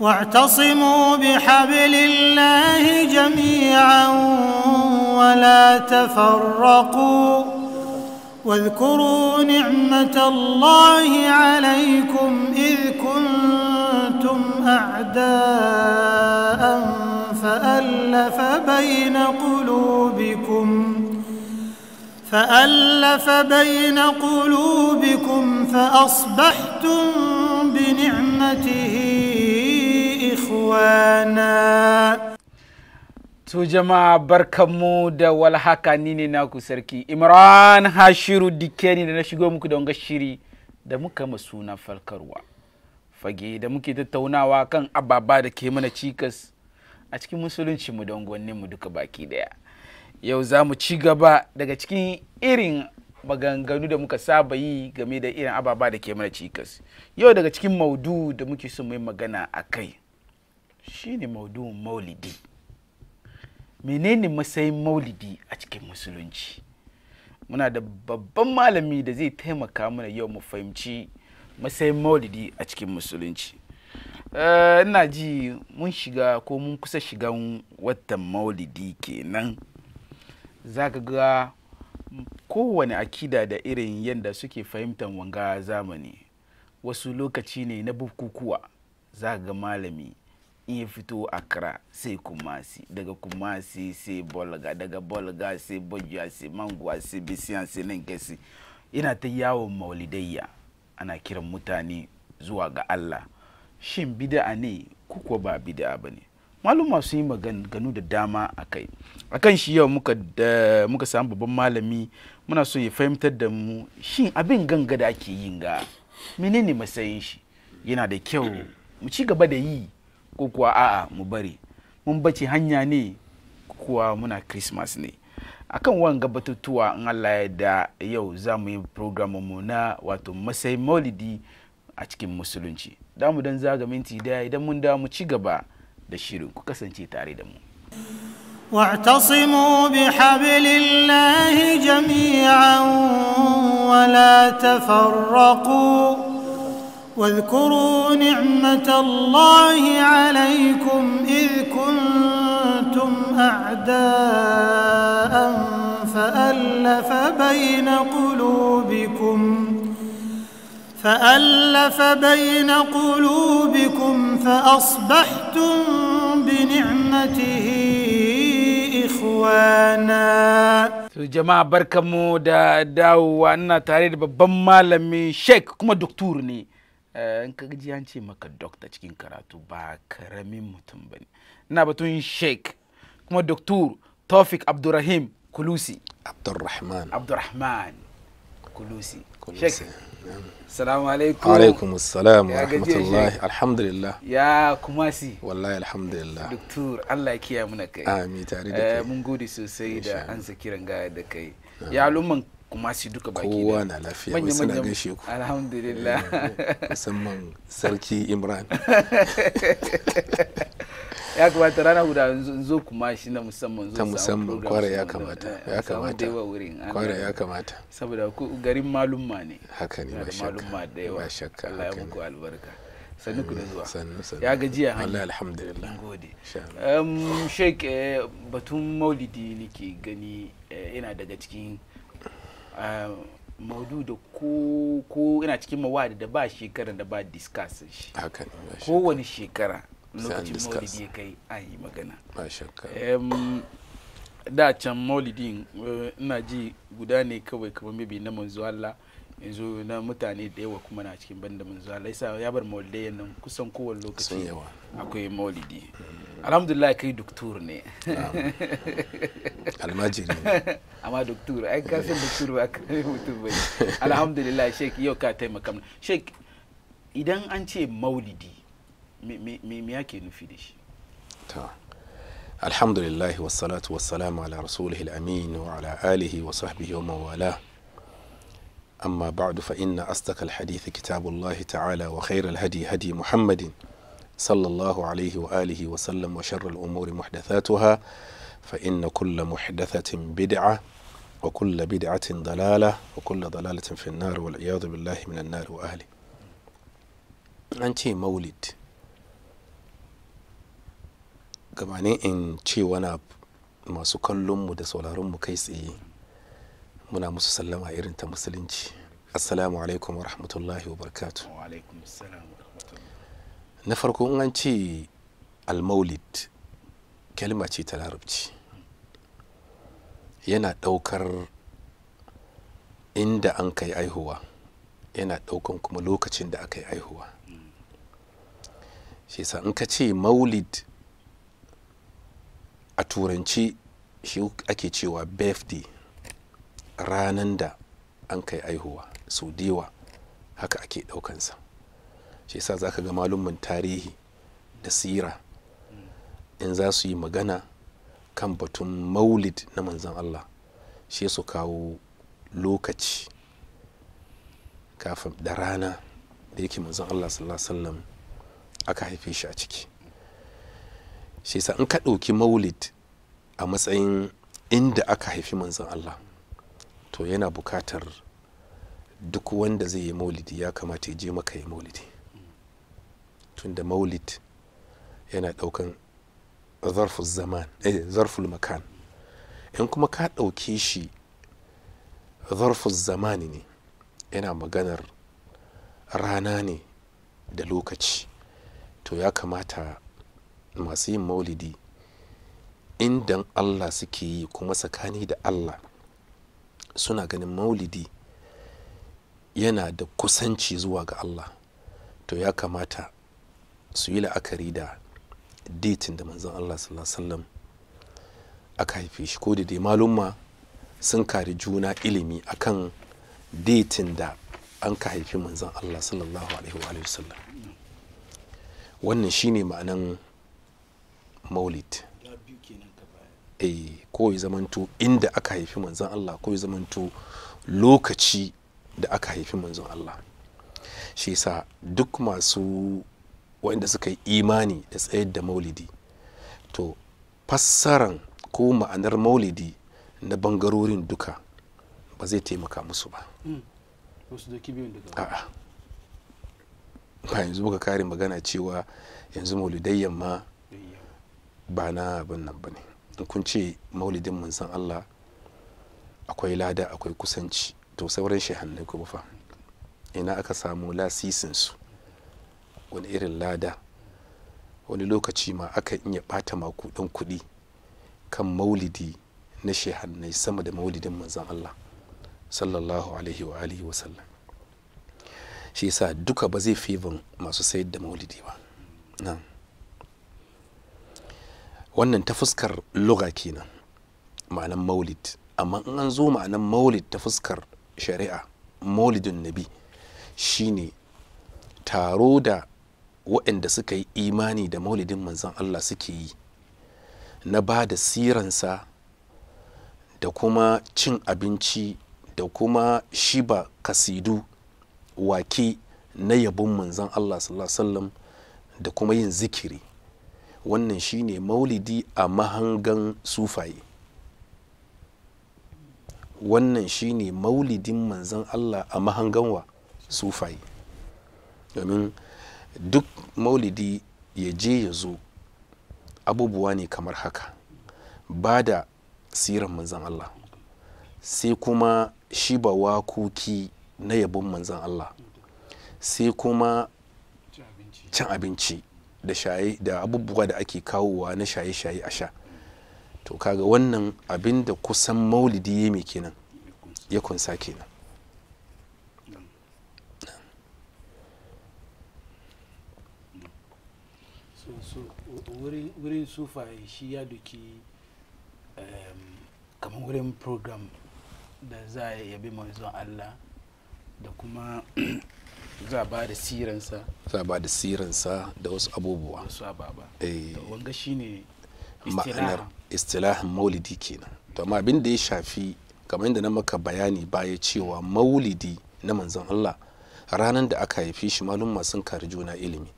واعتصموا بحبل الله جميعا ولا تفرقوا واذكروا نعمة الله عليكم إذ كنتم أعداء فألف بين قلوبكم فألف بين قلوبكم فأصبحتم بنعمته ikhwana to jama'a barkanmu da walhaka ni ne naku sarki imran hashiru dikeni da na shigo muku da wanga shiri da muka masuna falkarwa fage da muke tattaunawa kan ababa da ke mana cikas a cikin musulunci mu da mu duka baki daya yau za mu ci gaba daga cikin irin maganganu da muka saba yi game da irin ababa da ke mana cikas yau daga cikin maudu da muke son mai magana a kai Shi ne maudu'un maulidi menene matsayin maulidi a cikin musulunci muna da babban malami da zai taimaka mana yau mu fahimci matsayin maulidi a cikin musulunci eh, ina ji mun shiga ko mun kusa shigan watan maulidi kenan za ka ga kowane akida da irin yadda suke fahimtar wanga zamani wasu lokaci ne na bukukuwa za ga malami in ya fito akra sai kumasi daga kumasi sai bolga daga bolga sai bojuwa sai manguwa sai bisiya sai nan gasi ina ta yawon maulidayya ana kiran mutane zuwa ga allah shin bida'a ne kuko ba bida'a ba ne malum masu yi maganganu da dama a kai a kan shi yau muka, muka samu babban malami muna so ya fahimtar da mu shin abin ganga da ake yin ga menene matsayin shi yana da kyau mu ci gaba da yi ko kuwa a'a mu bari mun bace hanya ne kuwa muna christmas ne akan wanga batutuwa in Allah ya da yau za mu yi mu na wato masai maulidi a cikin musulunci damu mu dan zaga minti daya idan mun da mu ci gaba da shirin ku kasance tare da mu واعتصموا بحبل الله جميعا ولا تفرقوا واذكروا نعمة الله عليكم إذ كنتم أعداء فألف بين قلوبكم فألف بين قلوبكم فأصبحتم بنعمته إخوانا جماعة بركة da داو وأنا tare da babban شيك دكتورني Eh, in ka gaji an ce maka dokta cikin karatu ba karamin mutum ba ne ina batun sheik kuma doktor tofik abdurrahim kulusi abdurrahman abdurrahman kulusi sheik salamu alaikum alaikum assalam wa rahmatullahi alhamdulillah ya kuma si wallahi alhamdulillah doktor allah ya kiyaye muna kai amin tare da eh, kai mun gode sosai da an kiran ga da kai ya alumman kuma su duka baki kowa na lafiya wai suna gashe ku alhamdulillah eh, musamman sarki imran ya kamata rana guda zo kuma shi na musamman zo ta musamman kware ya kamata ya kamata kware ya kamata saboda garin malumma ne haka ne ba shakka ba shakka Allah ya muku albarka sannu ku da zuwa ya gajiya hanyar Allah alhamdulillah gode sheik eh, batun maulidi nake gani eh, yana daga cikin Ah, maudu da ko yana cikin mawadi da ba shekarar da ba discussion shi kowane shekara lokacin maulidi ya kai an yi magana da can maulidin eh, ina ji guda ne kawai kamar mabi na manzo Allah yanzu na mutane da yawa kuma na cikin banda manzo zuwa yasa ya bar maulidai yannan kusan kowane lokaci akwai maulidi alhamdulillah kai doktor ne almajiri amma doktor ai ka san doktor ba ka mutum bai alhamdulillah sheik yau ka taimaka mana sheik idan an ce maulidi me me yake nufi da shi to alhamdulillah wassalatu wassalamu ala rasulihil amin wa ala alihi wa sahbihi wa mawala. أما بعد فإن أصدق الحديث كتاب الله تعالى وخير الهدي هدي محمد صلى الله عليه وآله وسلم وشر الأمور محدثاتها فإن كل محدثة بدعة وكل بدعة ضلالة وكل ضلالة في النار والعياذ بالله من النار وأهله أنت مولد كما إن تشي وناب ما سكلم ودسولارم sauraronmu muna musu sallama irin ta musulunci assalamu alaikum wa rahmatullahi wa barkatu. na farko an ce almaulid kalma ce ta larabci yana ɗaukar inda an kai aihuwa yana ɗaukan kuma lokacin da aka yi aihuwa shi sa in ka ce maulid a turanci shi ake cewa birthday ranan da an kai aihuwa sau diwa haka ake ɗaukansa shi yasa za ka ga malumin tarihi da sira in za su yi magana kan batun maulid na manzan Allah shi su kawo lokaci kafin da rana da yake manzan Allah sallallahu alaihi aka haife shi a ciki shi yasa in ka ɗauki maulid a matsayin inda aka haifi manzan Allah to yana bukatar duk wanda zai yi maulidi ya kamata ya je maka yi maulidi tunda maulid yana daukan zarful eh, zarful makan in kuma ka dauke shi zarful zamani ne yana maganar rana ne da lokaci to ya kamata masu yin maulidi indan allah suke yi kuma tsakani da allah suna ganin maulidi yana da kusanci zuwa ga allah to ya kamata su yi la'akari da datin da manzon allah sallallahu aka haife shi ko da dai malumma sun kari juna ilimi akan datin da an ka haifi manzon allah sallallahu alaihi wa sallam wannan shine ma'anan maulid eh ko ya inda aka haifi manzon Allah ko ya lokaci da aka haifi manzon Allah shi yasa duk masu waɗanda suka yi imani da tsayar da maulidi to fassaran ko ma'anar maulidi na bangarorin duka ba zai taimaka musu ba hmm. ba yanzu muka kare magana cewa yanzu maulidai yamma ba na abin nan ba ne da kun ce maulidin mun san Allah akwai lada akwai kusanci to sauran shehannai kuma fa ina aka samu lasisinsu wani irin lada wani lokaci ma aka iya bata makudan kuɗi kan maulidi na shehannai sama da maulidin manzan Allah sallallahu alaihi wa alihi wasallam shi yasa duka ba zai fi masu sayar da maulidi ba na'am wannan ta fuskar luga kenan ma'anan maulid amma in an zo ma'anan maulid ta fuskar shari'a maulidin nabi shine taro da waɗanda suka yi imani da maulidin manzon Allah suke yi na ba da siransa da kuma cin abinci da kuma shiba kasidu wake na yabon manzon Allah sallallahu alaihi da kuma yin zikiri wannan shine maulidi a mahangan sufaye wannan shine maulidin manzan allah a wa sufaye domin duk maulidi ya je ya zo abubuwa ne kamar haka ba da siran manzan allah sai kuma shi ba wakoki na yabon manzan allah sai kuma cin abinci da shaye da abubuwa da ake kawowa na shaye-shaye a sha to kaga wannan abin da kusan maulidi ya mai kenan ya kunsa kenan wurin sufa shi ya duki kamar wurin program da za a yabi manzon Allah da kuma za ba da siransa za ba da siransa da wasu abubuwa wasu ababa da eh. wanga ne ma'anar istilahin maulidi kenan to amma abin da ya shafi kamar yadda na maka bayani baya cewa maulidi na manzon Allah ranar da aka haifi shi malum masu kari juna ilimi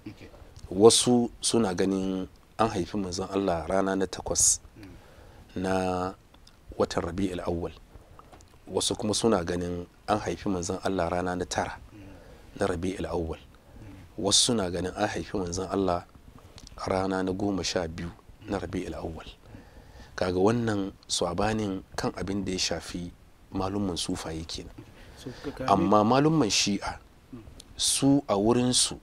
wasu suna ganin an haifi manzon Allah rana na takwas mm. na watan rabi'ul awwal wasu kuma suna ganin an haifi manzon Allah rana na tara na rabi al'awwal wasu suna ganin an haifi manzon Allah a rana na goma sha biyu na rabi al'awwal kaga wannan sabanin kan abin da ya shafi malumman sufaye kenan amma malumman shi'a su a wurinsu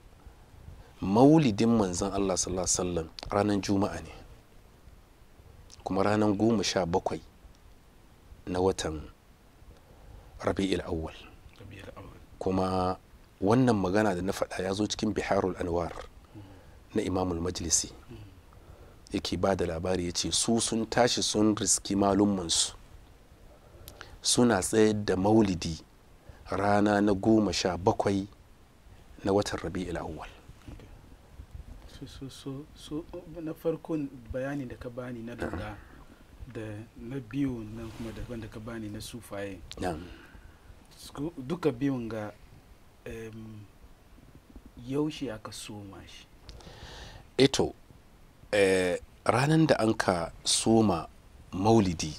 maulidin manzan Allah sallallahu ranar juma'a ne kuma ranar goma sha bakwai na watan rabi'il awwal kuma wannan magana da na faɗa ya zo cikin biharul anwar na imamul majlisi yake ba da labari ya ce su sun tashi sun riski malummansu suna tsayar da maulidi rana na goma sha bakwai na watan rabi awwal so na farkon bayani da ka bani na daga da na biyu nan kuma daban da ka bani na sufaye duka biyun ga um, yaushe aka soma shi eto eh, eh ranar da an ka soma maulidi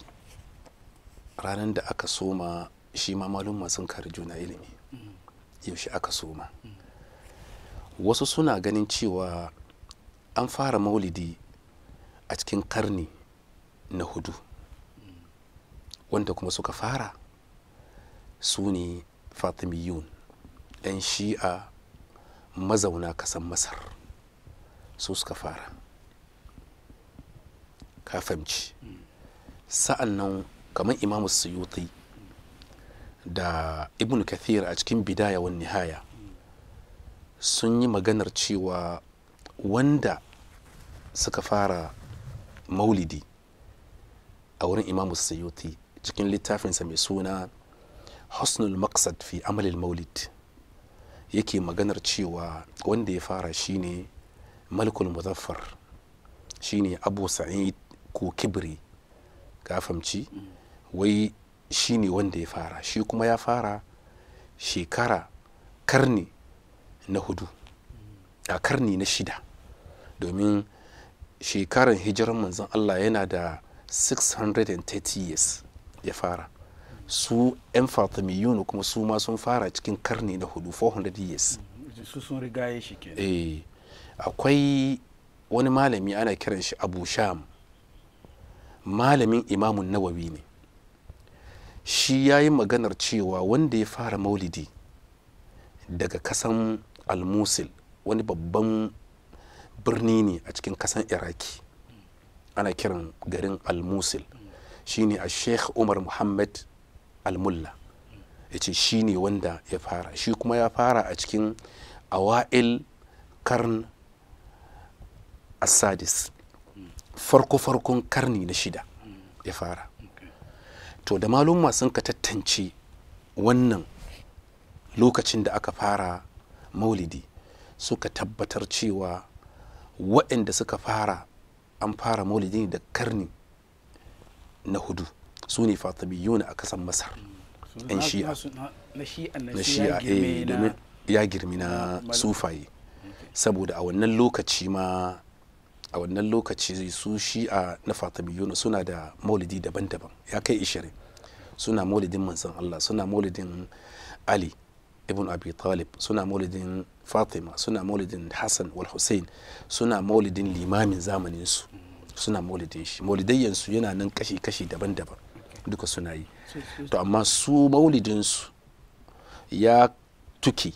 ranar da aka soma shi ma malum sun kare juna ilimi mm yaushe aka soma mm. wasu suna ganin cewa an fara maulidi a cikin karni na hudu mm. wanda kuma suka fara su ne fatimiyun 'yan shi'a mazauna kasan masar su suka fara ka sa'an nan kamar imamu suyuti da ibn kathir a cikin bidaya wa nihaya sun yi maganar cewa wanda suka fara maulidi a wurin imamu suyuti cikin littafinsa mai suna husnul maqsad fi amalil maulid yake maganar cewa wanda ya fara shine malkul muzaffar shine abu sa'id ko kibri ka fahimci wai shine wanda ya fara shi kuma ya fara shekara karni na hudu a karni na shida domin shekaran hijirar manzon Allah yana da 630 years ya fara su 'yan fatimiyun kuma su ma sun fara cikin karni na hudu 400 years su sun rigaye shi ke eh, akwai wani malami ana kiran shi abu sham malamin imamun nawawi ne shi ya yi maganar cewa wanda ya fara maulidi daga kasan almusil wani babban birni ne a cikin kasan iraki ana kiran garin almusil shine a sheikh umar muhammad almulla ya ce shi ne wanda ya fara shi kuma ya fara a cikin awa'il karn asadis farko-farkon karni na shida ya fara to da malumma sun ka tattance wannan lokacin da aka fara maulidi suka tabbatar cewa waɗanda suka fara an fara maulidi da karni na hudu su ne fatimiyun a kasan masar yan shi'a na shi'a eh ya girmi na sufaye saboda a wannan lokaci ma a wannan lokaci su shi'a na fatimiyun suna da maulidi daban-daban ya kai ishirin suna maulidin manzon Allah suna maulidin Ali ibn Abi Talib suna maulidin Fatima suna maulidin Hassan wal Hussein suna maulidin limamin zamanin su suna maulidin shi su yana nan kashi-kashi daban-daban duka suna yi to amma su maulidinsu ya tuki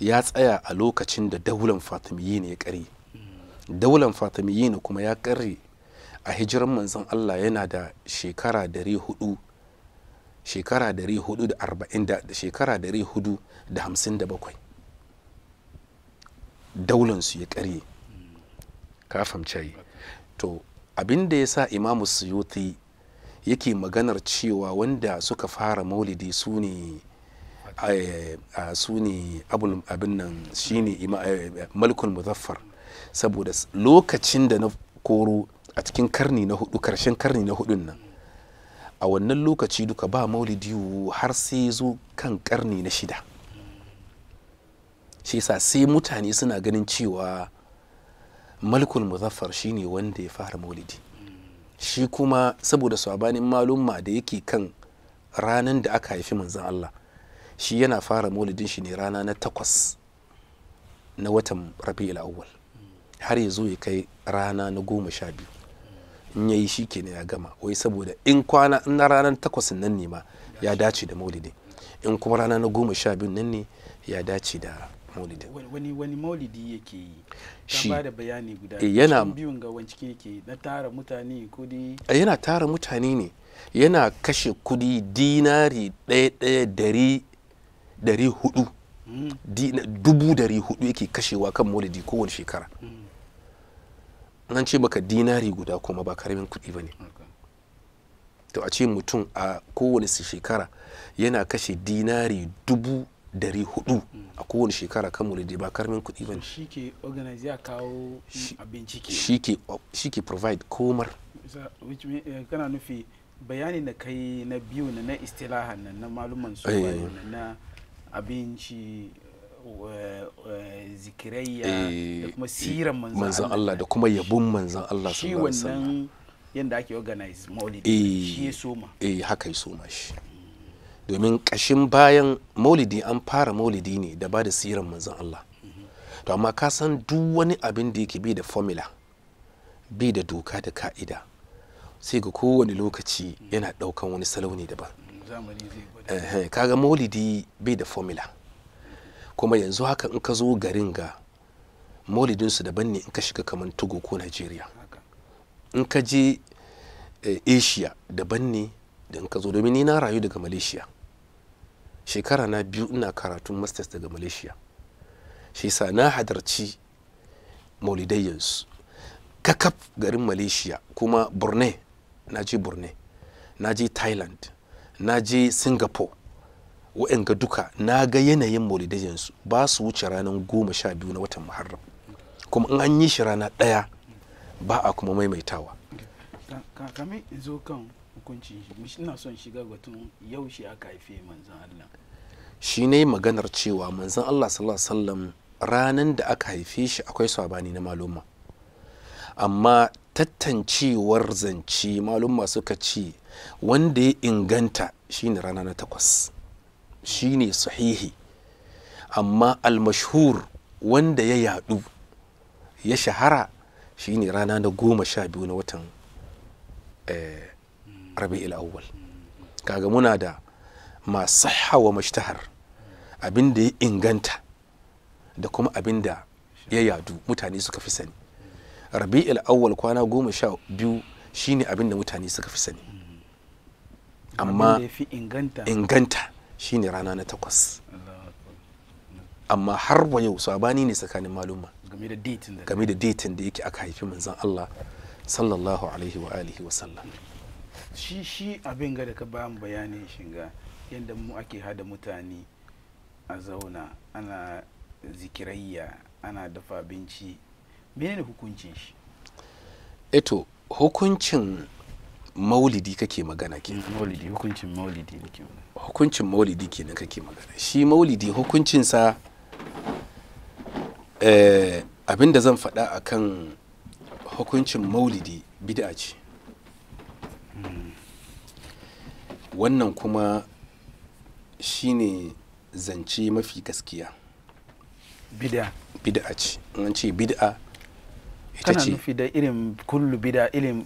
ya tsaya a lokacin da daular fatimiyi ne ya kare hmm. daular fatimiyi ne kuma ya kare a hijiran manzon Allah yana da shekara dari hudu shekara dari hudu da arba'in da shekara dari hudu da hamsin da bakwai daulansu ya karye hmm. ka fahimci to abin da ya sa imamu suyuti yake maganar cewa wanda suka fara maulidi su ne eh, ah, abin nan shi ne eh, eh, malkul muzaffar saboda lokacin da na koro a cikin karni na hudu karshen karni na hudun nan a wannan lokaci duka ba maulidi har sai zo kan karni na shida shi sa sai mutane suna ganin cewa malkun muzaffar shi ne wanda ya fara maulidi shi kuma saboda sabanin malumma da yake kan ranan da aka haifi manzan Allah shi yana fara maulidin shi ne rana na takwas na watan rabi'ul awwal har ya zo ya kai rana na goma sha biyu in ya yi shi ke ya gama wai saboda in kwana in na ranar takwas nan ne ma ya dace da maulidi in kuma rana na goma sha biyu nan ne ya dace da maulidin wani wani maulidi yake yi shi ba da bayani guda eh, yana biyun ga wani cikin yake na tara mutane kudi eh, yana tara mutane ne yana kashe kudi dinari ɗaya ɗaya dari dari hudu hmm. dubu dari hudu yake kashewa kan maulidi kowane shekara hmm. an ce maka dinari guda kuma ba karamin kudi ba ne to a ce mutum a kowane shekara yana kashe dinari dubu dari hudu a kowane shekara kan mulidi ba karmin kuɗi ba shi ke organize ya kawo abinci ke shi ke provide komar eh, kana nufi bayani da kai na biyu na na istilahan nan na maluman su eh. na abinci eh, zikirayya da kuma siran manzan Allah da kuma yabon manzan Allah shi wannan yadda ake organize maulidi shi ya soma eh haka ya soma shi domin ƙashin bayan maulidi an fara maulidi ne da ba da siran manzon Allah to amma ka san duk wani abin da yake bi da formula bi da doka da ka'ida sai ga kowane lokaci yana ɗaukan wani salo ne daban kaga maulidi bi da formula kuma yanzu haka in ka zo garin ga maulidinsu daban ne in ka shiga kamar togo ko nigeria in ka je eh, asia daban ne don ka zo domin ni na rayu daga malaysia shekara na biyu ina karatun masters daga malaysia shi sa na hadarci maulidayyansu kakaf garin malaysia kuma borne na je borne na je thailand na je singapore wa'yanga duka na ga yanayin maulidayyansu ba su wuce ranar goma sha biyu na watan muharram kuma in an yi shi rana ɗaya ba a kuma maimaitawa hukuncin shi ina son shiga batun yau shi aka haife manzon Allah shi ne maganar cewa manzon Allah sallallahu alaihi wasallam ranan da aka haife shi akwai sabani na maluma amma tattancewar zance maluma suka ce wanda ya inganta shine rana na takwas shine sahihi amma almashhur wanda ya yadu ya shahara shine rana na goma sha biyu na watan eh, rabi'il Awal, kaga muna da ma sahha mashtahar abinda da ya inganta da kuma abin da ya yadu mutane suka fi sani rabi'il awwal kwana goma sha biyu shine abin da mutane suka fi sani amma inganta shine rana na takwas amma har wa yau sabani ne tsakanin maluma game da datin da yake aka haifi manzon Allah sallallahu alaihi wa alihi wa sallam shi shi abin ga da ka bayan bayanin shiga yadda mu ake hada mutane a zauna ana zikirayya ana dafa abinci menene hukuncin shi eto hukuncin maulidi kake magana ke mm, maulidi hukuncin maulidi nake hukuncin maulidi kenan kake magana shi maulidi hukuncinsa eh, abinda zan faɗa akan hukuncin maulidi bid'a ce wannan kuma shi ne zance mafi gaskiya bid'a bid'a ce an ce bid'a ita ce nufi da irin kullu bida irin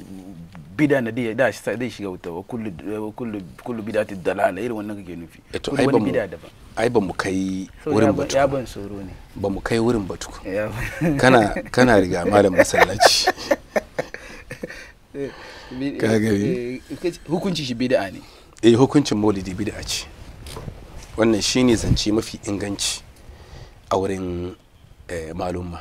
bida na da da zai shiga wuta wa kullu kullu kullu bida ta dalala irin wannan kake nufi eh to ai ba mu ai ba mu kai wurin batu ya ban soro ne ba mu kai wurin batu kana kana riga malam masallaci ka gari eh, hukunci shi bid'a ne eh hukuncin maulidi bid'a ce wannan shi ne zance mafi inganci a wurin eh, malumma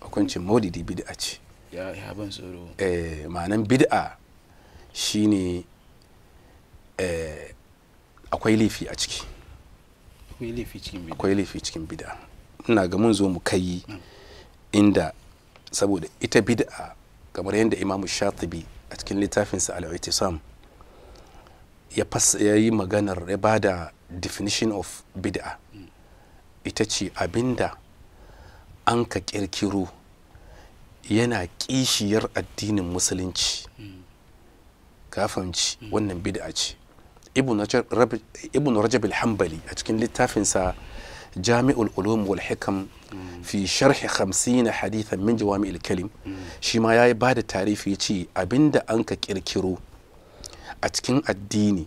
hukuncin maulidi bid'a ce ya ya ban tsoro eh ma'anan bid'a shi ne eh, akwai laifi a ciki akwai laifi cikin bid'a ina ga mun zo mu kai hmm. inda saboda ita bid'a kamar yadda imam shatibi a cikin littafinsa al ya yi maganar ya ba da definition of bid'a ita ce abinda an ka kirkiro yana kishiyar addinin musulunci kafanci wannan bid'a ce ibn rajab al-hambali a cikin littafinsa jami'ul ulum wal hikam fi sharhi 50 hadithan min jawami'il kalim shi ma yayi bada tarifi ce abinda an ka kirkiro a cikin addini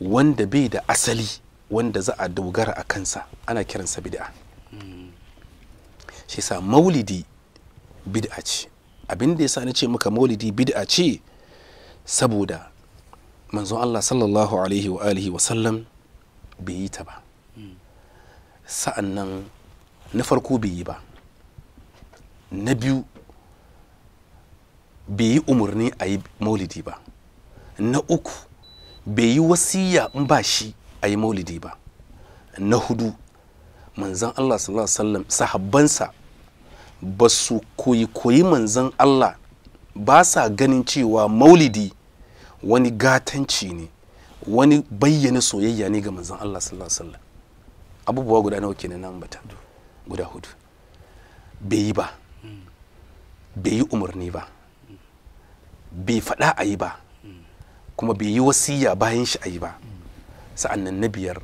wanda bai da asali wanda za a dogara a kansa ana kiransa bid'a shi sa maulidi bid'a ce abinda yasa na ce maka maulidi bid'a ce saboda manzon Allah sallallahu bai yi ta ba sa'an nan na farko bai yi ba na biyu bai yi umarni a yi maulidi ba na uku bai yi wasiya in ba shi a yi maulidi ba na hudu manzan allah sallallahu sallam sahabbansa ba su koyi koyi manzan allah ba sa ganin cewa maulidi wani gatanci ne wani bayyana soyayya ne ga manzan allah sallallahu sallam abubuwa guda nawa kenan nan bata guda hudu bai yi ba bai yi umarni ba bai faɗa a yi ba kuma bai yi wasiya bayan shi a yi ba sa'an nan na biyar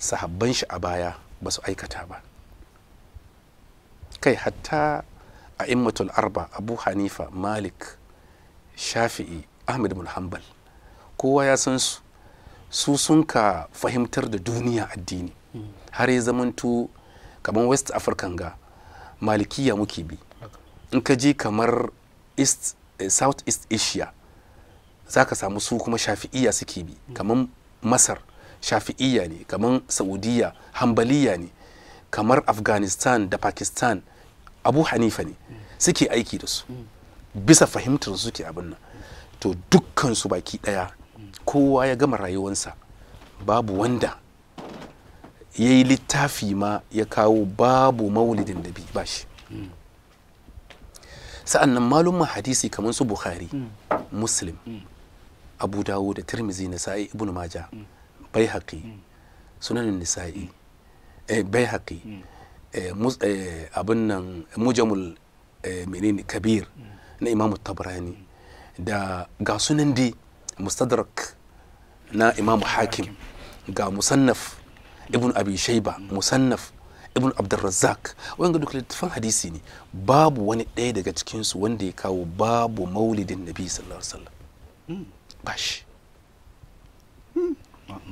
sahabban shi a baya ba su aikata ba kai hatta a immatul arba abu hanifa malik shafi'i ahmed mulhambal hanbal kowa ya san su su sun ka fahimtar da duniya addini har ya zamantu kamar west african ga malikiya muke bi in ka je kamar east eh, south east asia za ka samu su kuma shafi'iya suke bi hmm. kamar masar shafi'iya ne kamar saudiya hambaliya ne kamar afghanistan da pakistan abu hanifa ne hmm. suke aiki da su hmm. bisa fahimtar suke abin nan to dukkan su baki daya kowa ya gama rayuwansa babu wanda ya yi littafi ma ya kawo babu maulidin da bi ba shi sa'an nan malumman hadisi kamar su bukhari muslim abu dawo da tirmizi nisa'i ibn maja bai haƙi sunanin nisa'i eh, bai haƙi eh, eh, abin nan mujamul menene kabir na imamu tabrani da ga sunan dai mustadrak na imamu hakim ga musannaf ibn abi shaiba musannaf ibn abdulrazzak wanga duk littafin hadisi ne babu wani ɗaya daga cikinsu wanda ya kawo babu maulidin nabi sallallahu alaihi wasallam hmm. ba shi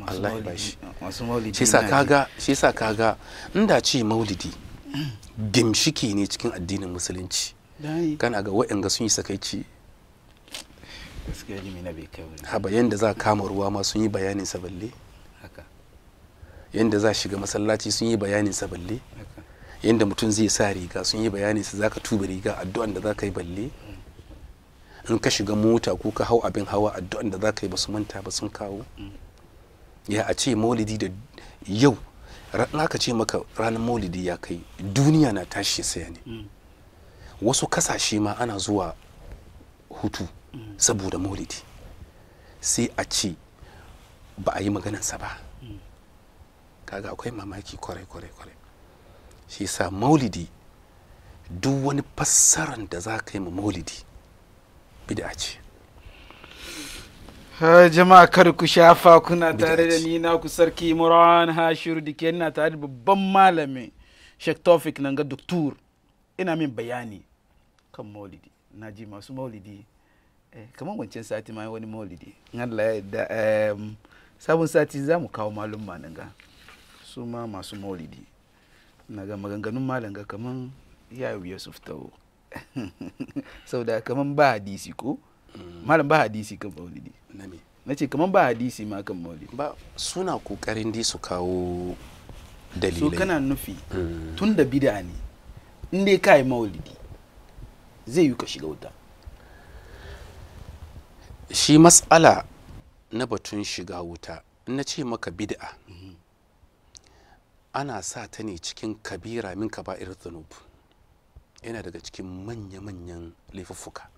Allah ya bashi shi sa kaga shi sa kaga inda ce maulidi gimshiki ne cikin addinin musulunci kana ga waɗanda sun yi sakaici haba yanda za kama ruwa ma sun yi bayanin sa balle yadda za shiga masallaci sun yi bayanin sa balle yadda mutum zai sa riga sun yi bayanin sa zaka tuba riga addu'an da zaka yi balle in ka shiga mota ko ka hau abin hawa addu'an da zaka yi ba su manta ba sun kawo ya a ce maulidi da yau na ka ce maka ranar maulidi ya kai duniya na tashi ya saya ne wasu kasashe ma ana zuwa hutu saboda maulidi sai a ce ba a yi maganansa ba kaga akwai mamaki kwarai kwarai kwarai shi sa maulidi duk wani fassaran da za ka yi ma maulidi bid'a ce jama'a kar ku shafa kuna tare da ni na ku sarki murwan hashiru da ke nuna tare da babban malami shek tofik nan ga doktor ina min bayani kan maulidi na ji masu maulidi eh, kamar wancan sati ma wani maulidi Allah ya sabon sati za mu kawo malum ma nan ga su ma masu maulidi na ga maganganun malam ga kaman ya yi su fitawo sau da kaman ba hadisi ko mm. malam ba hadisi kan maulidi na ce kaman ba hadisi ma kan maulidi ba suna kokarin di su kawo dalilai su kana nufi mm. tun da bida ne in dai kai maulidi zai yi ka shiga wuta shi matsala na batun shiga wuta na ce maka bid'a ana sa ta ne cikin kabira min ba'ir dhunub yana daga cikin manya-manyan laifuffuka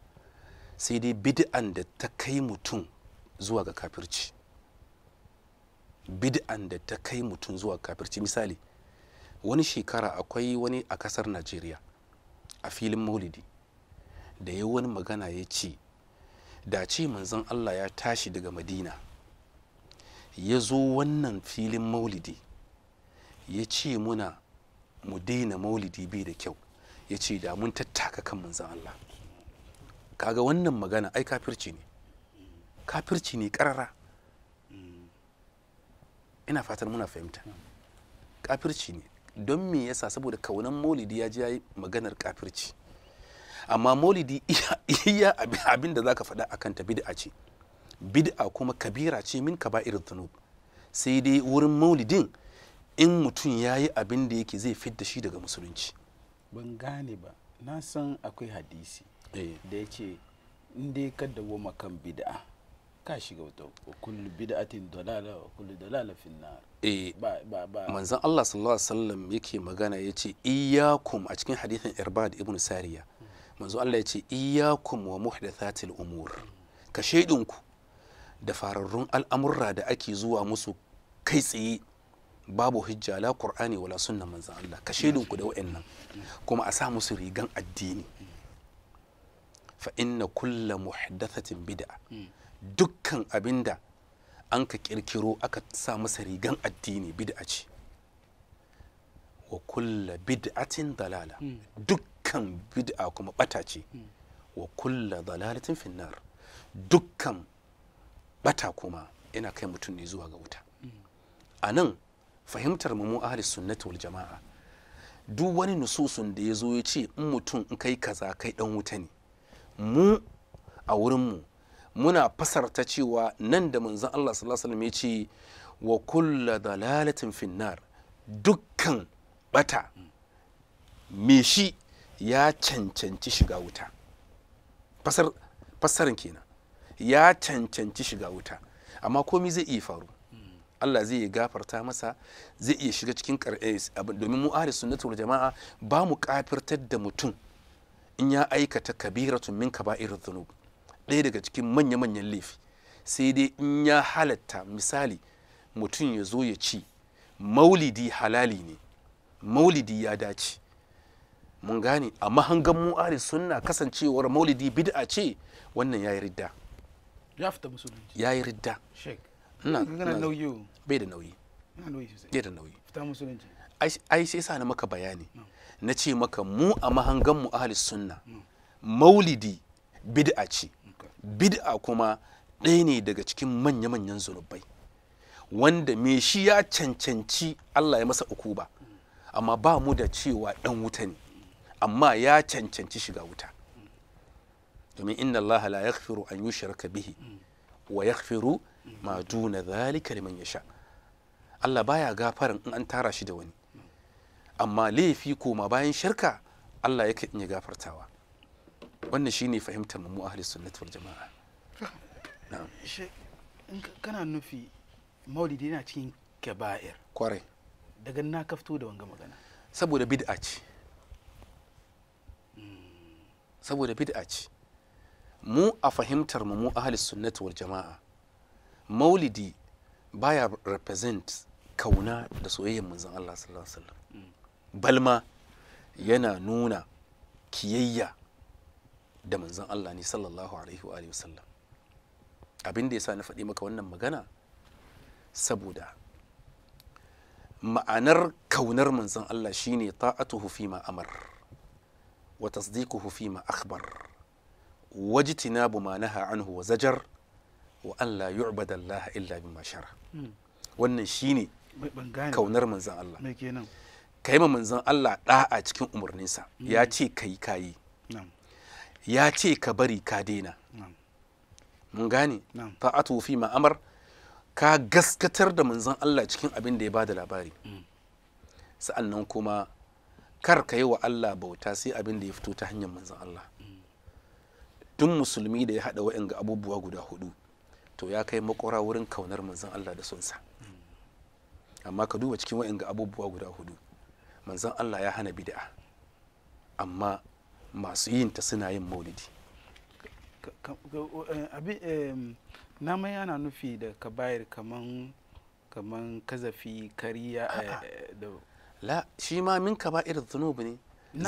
sai dai bid'an da ta kai mutum zuwa ga kafirci bid'an da ta kai mutum zuwa ga kafirci misali wani shekara akwai wani a kasar najeriya a filin maulidi da ya wani magana ya ce da ce manzon allah ya tashi daga madina ya zo wannan filin maulidi ya ce muna mu daina maulidi bai da kyau ya ce da mun tattaka kan manzan Allah kaga wannan magana ai kafirci ne kafirci ne karara ina fatar muna fahimta kafirci ne don me yasa saboda kaunan maulidi ya ji ya yi maganar kafirci amma maulidi iya abin da zaka faɗa akan ta bid'a ce bid'a kuma kabira ce min ka irin tunu. sai dai wurin maulidin in mutum ya yi abin da yake zai fidda shi daga musulunci ban gane ba na san akwai hadisi eh. da ya ce inda ya kaddawo makan bid'a ka shiga wata kullu bid'atin dalala wa kullu dalala fin nar eh manzon Allah sallallahu alaihi wasallam yake magana yace iyyakum a cikin hadithin Irbad ibn Sariya manzo Allah yace iyyakum wa muhdathatil umur ka ku da fararrun al'amurra da ake zuwa musu kai tsaye babu hujja la qur'ani wala sunnan manzo Allah ka shaidun ku da wayannan. kuma a sa musu rigan addini fa inna kulla muhdathatin bid'a dukkan abinda an ka kirkiro aka sa masa rigan addini bid'a ce wa kulla bid'atin dalala hmm. dukkan bid'a kuma bata ce hmm. wa kulla dalalatin finnar dukkan bata kuma ina kai mutum ne zuwa ga wuta hmm. a nan fahimtar mu ahli sunnati wal jama'a duk wani nususun da ya zo ya ce in mutum in kai kaza kai dan wuta ne mu a wurin mu muna fasarta cewa nan da manzon Allah sallallahu alaihi wasallam ya ce wa kullu dalalatin finnar dukkan bata me shi ya cancanci shiga wuta fasar fasarin kenan ya cancanci shiga wuta amma komi zai iya faru Allah zai gafarta masa zai iya shiga cikin eh, domin mu ahli sunnatu wal jama'a ba mu kafirtar da mutum in ya aikata kabiratun min kaba'ir dhunub ɗaya daga cikin manya-manyan laifi sai dai in ya halatta misali mutum ya zo ya ci maulidi halali ne maulidi ya dace mun gane hangan mu ahli sunna kasancewar maulidi bid'a ce wannan yayi ridda ya fita musulunci yayi ridda ina bai da nauyi ai sai sa na maka bayani na ce maka mu a mahangan mu ahli sunna maulidi bid'a ce bid'a kuma ɗaya ne daga cikin manya-manyan zunubai wanda me shi ya cancanci Allah ya masa uku ba amma ba mu da cewa dan wuta ne amma ya cancanci shiga wuta mm. domin inna Allah la yaghfiru an yushraka bihi mm. wa yaghfiru ma duna zalika liman yasha Allah baya gafarin in an tara shi da wani amma laifi koma bayan shirka Allah yake iya gafartawa wannan shine fahimtar mu ahli sunnati wal jama'a kana nufi maulidi yana cikin kaba'ir kwarai daga na kafto da wanga magana saboda bid'a ce hmm. saboda bid'a ce mu a fahimtar mu ahli sunnati wal jama'a maulidi baya represent kauna da soyayyar manzon Allah sallallahu alaihi wasallam mm. balma yana nuna kiyayya da manzon Allah ne sallallahu alaihi wa sallam. abin da yasa na faɗi maka wannan magana saboda ma'anar kaunar manzon Allah shine ta'atuhu fi ma amar wa tasdiquhu fi ma akhbar wajtinabu ma naha anhu wa zajar wa Allah yu'bada Allah illa bima mashara. Hmm. wannan shine kaunar manzon Allah Ka yi kai ma manzon Allah a cikin umarninsa hmm. ya ce kai kayi ya ce ka bari ka daina mun gane fa'atu fi ma'amar ka gaskatar da manzon Allah cikin abin da ya da labari hmm. sa'annan kuma kar ka yi wa Allah bauta sai abin da ya fito ta hanyar manzon Allah Tun musulmi da ya haɗa wa'in abubuwa guda hudu to ya kai makwara wurin kaunar manzan Allah da sonsa amma ka duba cikin wa'in ga abubuwa guda hudu manzan Allah ya hana bid'a amma masu yin ta suna yin maulidi eh, nama yana nufi da ka bayar kaman kazafi kariya eh, eh, da la shi ma min ka ba irin zunubi ne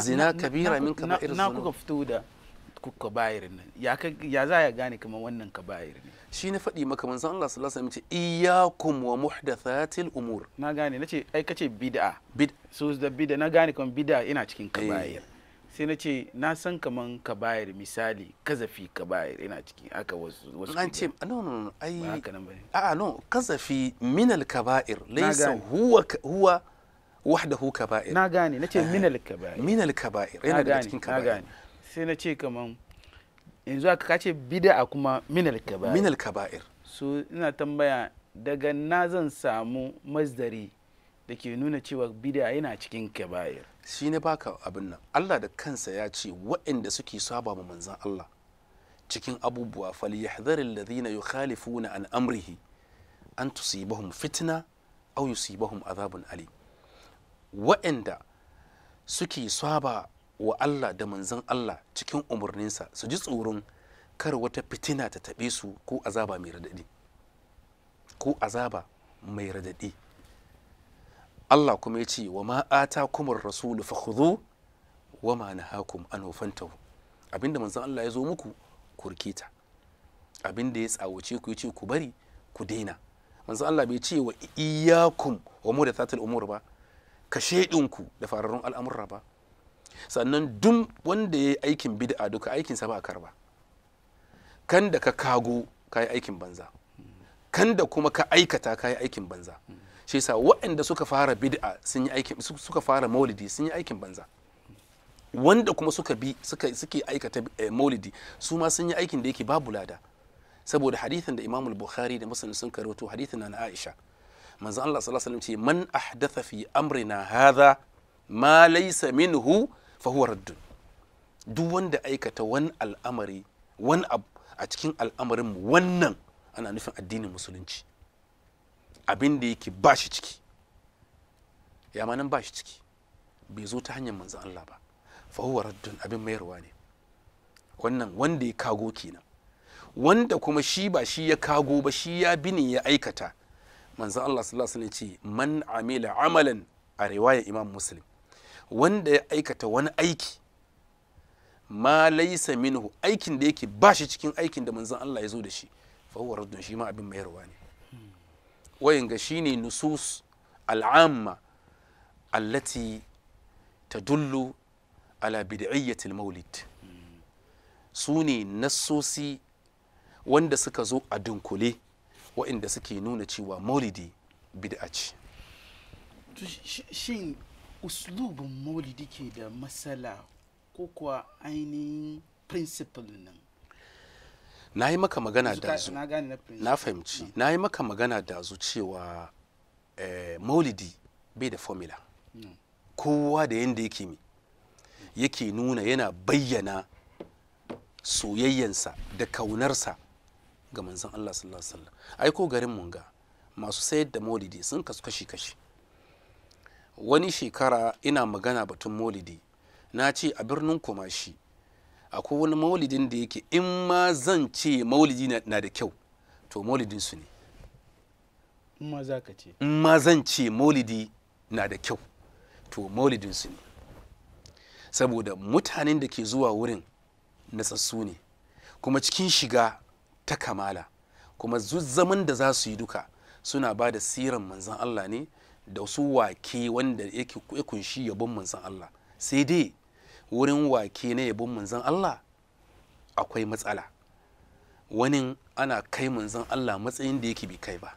zina kabira min ka ba irin zunubi na kuka fito da kuka bayar nan ya ya za ya gane kamar wannan ka bayar ne shi na faɗi maka manzon Allah sallallahu alaihi wasallam ce iyyakum wa muhdathatil umur na gane nace ai kace bid'a bid so da bid'a na gane kamar bid'a ina cikin eh. ka bayar sai na ce na san kaman ka bayar misali kazafi ka bayar ina cikin aka wasu wasu an ce no no no ai a a no kazafi minal kaba'ir laysa huwa huwa wahdahu kaba'ir na gane nace minal kaba'ir minal kaba'ir yana da cikin kaba'ir sai na ce kaman yanzu aka kace bid'a kuma minal kaba'ir minal kaba'ir so ina tambaya daga na zan samu mazdari da ke nuna cewa bid'a yana cikin kaba'ir shi ne baka abin nan Allah da kansa ya ce waɗanda suke saba ma manzon Allah cikin abubuwa falyahdharil ladhina yukhalifuna an amrihi an tusibahum fitna aw yusibahum azabun ali waɗanda suke saba wa Allah da manzon Allah cikin umarninsa su ji tsoron kar wata fitina ta taɓe su ko azaba mai radadi ko azaba mai radadi Allah kuma ya ce wa ma atakumur rasulu fakhudhu wa ma nahakum an fantahu abinda manzon Allah ya zo muku ku rikita abinda ya tsawace ku ya ce ku bari ku daina manzon Allah bai ce wa iyyakum wa mudathatil umur ba ka shedinku da fararrun al'amurra ba sannan duk wanda ya yi aikin bid'a duka aikin sa ba karba kan da ka kago ka yi aikin banza kan da kuma ka aikata ka yi aikin banza shi yasa waɗanda suka fara bid'a sun yi aikin suka fara maulidi sun yi aikin banza wanda kuma suka bi suka suke aikata eh, maulidi su ma sun yi aikin da yake babu lada saboda hadithin da Imam Bukhari da Muslim sun karoto hadithin na Aisha manzo Allah sallallahu alaihi wasallam ce man ahdatha fi amrina hadha ma laysa minhu fahuwar raddun duk wanda aikata wani al'amari wani abu a cikin al'amarin wannan ana nufin addinin musulunci abin da yake ba shi ciki ya ma nan ba shi ciki bai zo ta hanyar manzan Allah ba fahuwar raddun abin mayarwa ne wannan wanda ya kago kenan wanda kuma shi ba shi ya kago ba shi ya bi ne ya aikata manzan Allah sallallahu alaihi wasallam ce man amila amalan a riwayar imam muslim wanda ya aikata wani aiki ma laisa minhu aikin da yake ba shi cikin aikin da manzon Allah ya zo da shi fa huwa raddun shi ma abin mayarwa ne wayin ga shine nusus al'amma allati tadullu ala bid'iyyati maulid su ne nassosi wanda suka zo a dunkule waɗanda suke nuna cewa maulidi bid'a ce uslubin maulidi ke da matsala ko kuwa ainihin principle nan na yi maka magana da zu na fahimci na yi maka magana da zu cewa eh, maulidi bai da formula kowa da yadda yake mi yake nuna yana bayyana soyayyansa da kaunarsa ga manzon Allah sallallahu alaihi wasallam ai ko garin munga masu sayar da maulidi sun kasu kashi kashi wani shekara ina magana batun maulidi na ce a birnin kumashi akwai wani maulidin da yake in ma zan ce maulidi na da kyau to maulidin ne in ma zan ce maulidi na da kyau to maulidin ne saboda mutanen da ke zuwa wurin natsatsu ne kuma cikin shiga ta kamala kuma zaman da za su yi duka suna ba da siran manzan Allah ne da su wake wanda ya kunshi yabon manzan Allah sai dai wurin wake na yabon manzan Allah akwai matsala wani ana kai manzan Allah matsayin da yake bi kai ba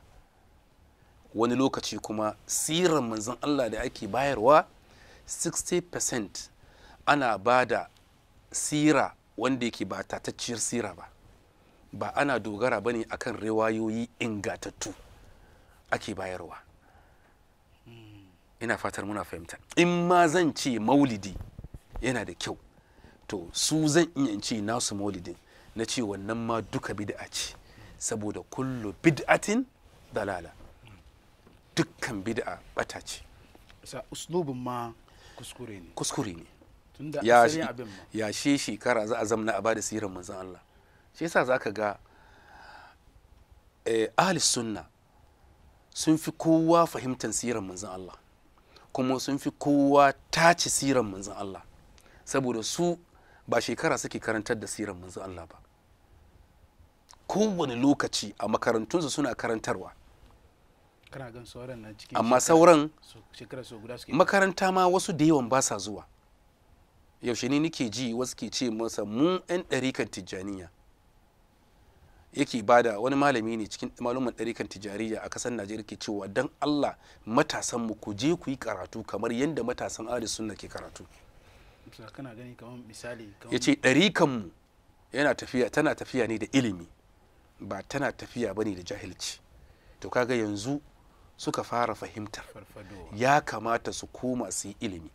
wani lokaci kuma siran manzan Allah da ake bayarwa 60% ana ba da sira wanda yake ba tatacciyar sira ba ba ana dogara ba bane akan riwayoyi ingatattu ake bayarwa ina fatar muna fahimta in ma zan ce maulidi yana da kyau to su zan iya ce nasu maulidin na ce wannan ma duka bid'a ce saboda kullu bid'atin dalala dukkan bid'a bata ce sa uslubin ma kuskure ne kuskure ne ya shi ya shi shekara za a zamna a bada sirrin manzon Allah shi yasa zaka ga eh ahli sunna sun fi kowa fahimtar sirrin manzon Allah kuma sun fi kowa tace siran manzon Allah saboda su ba shekara suke karantar da siran manzon Allah ba kowane lokaci a makarantunsu suna karantarwa amma sauran makaranta ma wasu da yawan ba sa zuwa yaushe ne nike ji wasu ke ce masa mu 'yan ɗarikan tijjaniya yake bada wani malami ne cikin malumin ɗarikan tijariya a ƙasar najeriya ke cewa don allah matasan mu ku je ku yi karatu kamar yadda matasan ahli sunna ke karatu ya ce ɗarikan mu yana tafiya tana tafiya ne da ilimi ba tana tafiya ba ne da jahilci to kaga yanzu suka fara fahimtar ya kamata su koma su yi ilimi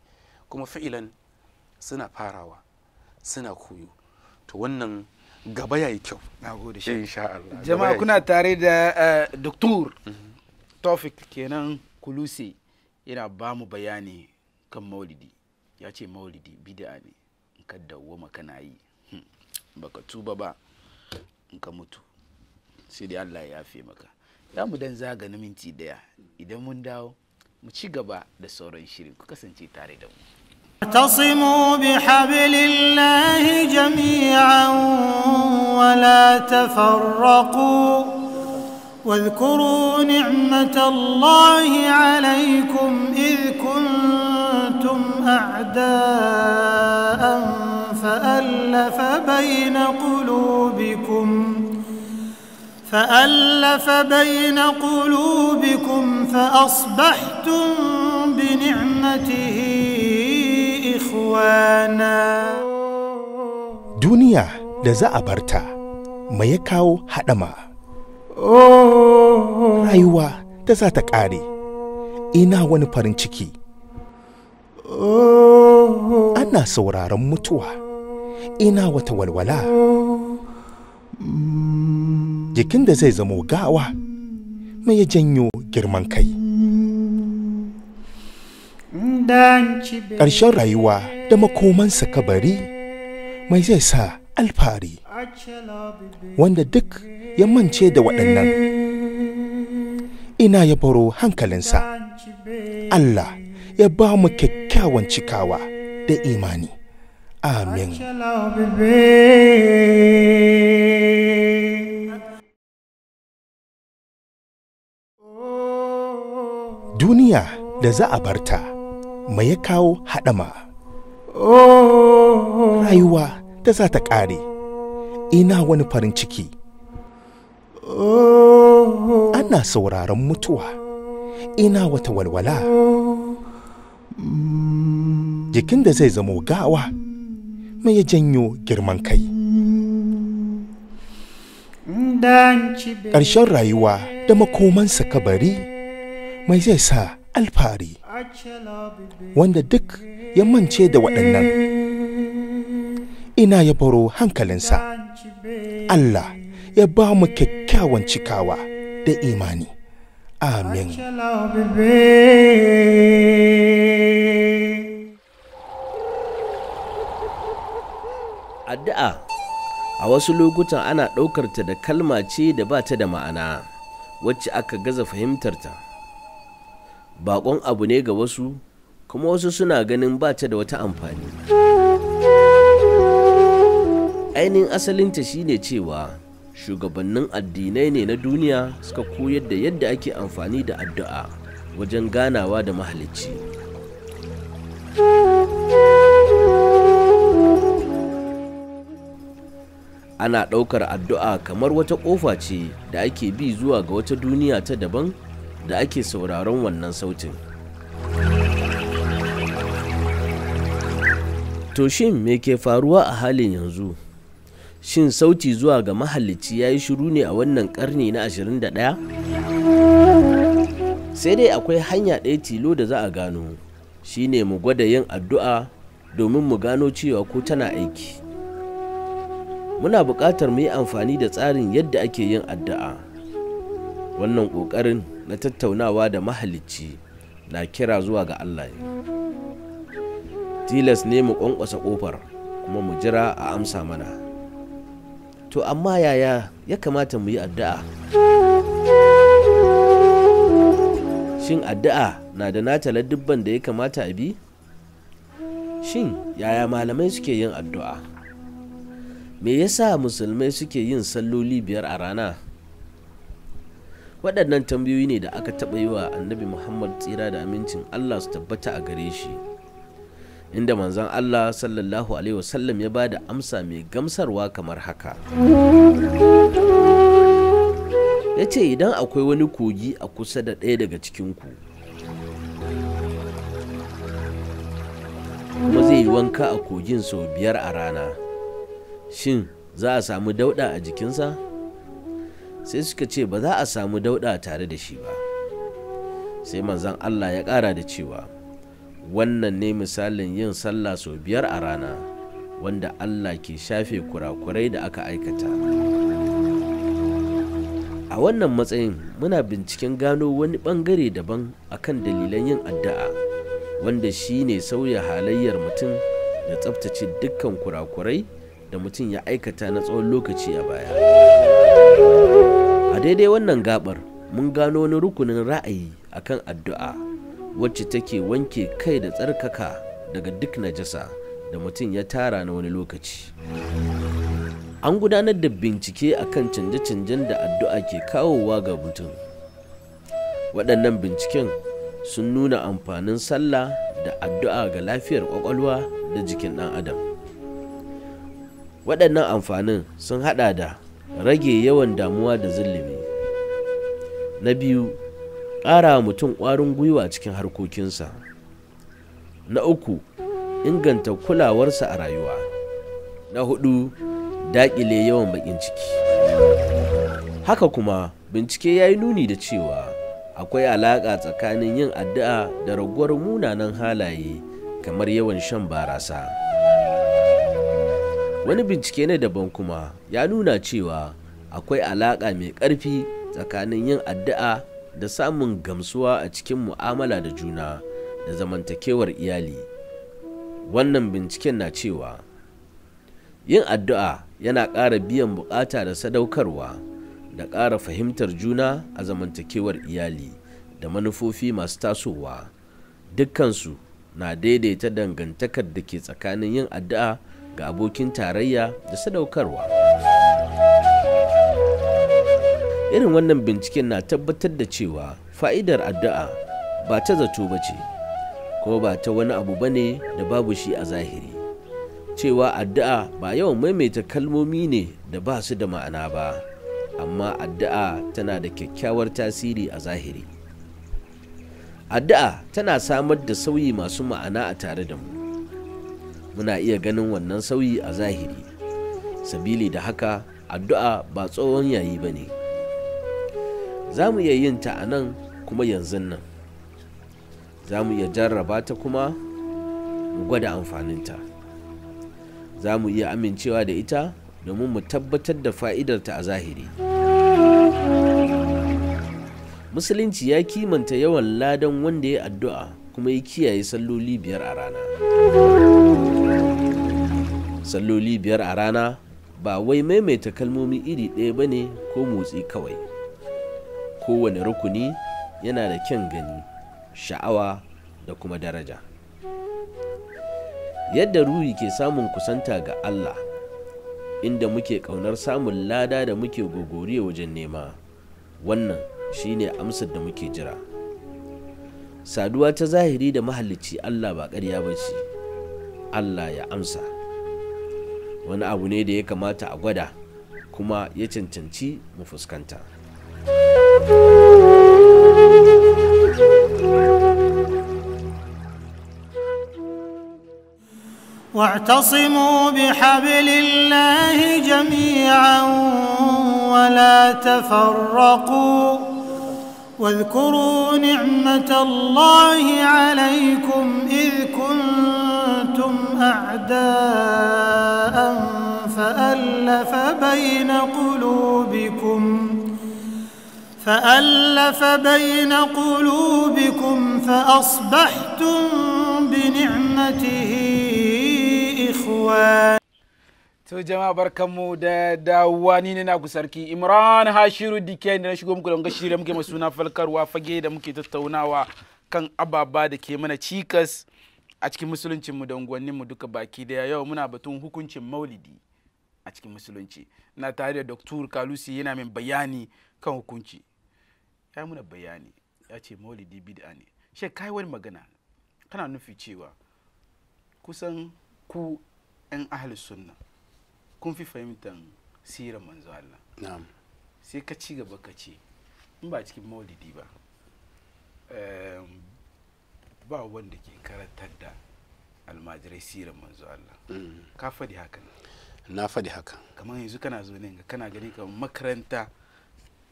kuma fa'ilan suna farawa suna koyo to wannan gaba yayi kyau gode shi insha Allah jama'a kuna tare da eh, doktor mm-hmm. Tofik kenan Kulusi yana ba mu bayani kan maulidi ya ce maulidi bid'a ne in ka dawo maka kana yi hmm, baka tuba ba in ka mutu sai dai Allah ya yafe maka za mu dan zaga minti daya idan mun dawo mu ci gaba da sauran shirin ku kasance tare da mu اعتصموا بحبل الله جميعا ولا تفرقوا واذكروا نعمة الله عليكم إذ كنتم أعداء فألف بين قلوبكم فألف بين قلوبكم فأصبحتم بنعمته wana Duniya da za a barta mai ya kawo haɗama. Oh. Rayuwa ta za ta ƙare, ina wani farin ciki. Oh. Ana sauraron mutuwa, ina wata walwala. Oh. Mm. Jikin da zai zamo gawa, mai ya janyo girman kai. ƙarshen rayuwa da makomansa kabari mai zai sa alfahari wanda duk ya mance da waɗannan ina ya baro hankalinsa Allah ya ba mu kyakkyawan cikawa da imani amin duniya da za a barta mai ya kawo haɗama rayuwa ta za ta ƙare ina wani farin ciki ana sauraron mutuwa ina wata walwala jikin da zai zamo gawa mai ya janyo girman kai ƙarshen rayuwa da makomansa kabari mai zai sa alfahari wanda duk ya mance da waɗannan ina ya baro hankalinsa Allah ya ba mu kyakkyawan cikawa da imani amin addu'a a wasu lokutan ana ɗaukarta da kalma ce da ba ta da ma'ana wacce aka gaza fahimtarta. bakon abu ne ga wasu kuma wasu suna ganin ba ta da wata amfani ainihin asalinta shine cewa shugabannin addinai ne na duniya suka koyar da yadda ake amfani da addu'a wajen ganawa da mahalicci ana ɗaukar addu'a kamar wata ƙofa ce da ake bi zuwa ga wata duniya ta daban da ake sauraron wannan sautin to shin me ke faruwa a halin yanzu shin sauti zuwa ga mahalicci ya yi shiru ne a wannan karni na 21 sai dai akwai hanya ɗaya tilo da za a gano shi ne mu gwada yin addu'a domin mu gano cewa ko tana aiki muna buƙatar mu yi amfani da tsarin yadda ake yin addu'a wannan ƙoƙarin na tattaunawa da mahalicci na kira zuwa ga Allah ne tilas ne mu ƙwanƙwasa ƙofar kuma mu jira a amsa mana to amma yaya ya kamata mu yi addu'a shin addu'a na da nata ladubban da ya kamata a bi shin yaya malamai suke yin addu'a me yasa musulmai suke yin salloli biyar a rana waɗannan tambayoyi ne da aka taɓa yi wa annabi muhammad tsira da amincin allah su tabbata a gare shi inda manzon allah sallallahu alaihi wasallam ya ba da amsa mai gamsarwa kamar haka ya ce idan akwai wani kogi a kusa da ɗaya daga cikinku kuma zai yi wanka a kogin sau biyar a rana shin za a samu dauɗa a jikinsa? sai suka ce ba za a samu dauɗa tare da shi ba sai manzan allah ya ƙara da cewa wannan ne misalin yin sallah sau biyar a rana wanda allah ke shafe kurakurai da aka aikata a wannan matsayin muna binciken gano wani ɓangare daban a kan dalilan yin addu'a wanda shi ne sauya halayyar mutum da tsabtace dukkan kurakurai da mutum ya aikata na tsawon lokaci a baya. daidai wannan gabar mun gano wani rukunin ra'ayi akan addu'a wacce take wanke kai da tsarkaka daga duk najasa da mutum ya tara na wani lokaci an gudanar da bincike akan canje-canjen da addu'a ke kawowa ga mutum waɗannan binciken sun nuna amfanin sallah da addu'a ga lafiyar ƙwaƙwalwa da jikin ɗan adam waɗannan amfanin sun haɗa da rage yawan damuwa da zulumi na biyu ƙara mutum ƙwarin gwiwa cikin harkokinsa na uku inganta kulawarsa a rayuwa na hudu daƙile yawan baƙin ciki haka kuma bincike ya yi nuni da cewa akwai alaƙa tsakanin yin addu'a da raguwar munanan halaye kamar yawan shan barasa. wani bincike na daban kuma ya nuna cewa akwai alaƙa mai ƙarfi tsakanin yin addu'a da samun gamsuwa a cikin mu'amala da juna da zamantakewar iyali wannan binciken na cewa yin addu'a yana ƙara biyan bukata da sadaukarwa da ƙara fahimtar juna a zamantakewar iyali da manufofi masu tasowa dukkansu na daidaita dangantakar da ke tsakanin yin addu'a ga abokin tarayya da sadaukarwa irin wannan binciken na tabbatar da cewa fa'idar addu'a ba ta zato ba ce ko ba ta wani abu ba ne da babu shi a zahiri cewa addu'a ba yawan maimaita kalmomi ne da ba su da ma'ana ba amma addu'a tana da kyakkyawar tasiri a zahiri addu'a tana samar da sauyi masu ma'ana a tare da mu muna iya ganin wannan sauyi a zahiri sabili da haka addu'a ba tsohon yayi ba ne za mu iya yin ta a nan kuma yanzu nan za mu iya jarraba ta kuma gwada amfaninta za mu iya amincewa da ita domin mu tabbatar da fa'idarta a zahiri musulunci ya kimanta yawan ladan wanda ya addu'a kuma ya kiyaye salloli biyar a rana salloli biyar a rana ba wai maimaita kalmomi iri ɗaya ba ne ko motsi kawai kowane rukuni yana da kyan gani sha'awa da kuma daraja yadda ruhi ke samun kusanta ga allah inda muke ƙaunar samun lada da muke gogori wajen nema wannan shine amsar da muke jira saduwa ta zahiri da mahalicci allah ba ƙarya ba ce allah ya amsa wani abu ne da ya kamata a gwada kuma ya cancanci mu fuskanta واعتصموا بحبل الله جميعا ولا تفرقوا واذكروا نعمه الله عليكم اذ كنتم أعداء فألف بين قلوبكم فألف بين قلوبكم فأصبحتم بنعمته إخوانا to jama'a barkanmu da dawowa ni ne naku sarki imran hashiru dike da na shigo muku da wanga shirya muke mai suna falkarwa fage da muke tattaunawa kan ababa da ke mana cikas a cikin musuluncin mu da mu duka baki daya yau muna batun hukuncin maulidi a cikin musulunci na tare da doktor kalusi yana min bayani kan hukunci ya muna bayani ya ce maulidi bid'a ne shi kai wani magana kana nufi cewa kusan ku 'yan ahli sunna kun fi fahimtar sirar manzo Allah sai ka ci gaba ka ce in ba cikin maulidi ba eh, ba wanda ke karantar da almajirai siran manzo Allah mm. ka faɗi hakan na faɗi haka kamar yanzu kana zo ne kana gani kamar makaranta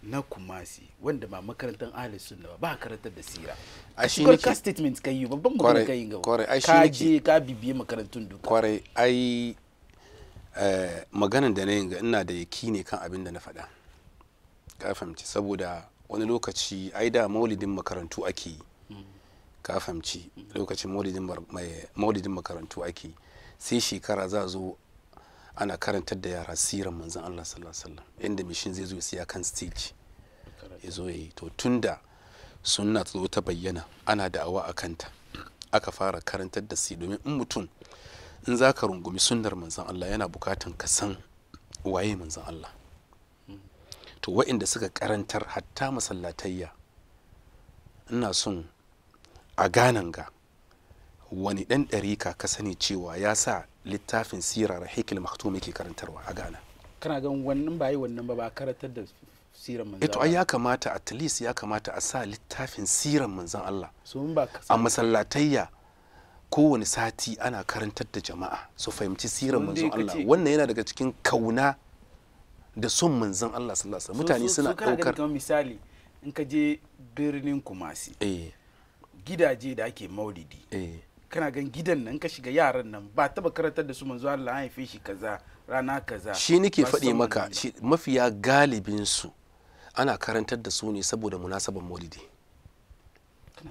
na kumasi wanda ba makarantar ahli sunna ba ba karantar da sira a shi ne ka statement kai babban mutum kai ga kore ai shi ne je ka bibiye makarantun duka kore ai eh, maganan da na yin ina da yaki ne kan abin da na faɗa ka fahimci saboda wani lokaci ai da maulidin makarantu ake yi ka fahimci lokacin maulidin makarantu ake sai shekara za zo ana karantar da yara siran manzan Allah sallallahu alaihi wasallam inda mishin zai zo siya kan stage ya zo yayi to tunda sunna ta zo ta bayyana ana da'awa a kanta aka fara karantar da si domin in mutum in za ka rungumi sunnar manzan Allah yana bukatan ka san waye manzan Allah to wa'inda suka karantar hatta masallatayya ina son a gananga ga wani ɗan ɗarika ka sani cewa ya sa littafin sirar hikil maktum yake karantarwa a gana kana gan wannan ba yi wannan ba ba karantar da sirar manzan ito eh ai ya kamata at least ya kamata a sa littafin sirar manzan Allah a masallatayya kowane sati ana karantar da jama'a su fahimci sirar manzan Allah wannan yana daga cikin kauna da son manzan Allah sallallahu alaihi mutane suna daukar misali in ka je birnin Kumasi eh gidaje da ake maulidi eh. kana gan gidan nan ka shiga yaran nan ba taba karantar da su manzo Allah an haife shi kaza rana kaza shi nake faɗi maka mafiya galibin su ana karantar da su ne saboda munasabar maulidi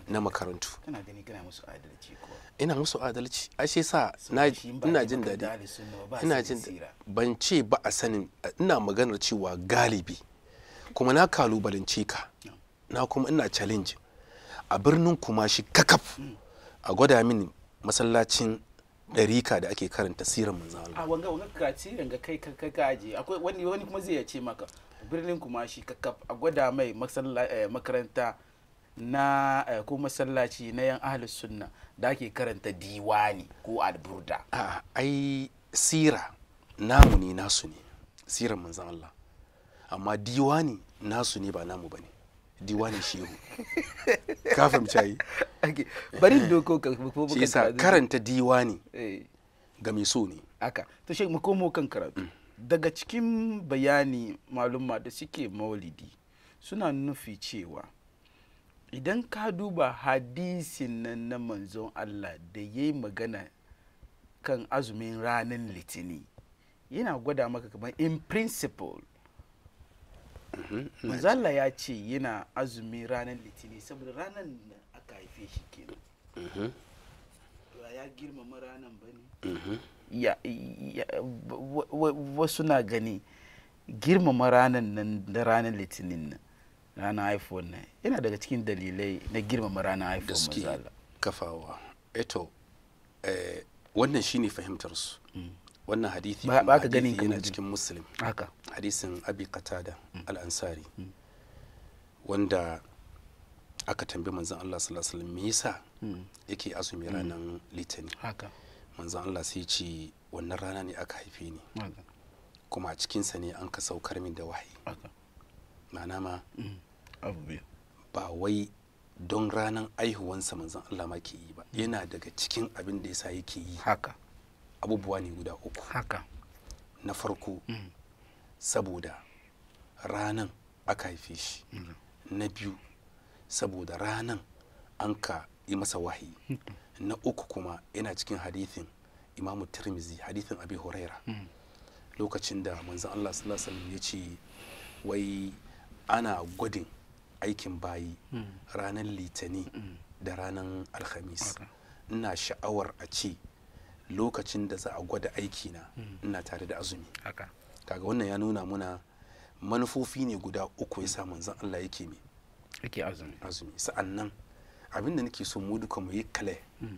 na makarantu kana gani kana musu adalci ko ina musu adalci ashe sa ina jin daɗi ina jin ban ce ba a sanin ina maganar cewa galibi kuma na kalubalance ka na kuma ina challenge a birnin kuma kumashi kakaf a gwada mini masallacin ɗarika da ake karanta sirar manzan Allah. A wanga wanga ka ranga kai ka ka akwai wani wani kuma zai ce maka birnin kuma kumashi kakaf a gwada mai eh, makaranta na eh, ko masallaci na yan ahlus sunna da ake karanta diwani ko alburda. A ai sira namu ne nasu ne sirar manzan Allah amma diwani nasu ne ba namu bane. diwani shehu ka fahimci yi bari doko ka shi yasa karanta diwani eh. ga mai so ne aka to shi mu komo kan karatu mm. daga cikin bayani maluma da suke maulidi suna nufi cewa idan ka duba hadisin nan na manzon Allah da ya yi magana kan azumin ranar litini yana gwada maka kamar in principle Mm-hmm. manzala ya ce yana azumi ranar litini saboda ranar da aka haife shi kenan mm-hmm. ya girmama ranar ne mm-hmm. wasu na gani girmama ranar nan da ranar litinin nan ranar iphone nan yana daga cikin dalilai na girmama ranar haifuwan manzala kafawa eto eh eh, wannan shine fahimtar su mm. wannan hadithi ba ka gani yana cikin muslim haka hadisin abi qatada hmm. al-ansari wanda aka tambayi manzon Allah sallallahu alaihi wasallam me yasa hmm. yake azumi hmm. ranan litani haka manzon Allah sai ce wannan rana ne aka haife ni kuma a cikinsa ne an ka saukar min da wahayi ma'ana ma ba wai don ranan aihuwansa manzon Allah ma ke yi ba yana daga cikin abin da yasa yake yi haka abubuwa ne guda uku haka na farko mm. saboda ranan aka haife shi mm. na biyu saboda ranan an ka yi masa wahayi na uku kuma yana cikin hadithin imamu tirmizi hadithin abi huraira mm. lokacin da manzan allah sallallahu ya ce wai ana gwadin aikin bayi ranan litani da ranan alhamis ina sha'awar a ce lokacin da za a gwada aiki na hmm. ina tare da azumi kaga wannan ya nuna muna manufofi ne guda uku ya samu zan Allah yake ne yake azumi azumi sa'annan abin da nake so mu duka mu yi kale hmm.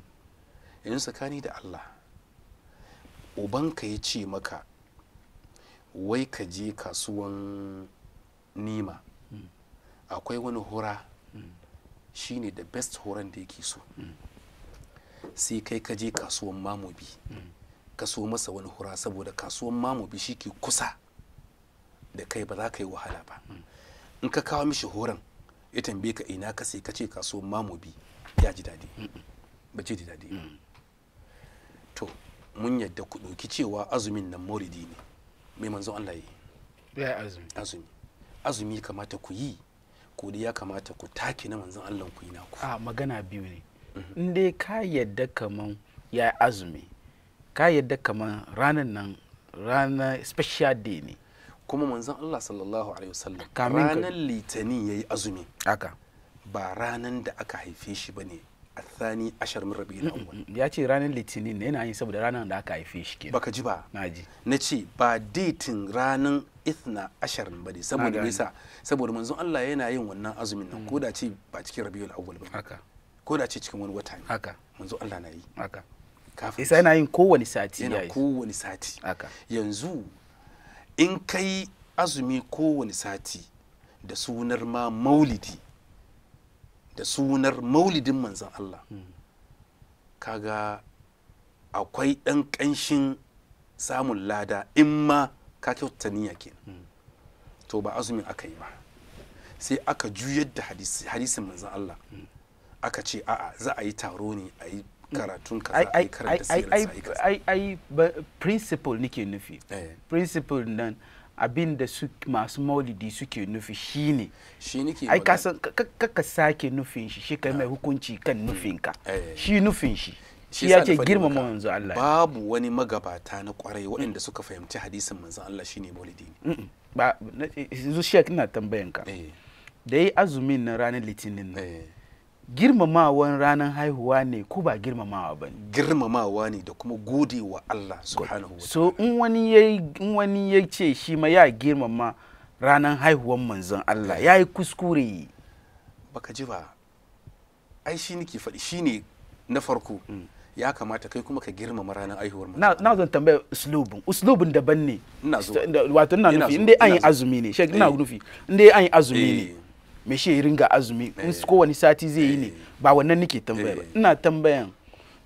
yanzu tsakani da Allah ubanka ya ce maka wai ka je kasuwan nima hmm. akwai wani hura shine the best horon da yake so sai kai ka je kasuwan mamobi ka so masa wani hura saboda kasuwan mamobi shi ke kusa da kai ba za ka yi wahala ba in ka kawo mishi horon ya tambaye ka ina ka sai ka ce kasuwan mamobi ya ji daɗi ba ji daɗi to mun yadda ku ɗauki cewa azumin nan mauridi ne mai manzo Allah yi azumi azumi kamata ku yi ko ya kamata ku take na manzon Allah ku yi naku a magana biyu ne inda ka yadda kaman ya azumi ka yadda kaman ranar nan ranar special day ne kuma manzon Allah sallallahu alaihi wasallam ranar litani yi azumi ba ranar da aka haife shi ba a athani ashar min rabi'il awwal ya ce ranar litinin ne yana yin saboda ranar da aka haife shi kenan baka ji ba ji na ce ba datin ranar ithna ashar ba ne saboda nisa saboda manzon Allah yana yin wannan azumin nan mm. ko da ce ba cikin rabi'ul awwal ba haka ko da ce cikin wani wata ne haka manzo Allah na yi haka kafin isa yana yin kowane sati yana kowane sati haka yanzu in kai azumi kowane sati da sunar ma maulidi da sunar maulidin manzon Allah hmm. kaga akwai ɗan ƙanshin samun lada in ma ka kyautata niyya ke hmm. to ba azumin aka yi ba sai aka juyar da hadisin manzon Allah hmm. aka ce a'a za a yi taro ne a yi karatun kaza a yi karanta sirrinsa ai ai principle nake nufi eh. principle nan abin da masu maulidi suke nufi shine ai kasan kaka sake nufin shi shi kai mai ah. hukunci kan hmm. nufin ka eh. shi nufin shi shi ya ce girmama manzo Allah babu wani magabata na kwarai hmm. waɗanda suka fahimci hadisin manzo Allah shine maulidi ne ba yanzu shi ina tambayanka eh. da yi azumin na ranar litinin girmamawan ranar haihuwa ne ko ba girmamawa ba ne girmamawa ne da kuma gode wa Allah subhanahu wa so in wani ya in wani ya ce shi ma ya girmama ranar haihuwan manzon Allah ya yi kuskure baka ji ba ai shi nake faɗi shi ne na farko mm. ya kamata kai kuma ka girmama ranar haihuwar manzon na zan tambaya uslubin uslubin daban ne wato ina nufi in dai eh. an yi azumi ne shek eh. ina nufi in dai an yi azumi ne me shi ya ringa azumi in eh. kowane sati zai yi ne eh. ba wannan nake tambaya ba eh. ina tambayan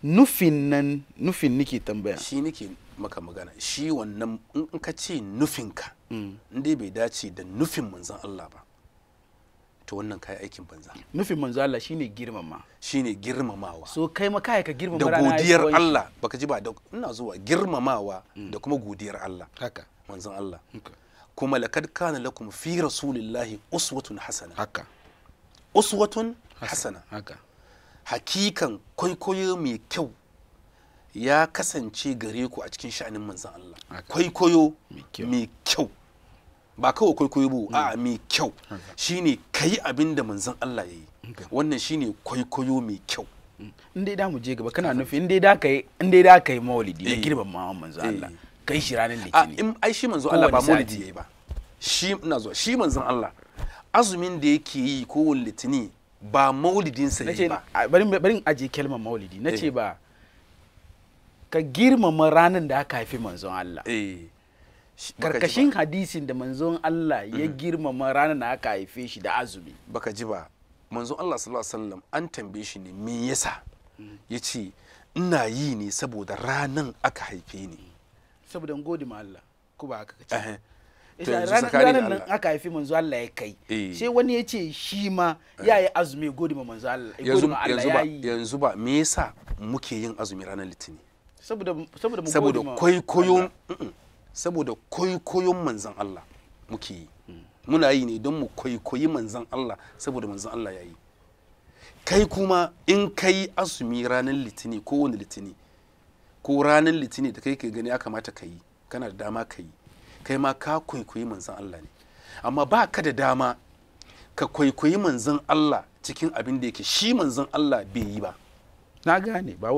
nufin nan nufin nake tambaya shi nake maka magana shi wannan in ka ce nufinka mm. in dai bai dace da nufin manzan Allah ba to wannan kai aikin banza nufin manzo Allah shine girmama shine girmamawa so kai ma kai ka girmama da godiyar Allah baka ji ba ina zuwa girmamawa mm. da kuma godiyar Allah haka manzon Allah okay. kuma lakad kana lakum fi rasulillahi uswatun hasana haka uswatun hasana haka hakikan kwaikwayo mai kyau ya kasance gare ku a cikin sha'anin manzan Allah kwaikwayo mai kyau ba kawai kwaikwayo ba mm. a mai kyau shine kayi abin da manzan Allah ya yi wannan shine kwaikwayo mai kyau mm. in dai da mu je gaba kana nufi in dai da kai in dai da kai maulidi da eh. girban ma manzan Allah eh. kai shi ranar litinin in ai shi manzo Allah ba maulidi yayi ba shi ina zo shi manzon Allah azumin da yake yi ko litini ba maulidin sa yayi ba bari bari aje kalmar maulidi nace eh. ba ka girmama ranar da aka haifi manzon Allah eh karkashin hadisin da manzon Allah ya mm. girmama ranar da aka haife shi da azumi baka ji ba manzon Allah sallallahu alaihi wasallam an tambaye shi ne me yasa mm. yace ina yi ne saboda ranan aka haife ni saboda gode ma Allah ku ba haka kace isa ranar nan aka haifi manzo Allah ya kai eh. sai wani ya ce shi ma eh. ya yi azumi gode ma manzo Allah yanzu ba yanzu ba me yasa muke yin azumi ranar litini saboda saboda mu saboda kwaikwayon saboda kwaikwayon manzon Allah muke yi muna yi ne don mu kwaikwayi manzon Allah saboda manzon Allah ya yi kai kuma in kai azumi ranar litini ko wani litini ko ranar litini da kai ke gani ya kamata ka yi kana da dama ka yi kai ma ka kwaikwayi manzon Allah ne amma ba ka da dama ka kwaikwayi manzon Allah cikin abin da yake shi manzan Allah bai yi ba na gane ba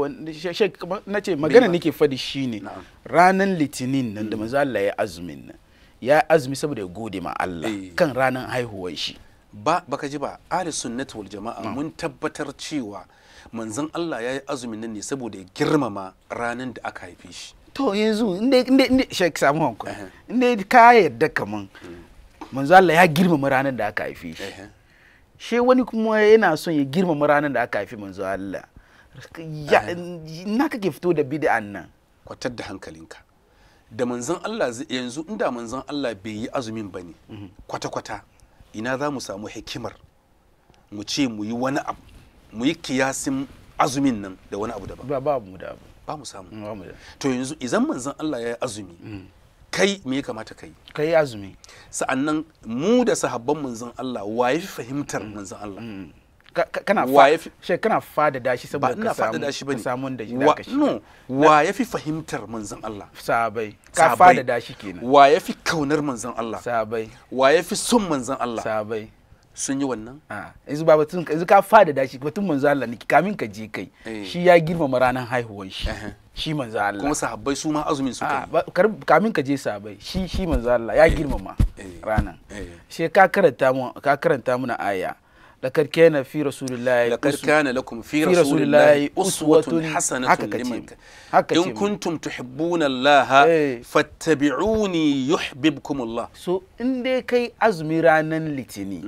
na ce magana nake fadi ne ranar litinin nan da mm. manzan Allah ya azumin nan ya azumi saboda ya gode ma Allah eh. kan ranar haihuwar shi ba baka ji ba ahli sunnati wal jama'a mun tabbatar cewa manzon Allah ya yi azumin nan ne saboda ya girmama ranar da aka haife shi to yanzu inda inda shek samu hanku inda ka yarda kaman manzon Allah ya girmama ranar da aka haife shi she wani kuma yana son ya girmama ranar da aka haife manzon Allah na kake fito da bid'an nan kwatar da hankalinka da manzon Allah yanzu inda manzon Allah bai yi azumin bane mhm. kwata-kwata ina za mu samu hikimar mu ce mu yi wani abu mu yi kiyasin azumin nan da wani abu daban ba mu da ba mu samu to yanzu idan manzon Allah ya yi azumi mm. kai me ya kamata kai kai azumi sa'annan mu da sahabban manzon Allah wa ya fi fahimtar mm. manzon Allah mm. kana fa kana fada dashi saboda ka samu ba bane samu da shi da kashi no wa yafi fahimtar manzon Allah sabai ka fada dashi kenan wa yafi kaunar manzon Allah sabai wa yafi son manzon Allah sabai sun yi wannan a ah, yanzu ba batun yanzu ka fada da shi batun manzo Allah ne kamin ka je kai eh. shi ya girmama ranar haihuwar shi shi manzo Allah kuma sahabbai su ma azumin su ah, kai kamin ka je sahabbai shi shi manzo Allah ya eh. girmama eh. ranan she ka karanta mu ka karanta mu na aya لقد كان في رسول الله لقد كان لكم في رسول الله أسوة حسنة لمن إن كنتم تحبون الله فاتبعوني يحببكم الله so in kai azumi ranar litini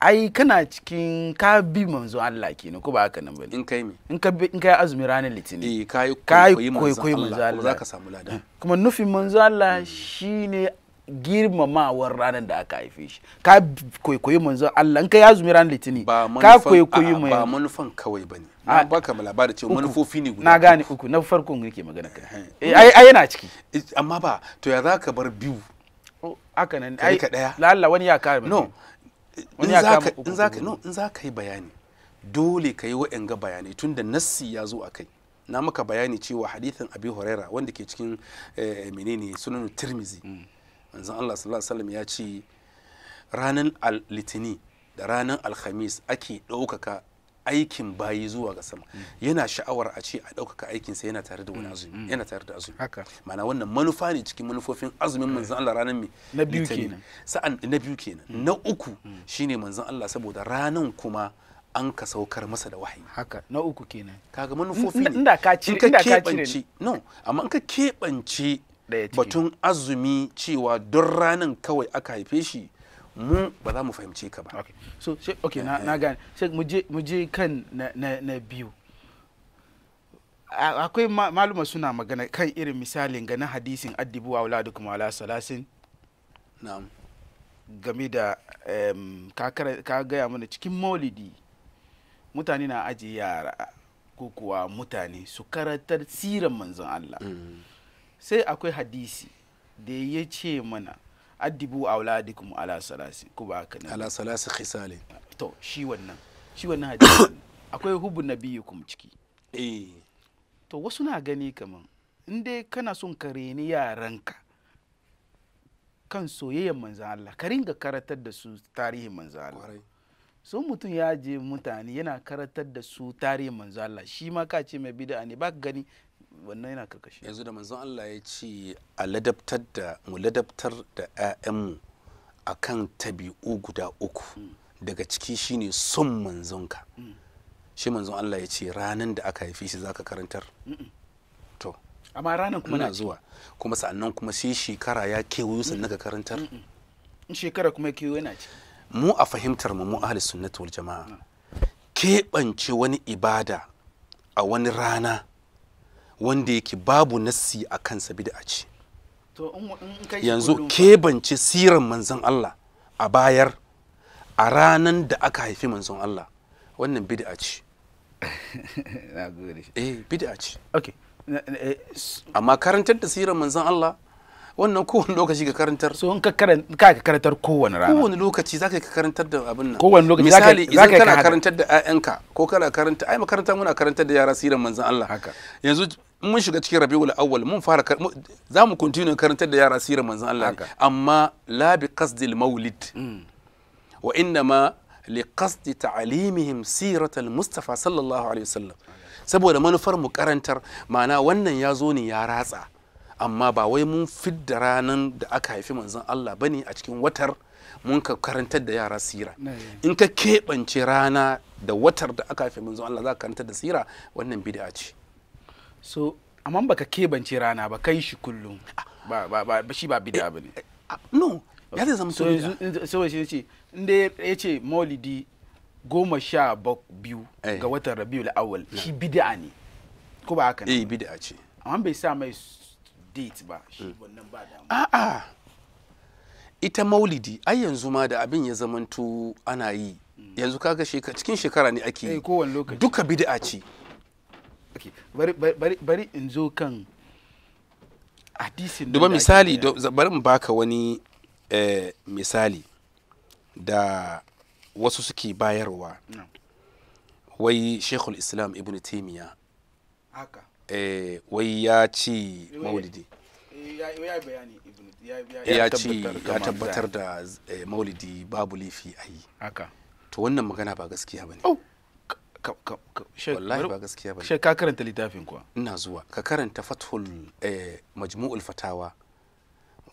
ai kana cikin ka manzo Allah kenan ko ba haka nan bane in kai me in in kai azumi ranar litini eh kai koyi manzo Allah samu lada kuma nufin manzo Allah shine girmamawar ranar da aka haife shi ka kwaikwayi manzon Allah in ka ya zumi ranar litini ka kwaikwayi mai ba manufan kawai bane na ah, baka mu labari cewa manufofi ne guda na gane uku na farkon ke magana kai eh, ai ai yana ciki eh, amma ba to ya zaka bar biyu oh, haka nan ai ka Allah wani ya kare no in zaka in zaka no in zaka yi bayani dole ka yi ga bayanai tunda nassi ya zo a kai na maka bayani cewa hadithin abi huraira wanda ke cikin eh, menene sunan tirmizi mm. manzon Allah sallallahu alaihi wasallam ya ce ranar litini da ranar alhamis ake ɗaukaka aikin bayi zuwa ga sama mm. yana sha'awar a ce a ɗaukaka aikinsa yana tare da wani mm. azumi mm. yana tare da azumi mana wannan manufa ne cikin manufofin azumin eh. manzon Allah ranar mai na biyu kenan sa'an na biyu kenan na uku shine manzon Allah saboda ranan kuma an ka saukar masa da wahayi haka na uku kenan kaga manufofi ne inda ka cire inda ka cire no amma in ka keɓance batun azumi cewa don ranan kawai aka haife shi mu ba za mu fahimce ka ba so she, eh. na, gane sai mu je kan na, biyu akwai maluma suna magana kan irin misalin ganin hadisin addibu wa wala kuma ala salasin na'am game da ka, gaya mana cikin maulidi mutane na ajiye yara ko kuwa mutane su karatar siran manzon Allah mm. sai akwai hadisi da ya ce mana addibu auladikum ala salasi ku ba ka ala salasi khisali to shi wannan shi wannan hadisi akwai hubu nabiyukum ciki eh. to wasu na gani kaman in dai kana son ka reni yaranka kan soyayyar manzan Allah ka ringa karatar da su tarihin manzan Allah sun mutum ya je mutane yana karatar da su tarihin manzan Allah shi ma ka ce mai bid'a ne ba gani wannan yana karkashi yanzu da manzon Allah ya ce a ladabtar da mu ladabtar da 'ya'yanmu akan tabi'u guda uku daga ciki shine son manzonka shi manzon Allah ya ce ranan da aka haife shi zaka karantar to amma ranan kuma na zuwa kuma sannan kuma sai shekara ya kewayo sannan ka karantar shekara kuma kewayo yana ci mu a fahimtar mu mu ahli sunnati wal jama'a keɓance wani ibada a wani rana wanda yake babu nassi a kansa bid'a ce yanzu kebance siran manzon Allah a bayar a ranan da aka haifi manzon Allah wannan bid'a ce eh bid'a ce okay eh, amma karantar da siran manzon Allah wannan kowane lokaci ka karantar so in ka karantar kowane rana kowane lokaci za ka karantar da abin nan kowane lokaci misali idan kana karantar da ayyanka ko kana karanta ai makaranta muna karantar da yara siran manzon Allah yanzu mun shiga cikin rabiul awwal mun fara za mu continue karantar da yara sirar manzon Allah amma la bi qasdil maulid mm. wa innama li qasdi ta'limihim siratal mustafa sallallahu alaihi wasallam saboda manufar mu karantar ma'ana wannan ya zo ne ya ratsa amma ba wai mun fidda ranan da aka haifi manzon Allah bane a cikin watar mun ka karantar da yara sira in ka keɓance rana da watar da aka haifi manzon Allah za ka karantar da sira wannan bid'a ce so amma baka kebance rana ba kai shi kullum ba ba ba shi ba bid'a eh, bane eh, no ya zai zama so so shi ce inda ya ce maulidi goma sha biyu eh. ga watan rabiul awwal shi bid'a ne ko ba haka ne eh bid'a ce amma bai sa mai date ba shi hmm. wannan ba da a ita maulidi ai yanzu ma da abin ya zamanto ana yi hmm. yanzu kaga cikin shekara ne ake yi duka bid'a ce bari in zo kan hadisin duba misali bari mu baka wani eh, misali da wasu suke bayarwa wai shekul islam ibn taimiya eh, wai ya ci maulidi ya ci ya tabbatar da eh, maulidi babu laifi a yi to wannan magana ba gaskiya ba ne oh. wallahi ka karanta littafin kuwa ina zuwa ka karanta fathul eh, majmu'ul fatawa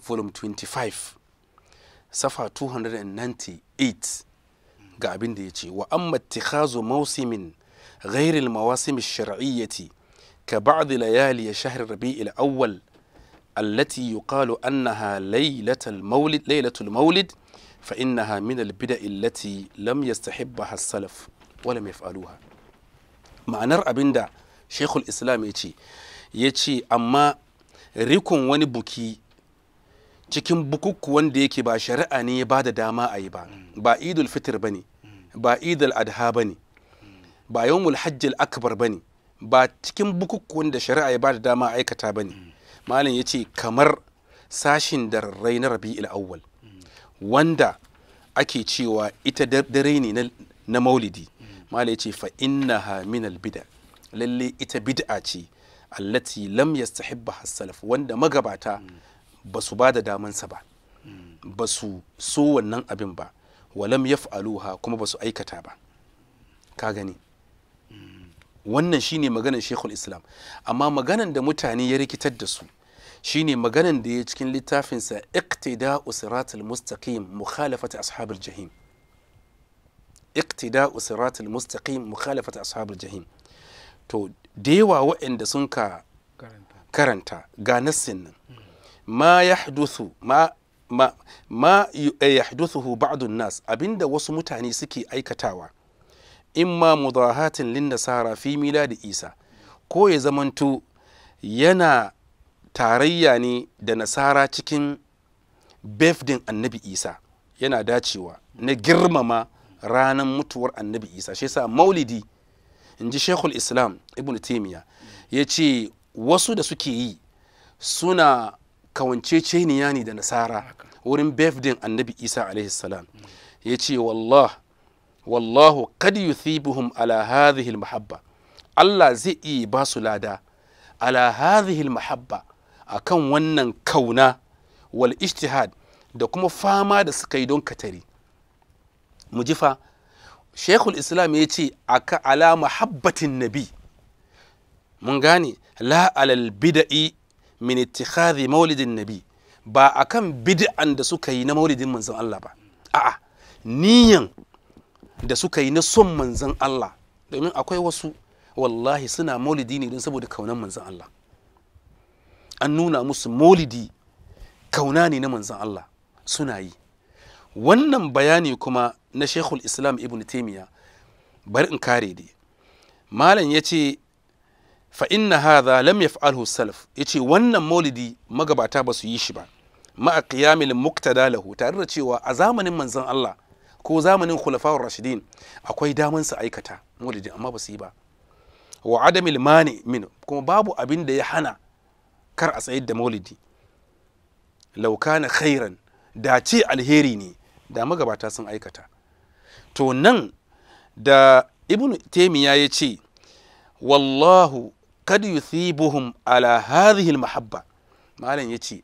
volume 25 safa 298 ga abin da ya ce wa amma tikhazu mausimin غير المواسم الشرعية كبعض ليالي شهر ربيع الأول التي يقال أنها ليلة المولد ليلة المولد فإنها من البدع التي لم يستحبها السلف wala mai faluha ma'anar abinda shekul islam ya ce ya ce amma rikon wani buki cikin bukukuwan da yake ba shari'a ne ba da dama a yi ba ba idul fitir ba ne ba idul adha ba ne ba yawon hajjil akbar ba ne ba cikin bukukuwan da shari'a ya ba da dama aikata ba ne malam ya ce kamar sashin da rai na rabi'il awwal wanda ake cewa ita dare ne na maulidi mala yace fa innaha min bid'a lalle ita bid'a ce allati lam yastahibba as wanda magabata ba su ba da damansa ba ba su so wannan abin ba walam yaf'aluha kuma ba su aikata ba ka gani wannan shine maganar shekul islam amma maganan da mutane ya rikitar da su shine maganan da ya cikin littafin littafinsa iqtida'u siratal mustaqim mukhalafati ashabil jahim iqtida'u siratul mustaqim mukhalafat ashabul jahim to da yawa waɗanda sun ka karanta ga nassin nan ma yahduthu ma ma ma eh, nas abinda wasu mutane suke aikatawa imma mudahatin lin nasara fi miladi isa ko ya zamantu yana tarayya ne da nasara cikin befdin annabi isa yana dacewa na girmama ranar mutuwar annabi isa shi yasa maulidi in ji shekul islam ibn taimiya ya ce wasu da suke yi suna kawanceceniya ne da nasara wurin birthday annabi isa alaihi salam ya ce wallah wallahu kad yuthibuhum ala hadhihi almahabba Allah zai iya ba su lada ala hadhihi almahabba akan wannan kauna wal ijtihad da kuma fama da suka yi don katari mu ji fa shekul islam ya ce aka ala muhabbatin nabi mun gane la alal bida'i min ittikhadhi maulidin nabi ba akan bid'an da suka yi na maulidin manzon Allah ba a'a niyan da suka yi na son manzon Allah domin akwai wasu wallahi suna maulidi ne don saboda kaunan manzon Allah an nuna musu maulidi kauna ne na manzon Allah suna yi wannan bayani kuma na shekul islam ibn taimiya bari in kare dai malam ya ce fa inna hadha lam yaf'alhu salaf yace wannan maulidi magabata ba su yi shi ba ma'a qiyamil muqtada lahu tare da cewa a zamanin manzon Allah ko zamanin khulafa'ur rashidin akwai daman su aikata maulidi amma ba su yi ba wa adamil mani min kuma babu abin da ya hana kar a tsayar da maulidi lauka na khairan da ce alheri ne da magabata sun aikata to nan da ibn taimiya ya ce wallahu kad yuthibuhum ala hadhihi almahabba malam ya ce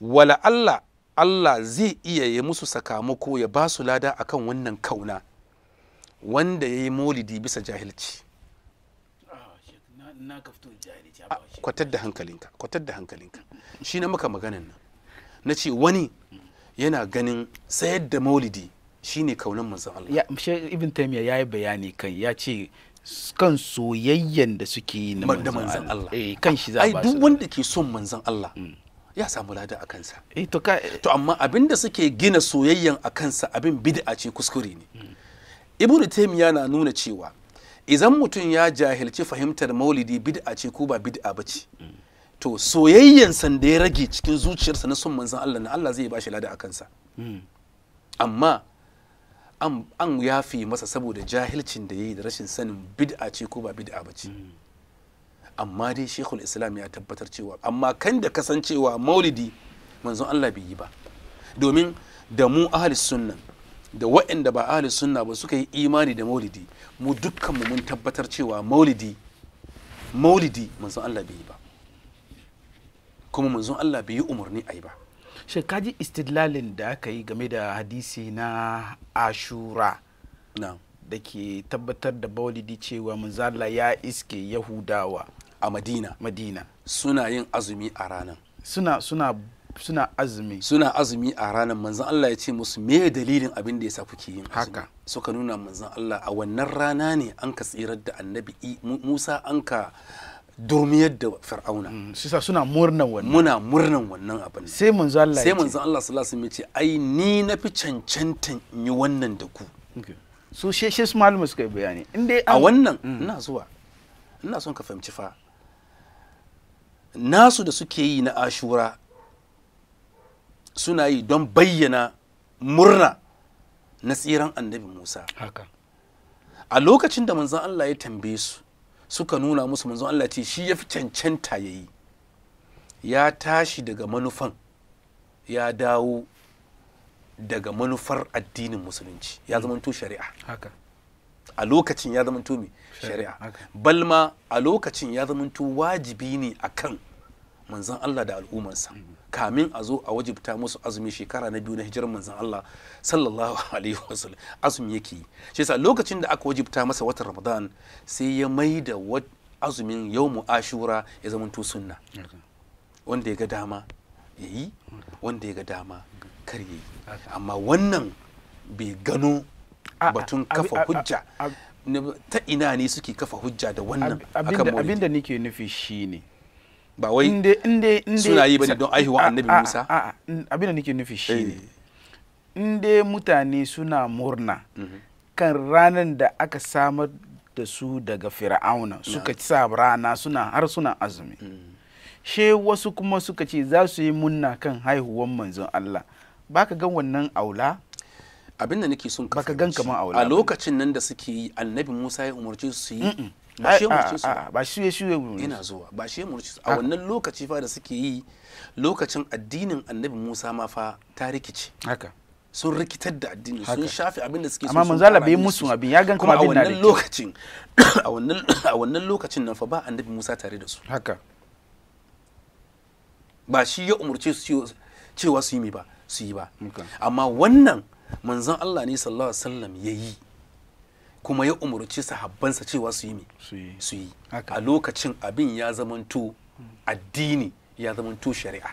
wala Allah Allah zai iya yi musu sakamako ya ba su lada akan wannan kauna wanda ya yi molidi bisa jahilci kwatar da hankalinka kwatar da hankalinka shi na maka maganan nan na ce wani yana ganin sayar da maulidi shine kaunan manzon Allah ya ibn taymiya yayi bayani kan ya ce kan soyayyen da suke yi na manzon Allah eh kan shi za ba ai duk wanda ke son manzon Allah hmm. ya samu lada a kansa eh, eh, to amma to amma abinda suke gina soyayyen a kansa abin bid'a ce kuskure ne hmm. ibn taymiya na nuna cewa idan mutum ya jahilci fahimtar maulidi bid'a ce ko ba bid'a ba ce hmm. to san da ya rage cikin zuciyarsa na son manzon Allah na Allah zai ba lada a kansa amma an yafi masa saboda jahilcin da ya yi da rashin sanin bid'a ce ko ba bid'a ba ce hmm. amma dai shekul islam ya tabbatar cewa amma kan da kasancewa maulidi manzon allah bai yi ba domin da mu ahli sunnan da waɗanda ba ahli sunna ba suka yi imani da maulidi mu dukkanmu mun tabbatar cewa maulidi maulidi manzon allah bai yi ba kuma manzon allah bai yi umarni a yi ba shekaji istidlalin da aka yi game da hadisi na ashura da ke tabbatar da baulidi cewa manzala ya iske yahudawa a madina madina suna yin azumi a ranar suna suna suna azumi suna azumi a ranar manzan Allah ya ce musu me dalilin abin da ya yasa kuke yin haka suka nuna manzan Allah a wannan rana ne an ka tsirar da annabi Musa an ka durmiyar da fir'auna mm, shi sa suna murnan wannan muna murnan wannan abin sai manzo Allah sai manzo Allah sallallahu alaihi wasallam ya ce ai ni na fi cancantan in yi wannan da ku so she she su malumu suka yi bayani in dai a wannan mm. ina zuwa ina son ka fahimci fa nasu da suke yi na ashura suna yi don bayyana murna na tsiran annabi Musa haka a lokacin da manzon Allah ya tambaye su suka nuna musu manzon Allah ce shi ya fi cancanta ya yi ya tashi daga manufan ya dawo daga manufar addinin musulunci ya hmm. zamanto shari'a a lokacin ya zamanto mai shari'a balma a lokacin ya zamanto wajibi ne akan manzon Allah da al'ummarsa kamin a zo a wajibta musu azumi shekara na biyu na hijirar manzon Allah sallallahu alaihi wasallam azumi yake yi shi yasa lokacin da aka wajibta masa watan Ramadan sai ya mai da azumin yawmu ashura ya zama sunna wanda ya ga dama ya yi wanda ya ga dama kar ya yi amma wannan bai gano batun kafa hujja ta ina ne suke kafa hujja da wannan abinda nike nufi shine ba wai suna yi bane don aihuwa ah, annabi ah, musa ah, abin da nake nufi shi eh. in dai mutane suna murna mhm. kan ranar da aka samar da su daga fir'auna suka sa rana suna har suna azumi mm. she wasu kuma suka ce za su yi munna kan haihuwan manzon Allah baka gan wannan aula abin da nake son ka baka gan kaman aula a lokacin nan da suke yi annabi Musa ya umarci su yi ba shi ya murce su ba shi ya shi ya ina zuwa ba shi ya murce su a ah. wannan lokaci fa da suke yi lokacin addinin annabi Musa ma fa ta rikice haka sun rikitar da addini sun shafe abin da suke so amma manzala bai musu abin ya gan kuma abin na lokacin a wannan a wannan lokacin nan fa ba annabi Musa tare da su haka ba shi ya umurce su cewa su yi ba su yi ba amma wannan manzon Allah ne sallallahu alaihi wasallam yayi kuma ya umarci sahabbansa cewa su yi mi su yi a lokacin abin ya zamanto addini ya zamanto shari'a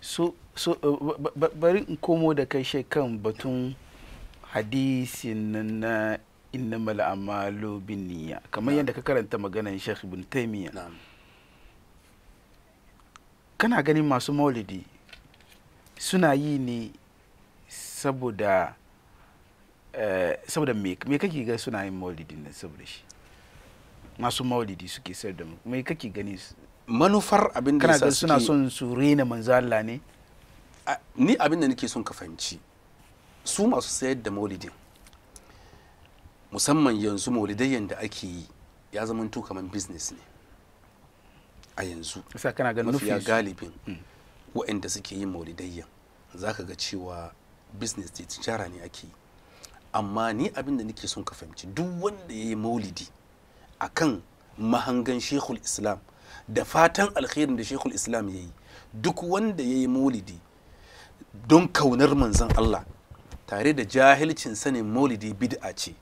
so so uh, bari in komo da kai shi kan batun hadisin na inna innamal amalu bin niyya kamar yadda ka karanta maganan Sheikh Ibn Taymiyyah kana ganin masu maulidi suna yi ne saboda Eh, saboda me me kake ga suna yin maulidi ne saboda shi masu maulidi suke sayar da me kake gani manufar abin da kana suna son su rena manzo Allah ne ni abin da nake son ka fahimci su masu sayar da maulidin musamman yanzu maulidayyan da ake yi ya zama to kamar business ne a yanzu mafiya galibin hmm. waɗanda suke yin maulidayyan za ka ga cewa business ne tijara ne ake yi amma ni abin da nake son ka fahimci duk wanda ya yi maulidi akan mahangan shekul islam da fatan alkhairin da shekul islam ya yi duk wanda ya yi maulidi don kaunar manzan allah tare da jahilcin sanin maulidi bid'a ce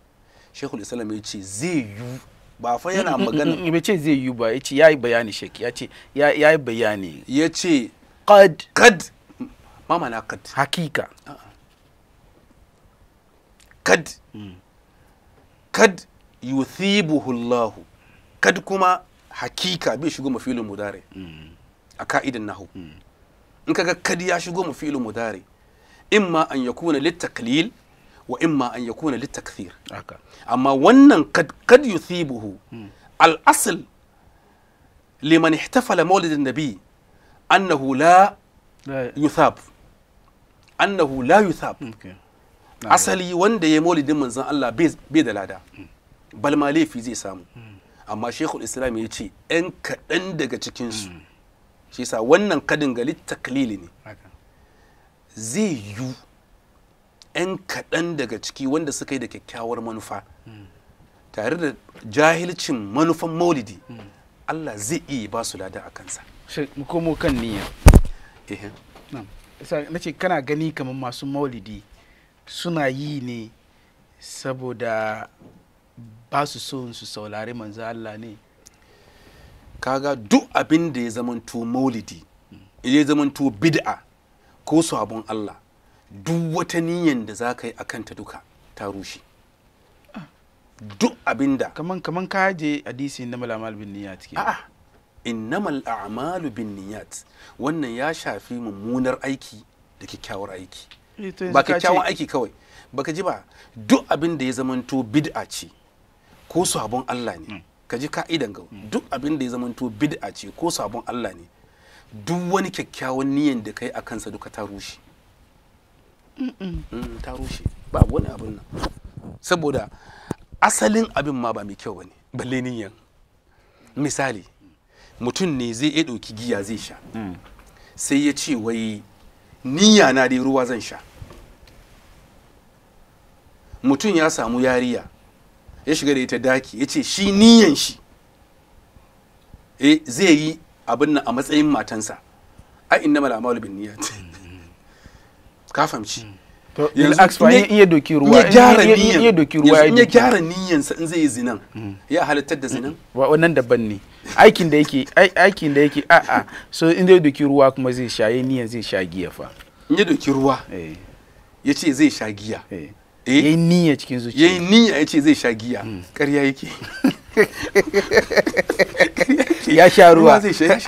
shekul islam ya ce zai yi ba fa yana mm, mm, mm, magana ya ce zai yi ba ya ce ya yi bayani shek ya ce ya yi bayani ya ce kad kad mamana kad hakika ah, قد قد يثيبه الله كد كما حقيقه بيشغو مفعول مداري اكائد إنه ان كغا قد ياشغو مفعول مضارع اما ان يكون للتقليل واما ان يكون للتكثير اما ونن قد قد يثيبه الاصل لمن احتفل مولد النبي انه لا يثاب انه لا يثاب okay. asali wanda ya maulidin manzon Allah bai da lada hmm. balma laifi zai samu hmm. amma shekul islam ya ce 'yan kaɗan daga cikinsu hmm. shi sa wannan kadin gali taklili ne zai yu 'yan kaɗan daga ciki wanda suka yi da kyakkyawar manufa tare da jahilcin manufan maulidi Allah zai iya ba su lada a kansa komo kan niyya na ce kana gani kamar masu maulidi suna yi ne saboda ba su so su saurari manzo Allah ne kaga duk abin da ya zamanto maulidi ya zama to bid'a ko sabon Allah duk wata niyan da za ka yi a ta duka ta rushe duk abin da kaman kaman ka je hadisi na malamal bin niyat ke a'a innamal a'malu bin niyat wannan ya shafi mummunar aiki da kyakkyawar aiki Eh, ba kyakkyawan aiki kawai ba ka ji ba duk abin da ya zamanto bid'a ce ko sabon Allah ne hmm. ka ji ka'idan ga hmm. duk abin da ya zamanto bid'a ce ko sabon Allah ne duk wani kyakkyawan niyan da kai a kansa duka ta rushe mm, ta rushe ba wani abin nan saboda asalin abin ma ba mai kyau bane balle niyan misali mutum ne zai iya ɗauki giya zai sha hmm. sai ya ce wai niyya na dai ruwa zan sha mutum ya samu yariya ya shiga da ita daki ya ce shi niyan shi eh, zai yi abin nan a matsayin matansa a inna mala amalu bin niyyat ka fahimci iya doki ruwa iya doki ruwa ya gyara niyyansa in zai yi zinan mm. ya halittar da zinan wannan daban ne aikin da yake aikin da yake a a so in zai doki ruwa kuma zai sha niyan zai sha giya fa in ya doki ruwa eh. ya ce zai sha giya eh. Eh? yayi niyya cikin zuciya yayi niyya yace zai sha giya hmm. ƙarya yake ya sha ruwa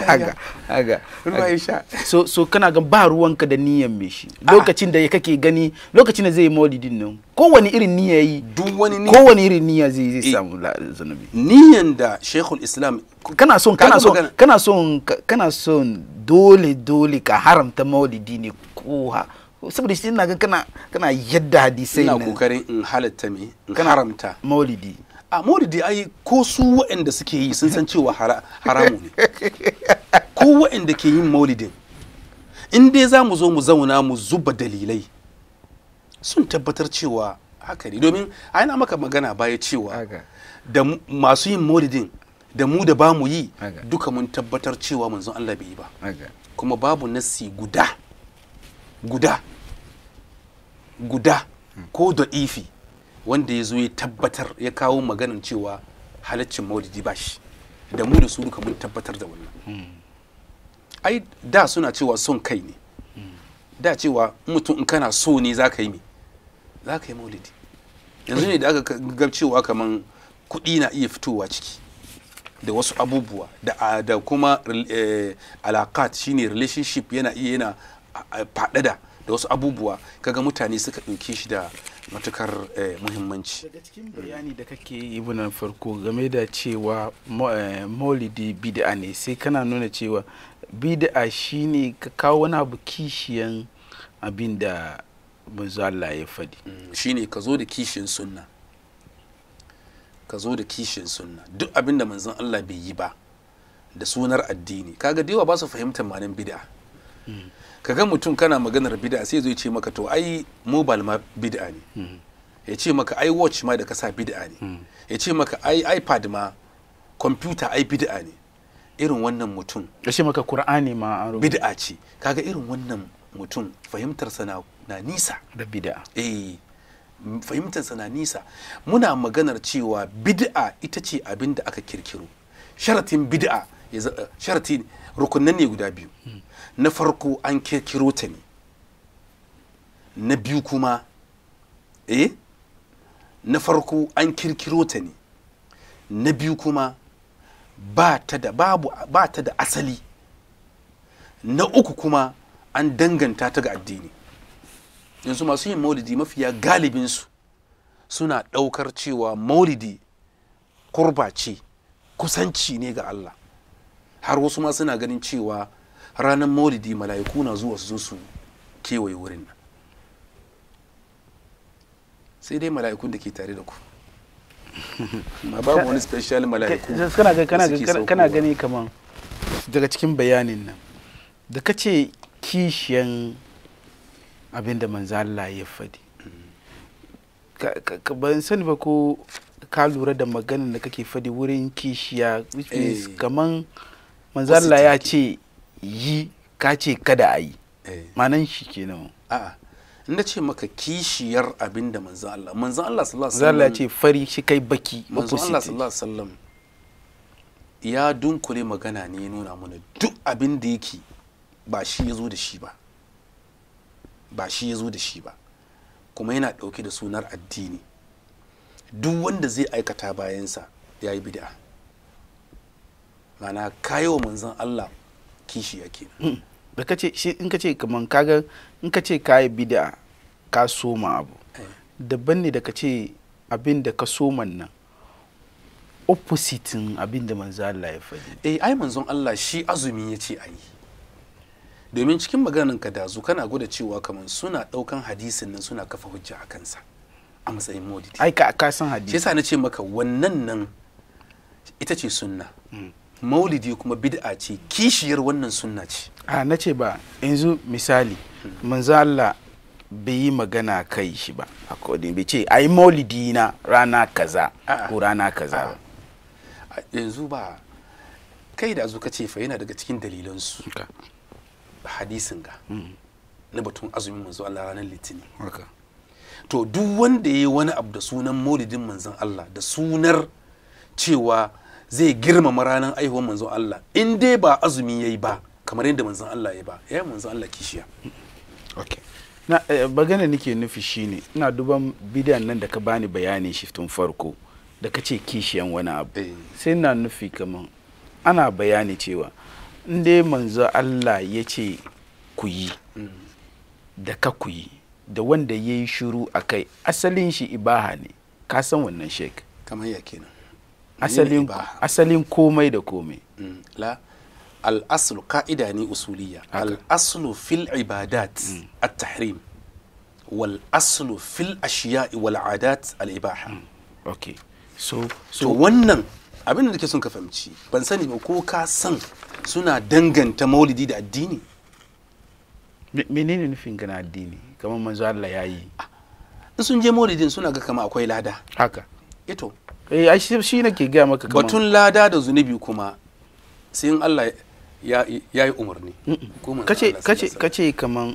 haga haga ruwa ya sha so so kana ga ba ruwanka da niyyar me shi ah. lokacin da kake gani lokacin da zai maulidin nan kowane irin niyya yi duk wani niyya kowane irin niyya zai zai eh. samu zanubi niyyan da shaykhul islam kana son kana son kana son kana son dole dole ka haramta maulidi ne ko ha saboda shi ina ga kana kana yadda hadisai ina kokarin in halatta me in haramta maulidi a maulidi ai ko su waɗanda suke yi sun san cewa haramu ne ko waɗanda ke yin maulidin in dai za mu zo mu zauna mu zuba dalilai sun tabbatar cewa haka ne domin a yana maka magana baya cewa da masu yin maulidin da mu da ba mu yi duka mun tabbatar cewa manzon Allah bai yi ba kuma babu nasi guda guda guda ko da ifi wanda ya zo ya tabbatar ya kawo maganin cewa halaccin maulidi ba shi da mu da su duka mun tabbatar da wannan ai da suna cewa son kai ne da cewa mutum in kana so ne za ka yi me za ka yi maulidi yanzu ne da aka ga cewa kaman kuɗi na iya fitowa ciki da wasu abubuwa da, kuma eh, alaƙat alakat shine relationship yana iya yana faɗada da wasu abubuwa kaga mutane suka ɗauke shi da matukar eh, muhimmanci daga cikin bayani da kake yi na farko game da cewa eh, maulidi bid'a ne sai kana nuna cewa bid'a shine ka kawo wani abu kishiyan abin da Allah ya faɗi mm, shine ka zo da kishin sunna ka zo da kishin sunna duk abin da manzon Allah bai yi ba da sunar addini kaga da yawa ba su fahimtar manin bid'a mm. ka ga mutum kana maganar bid'a sai zai ce maka to ai mobile ma bid'a ne ya ce maka ai watch ma da kasa bid'a ne hmm. ya ce maka ai ipad ma kwamfuta ai bid'a ne irin wannan mutum ya ce maka qur'ani ma bid'a ce kaga irin wannan mutum fahimtarsa na nisa da bid'a eh fahimtarsa na nisa muna maganar cewa bid'a ita ce abin da aka kirkiro sharatin bid'a sharatin rukunan ne guda biyu hmm. na farko an kirkiro ta ne na biyu kuma eh na farko an kirkiro ta ne na biyu kuma ba ta da babu ba da asali na uku kuma an danganta ta ga addini yanzu masu yin maulidi mafiya galibinsu suna ɗaukar cewa maulidi kurba ce kusanci ne ga Allah har wasu ma suna ganin cewa ranar maulidi mala'iku na zuwa su su kewaye wurin nan sai dai mala'ikun da ke tare da ku ma babu wani special mala'iku kana gani kaman daga cikin bayanin nan da ka ce kishiyan abin da ya fadi ban sani ba ko ka lura da maganin da kake fadi wurin kishiya which means eh. kaman Manzala ya ce yi ka ce kada a yi eh. manan shi nan a'a na ce maka kishiyar abin da manzan Allah manzan Allah sallallahu alaihi wasallam ce fari shi kai baki manzan Allah sallallahu alaihi wasallam ya dunkule magana ne ya nuna mana duk abin da yake ba shi ya zo da shi ba ba shi ya zo da shi ba kuma yana ɗauke da sunar addini duk wanda zai aikata bayansa ya yi bid'a mana kayo manzan Allah kishi yake hmm. da ka ce shi in ka ce kamar kaga in ka ce ka yi bid'a ka soma abu eh. daban ne da ka ce abin da ka soma nan opposite abin da manzo Allah ya faɗi eh ai manzon Allah shi azumi ya ce yi domin cikin maganin ka dazu kana gwada cewa kaman suna ɗaukan hadisin nan suna kafa hujja a kansa a matsayin modi ai ka san hadisi yasa na ce maka wannan nan ita ce sunna hmm. maulidi kuma bid'a ce kishiyar wannan sunna ce a na ce ba yanzu misali manzo Allah bai yi magana kai shi ba according bai ce ai maulidi na rana kaza ko rana kaza yanzu ba kai da zuka ce fa yana daga cikin dalilan su hadisin ga hmm. na batun azumin manzo Allah ranar litinin to duk wanda yayi wani abu da sunan maulidin manzon Allah da sunar cewa zai girmama ranar aihuwar manzon Allah in dai ba azumi yayi ba kamar yadda manzon Allah ya ba ya manzon Allah kishiya okay na bagana eh, nake nufi shine ina duban bidiyon nan da ka bani bayani shi tun farko da ka ce kishiyan wani abu eh. sai na nufi kaman ana bayani cewa in dai manzo Allah ya ce ku yi mm. da ka ku yi da wanda ya yi shiru a kai asalin shi ibaha ne ka san wannan sheik. kamar ya kenan asalin komai da komai mm, la al'aslu ka'ida ne usuliya al'aslu fil ibadat mm. at-tahrim wal aslu fil ashiya'i wal adat al-ibaha mm. okay so so wannan abin da ke son ka fahimci ban sani ba ko ka san suna danganta maulidi da addini menene nufin gana addini kamar manzo Allah yayi ah, in sun je maulidin suna ga kama akwai lada haka ito eh eh ai shi ne ke gaya maka kamar batun lada da zunubi kuma sai in Allah ya yi umarni kace kace kace kaman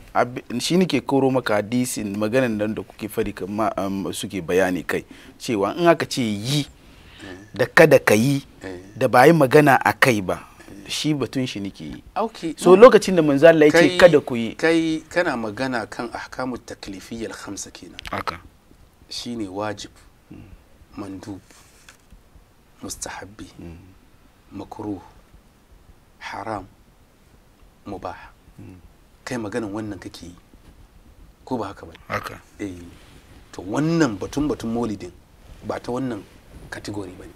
shi nake ke koro maka hadisin maganan nan da kuke fari kamar um, suke bayani kai cewa in aka ce yi eh. da kada ka yi eh. da ba yi magana a kai ba eh. shi batun shi nake yi okay so lokacin da manzo Allah ya ce kada ku yi kai kana magana kan ahkamut taklifiyyal khamsa kenan haka shine wajib mm. mandub mustahabbi makruh haram mubah kai maganin wannan kake yi ko ba haka ba haka eh to wannan batun batun maulidin ba ta wannan kategori ba ne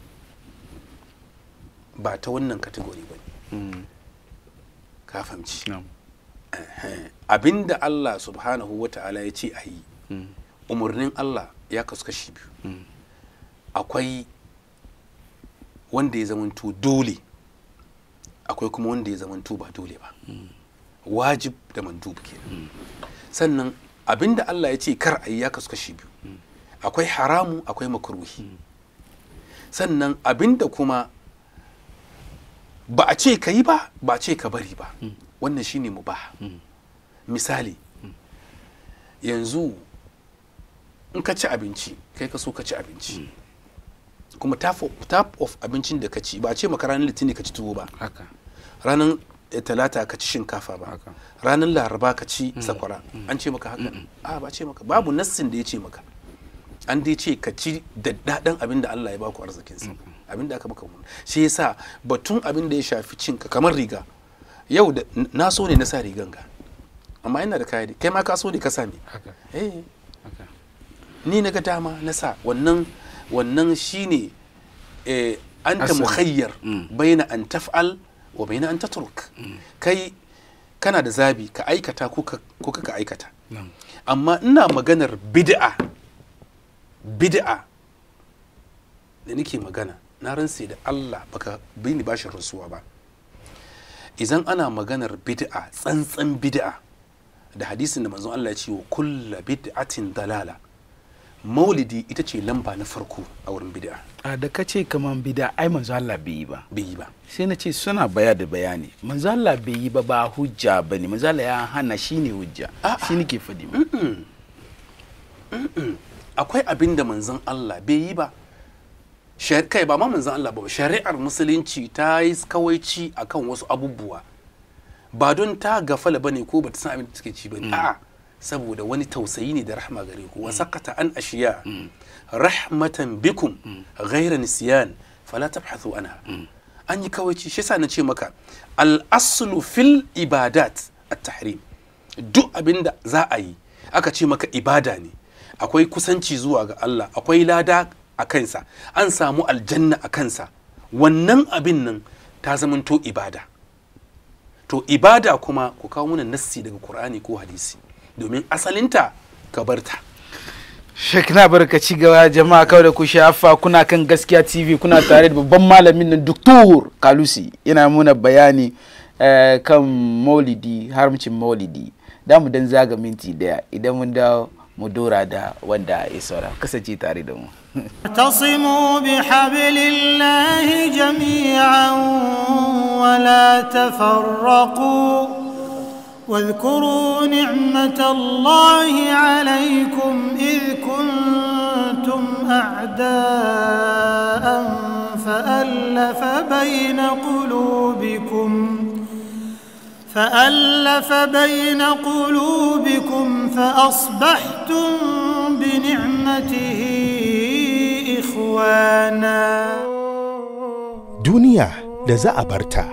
ba ta wannan kategori ba ne ka fahimci abinda Allah subhanahu wa ta'ala ya ce a yi umarnin Allah ya kasu kashi biyu akwai wanda ya zamanto dole akwai kuma wanda ya zamanto ba dole ba wajib da mandub ke sannan abinda Allah ya ce kar a yi ya kasu kashi biyu akwai haramu akwai makaruhi sannan abinda kuma ba a ce ka yi ba ba a ce ka bari ba wannan shine ba misali yanzu in ka ci abinci kai ka so ka ci abinci kuma tap of abincin da ka ci ba ce maka ranar litinin ka ci tuwo ba ranar eh, talata ka ci shinkafa ba ranar laraba ka ci mm. sakwara mm. an ce maka haka a ba ce maka babu nassin da ya ce maka an dai ce ka ci daddaɗan abin da Allah ya baku arzikinsa abin da aka baka mun shi yasa batun abin da ya shafi cinka kamar riga yau da na so ne na sa rigan ga amma ina da kaya kai ma ka so ne ka sa eh ni na ga dama na sa wannan wannan shine eh, anta mukhayyar mm. baina an taf'al wa baina an tatruk mm. kai kana da zabi ka aikata ko ka aikata amma ina maganar bid'a bid'a da nake magana na ransa da Allah baka bini ni bashin rasuwa ba idan ana maganar bid'a tsantsan bid'a da hadisin da manzon Allah ya ce wa kulla bid'atin dalala maulidi ita ce lamba na farko a wurin bid'a a da ka ce kaman bid'a ai manzo Allah bai yi ba bai yi ba sai na ce suna baya da bayani manzo Allah bai yi ba ba hujja bane manzo Allah ya hana shine hujja shi nake fadi akwai abin da manzon Allah bai yi ba kai ba ma manzon Allah ba shari'ar musulunci ta yi kawaici akan wasu abubuwa ba don ta gafala bane ko ba ta san abin da take ci bane mm. a'a saboda wani tausayi ne da rahma gare ku wa mm. sakata an ashiya mm. rahmatan bikum mm. ghayra nisyan fala tabhathu anha an yi kawai shi yasa na ce maka al aslu fil ibadat at tahrim duk abinda za a yi aka ce maka ibada ne akwai kusanci zuwa ga Allah akwai lada a kansa an samu aljanna a kansa wannan abin nan ta zamanto ibada to ibada kuma ku kawo mana nassi daga Qur'ani ko hadisi domin asalinta ka barta Sheikh na barka ci gaba jama'a kawai da ku shafa kuna kan gaskiya TV kuna tare da babban malamin nan Dr. Kalusi yana muna bayani eh, kan maulidi haramcin maulidi da mu dan zaga minti daya idan mun dawo mu dora da wanda ya saura kasance tare da mu اعتصموا بحبل الله جميعا ولا تفرقوا واذكروا نعمة الله عليكم إذ كنتم أعداء فألف بين قلوبكم فألف بين قلوبكم فأصبحتم بنعمته إخوانا دنيا دزا أبرتا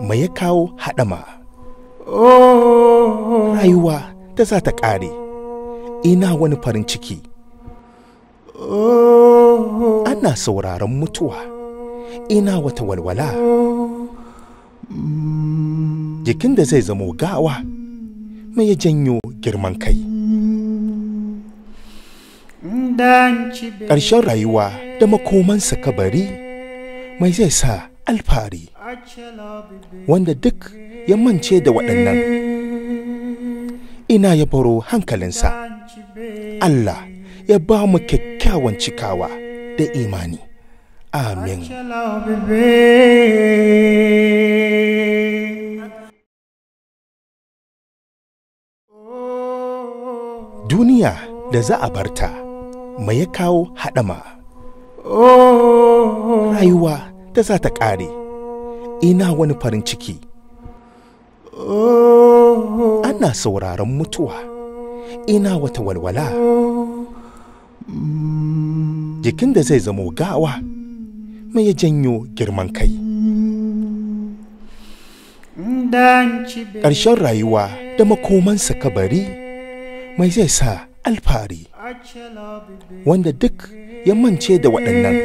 ما يكاو هدما rayuwa ta za ta ƙare ina wani farin ciki ana sauraron mutuwa ina wata walwala jikin da zai zamo gawa mai ya janyo girman kai ƙarshen rayuwa da makomansa kabari mai zai sa alfari wanda duk ya mance da waɗannan ina ya baro hankalinsa Allah ya ba mu kyakkyawan cikawa da imani amin duniya da za a barta mai ya kawo haɗama rayuwa da za ta ƙare ina wani farin ciki ana sauraron mutuwa ina wata walwala jikin da zai zamo gawa mai janyo girman kai ƙarshen rayuwa da makomansa kabari mai zai sa alfari wanda duk ya mance da waɗannan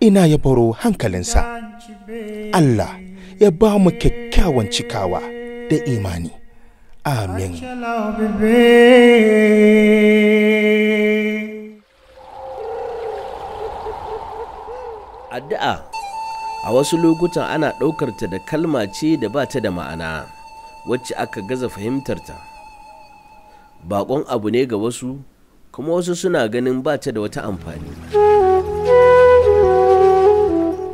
ina ya baro hankalinsa Allah ya ba mu kyakkyawan cikawa da imani amin addu'a a wasu lokutan ana ɗaukar ta da kalma ce da ba ta da ma'ana wacce aka gaza fahimtarta baƙon abu ne ga wasu kuma wasu suna ganin ba ta da wata amfani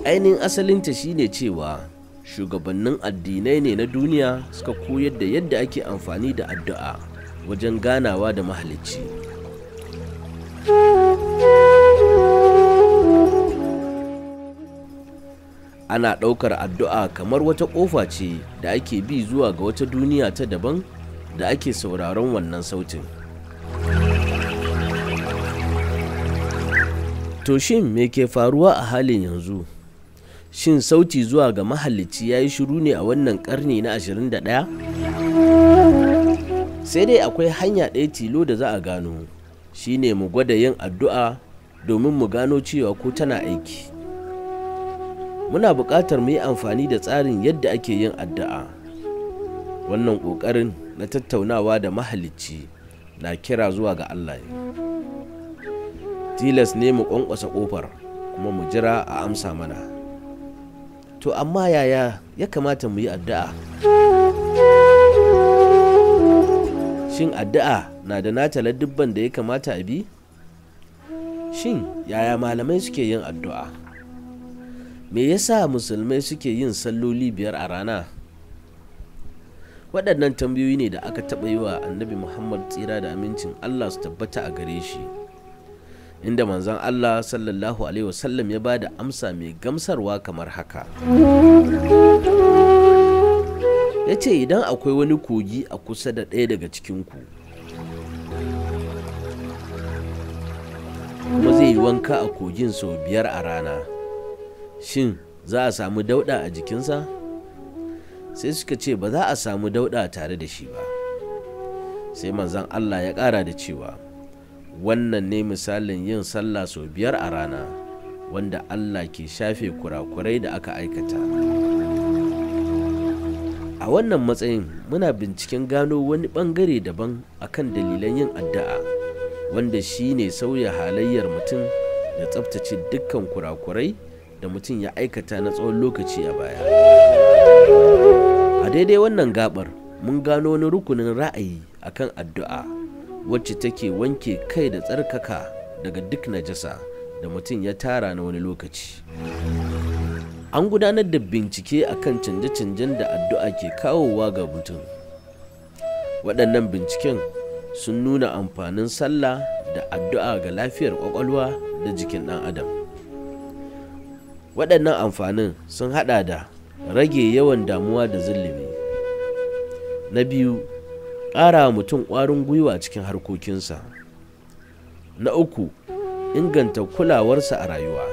ainihin asalinta shi ne cewa shugabannin addinai ne na duniya suka koyar da yadda ake amfani da addu'a wajen ganawa da mahalicci ana ɗaukar addu'a kamar wata ƙofa ce da ake bi zuwa ga wata duniya ta daban da ake sauraron wannan sautin to shin me ke faruwa a halin yanzu shin sauti zuwa ga mahalicci ya yi shiru ne a wannan karni na 21 sai dai akwai hanya ɗaya tilo da za a gano shine mu gwada yin addu'a domin mu gano cewa ko tana aiki muna buƙatar mu yi amfani da tsarin yadda ake yin addu'a wannan ƙoƙarin na tattaunawa da mahalicci na kira zuwa ga allah tilas ne mu ƙwanƙwasa ƙofar kuma mu jira a amsa mana to amma yaya ya kamata mu yi addu'a shin addu'a na da nata ladubban da ya kamata a bi shin yaya malamai suke yin addu'a me yasa musulmai suke yin salloli biyar a rana waɗannan tambayoyi ne da aka taɓa yi wa annabi muhammad tsira da amincin allah su tabbata a gare shi inda manzon Allah sallallahu alaihi wasallam ya bada amsa mai gamsarwa kamar haka ya ce idan akwai wani kogi a kusa da ɗaya daga cikinku kuma zai yi wanka a kogin sau biyar a rana shin za a samu dauɗa a jikinsa sai suka ce ba za a samu dauɗa tare da shi ba sai manzan Allah ya ƙara da cewa wannan ne misalin yin sallah sau biyar a rana wanda allah ke shafe kurakurai da aka aikata a wannan matsayin muna binciken gano wani bangare daban akan dalilan yin addu'a wanda shi ne sauya halayyar mutum da tsabtace dukkan kurakurai da mutum ya aikata na tsawon lokaci a baya a daidai wannan gabar mun gano wani rukunin ra'ayi akan addu'a wacce take wanke kai da tsarkaka daga duk najasa da mutum ya tara na wani lokaci an gudanar da bincike a kan canje-canjen da addu'a ke kawowa ga mutum waɗannan binciken sun nuna amfanin sallah da addu'a ga lafiyar ƙwaƙwalwa da jikin ɗan adam waɗannan amfanin sun haɗa da rage yawan damuwa da zullumi na biyu ƙara wa mutum ƙwarin gwiwa cikin harkokinsa na uku inganta kulawarsa a rayuwa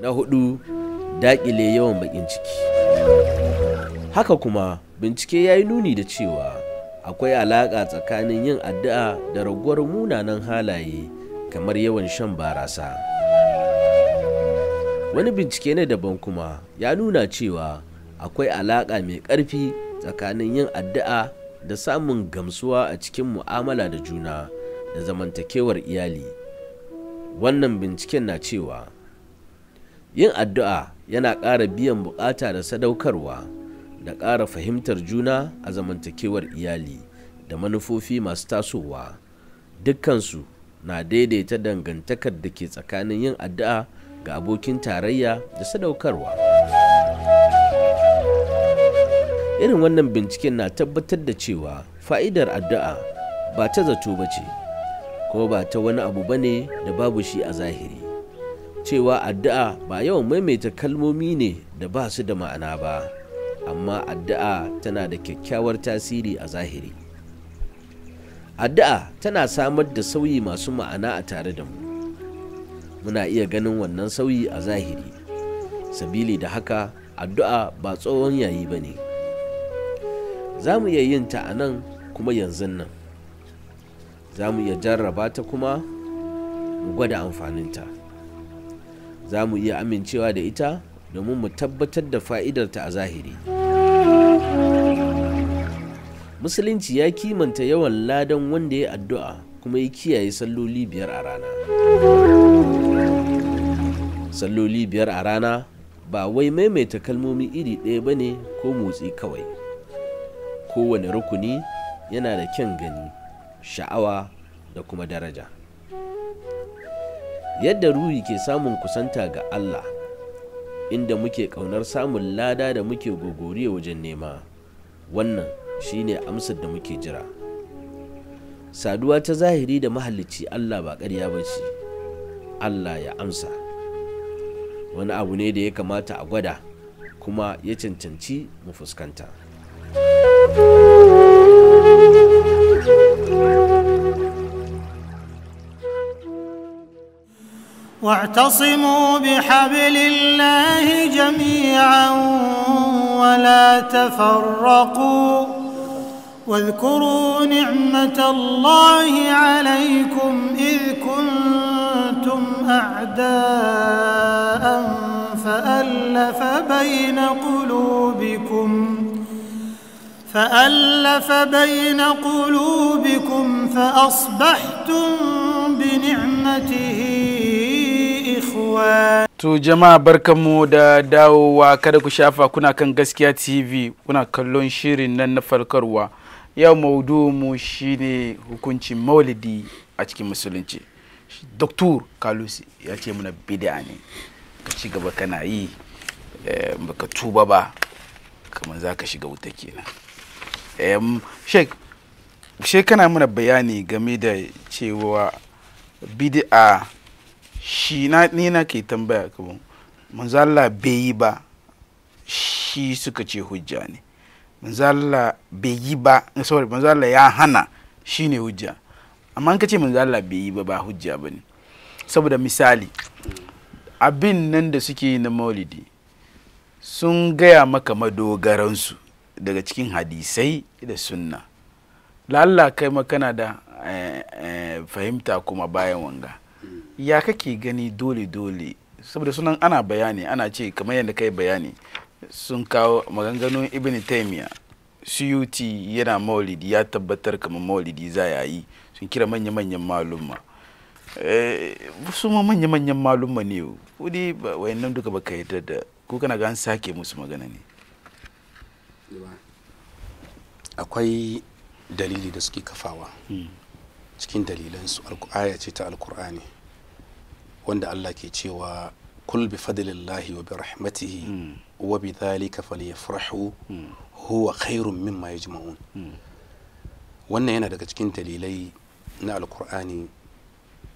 na hudu daƙile yawan baƙin ciki haka kuma bincike ya yi nuni da cewa akwai alaƙa tsakanin yin addu'a da raguwar munanan halaye kamar yawan shan barasa wani bincike na daban kuma ya nuna cewa akwai alaƙa mai ƙarfi tsakanin yin addu'a da samun gamsuwa a cikin mu'amala da juna da zamantakewar iyali wannan binciken na cewa yin addu'a yana ƙara biyan bukata da sadaukarwa da ƙara fahimtar juna a zamantakewar iyali da manufofi masu tasowa dukkansu na daidaita dangantakar da ke tsakanin yin addu'a ga abokin tarayya da sadaukarwa. irin wannan binciken na tabbatar da cewa fa'idar addu'a ba ta zato ba ce ko ba ta wani abu ba ne da babu shi a zahiri cewa addu'a ba yawan maimaita kalmomi ne da ba su da ma'ana ba amma addu'a tana da kyakkyawar tasiri a zahiri addu'a tana samar da sauyi masu ma'ana a tare da mu muna iya ganin wannan sauyi a zahiri sabili da haka addu'a ba tsohon yayi ba ne za mu iya yin ta a nan kuma yanzu nan za mu iya jarraba ta kuma mu gwada amfaninta za mu iya amincewa da ita domin mu tabbatar da fa'idarta a zahiri musulunci ya kimanta yawan ladan wanda ya addu'a kuma ya kiyaye salloli biyar a rana salloli biyar a rana ba wai maimaita kalmomi iri ɗaya ba ne ko motsi kawai kowane rukuni yana da kyan gani sha'awa da kuma daraja yadda ruhi ke samun kusanta ga allah inda muke ƙaunar samun lada da muke gogoriya wajen nema wannan shine amsar da muke jira saduwa ta zahiri da mahalicci allah ba ƙarya ba ce allah ya amsa wani abu ne da ya kamata a gwada kuma ya cancanci mu fuskanta واعتصموا بحبل الله جميعا ولا تفرقوا واذكروا نعمة الله عليكم إذ كنتم أعداء فألف بين قلوبكم فألف بين قلوبكم فأصبحتم بنعمته إخوان To jama'a barkanmu da dawowa kada ku shafa kuna kan gaskiya TV kuna kallon shirin nan na farkarwa yau maudu mu shine hukuncin maulidi a cikin musulunci. Doktor Kalusi ya ce muna bid'a ne ka ci gaba kana yi eh, baka tuba ba kamar za ka shiga wuta kenan. shek kana mana bayani game da cewa bid'a shi na ni na ke tambaya kabu manzala bai yi ba shi suka ce hujja ne manzala bai yi ba sorry manzala ya hana shi ne hujja amma an kace ce manzala bai yi ba ba hujja ba ne saboda misali abin nan da suke yi na maulidi sun gaya maka madogaransu daga cikin hadisai da sunna lalla kai makana da eh, eh, fahimta kuma bayan wanga mm. ya kake gani dole-dole saboda sunan ana bayani ana ce kamar yadda kai bayani sun kawo maganganun ibn taimiya suyuti yana maulidi ya tabbatar kamar maulidi za ya yi sun kira manya-manyan malumma eh, su ma manya-manyan malumma ne kudi wayannan duka baka yarda da ko kana ga an sake musu magana ne akwai dalili da suke kafawa hmm. cikin dalilansu aya ce ta alkur'ani wanda allah ke cewa kul bi fadlillahi wa bi rahmatihi hmm. wa bi dhalika falyafrahu hmm. huwa khairun mimma yajma'un wannan yana daga cikin dalilai na alkur'ani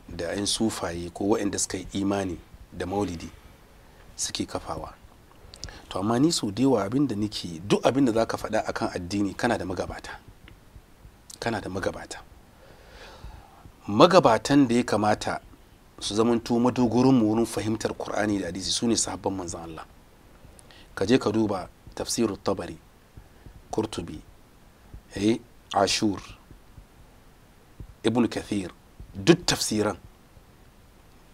da 'yan sufaye ko waɗanda suka yi imani da maulidi suke kafawa to amma ni so dewa abin da nake duk abin da zaka faɗa akan addini kana da magabata kana da magabata magabatan da ya kamata su zamanto madogoron mu wurin fahimtar Qur'ani da hadisi sune sahabban manzon Allah ka je ka duba tafsirut tabari kurtubi eh ashur ibn kathir duk tafsiran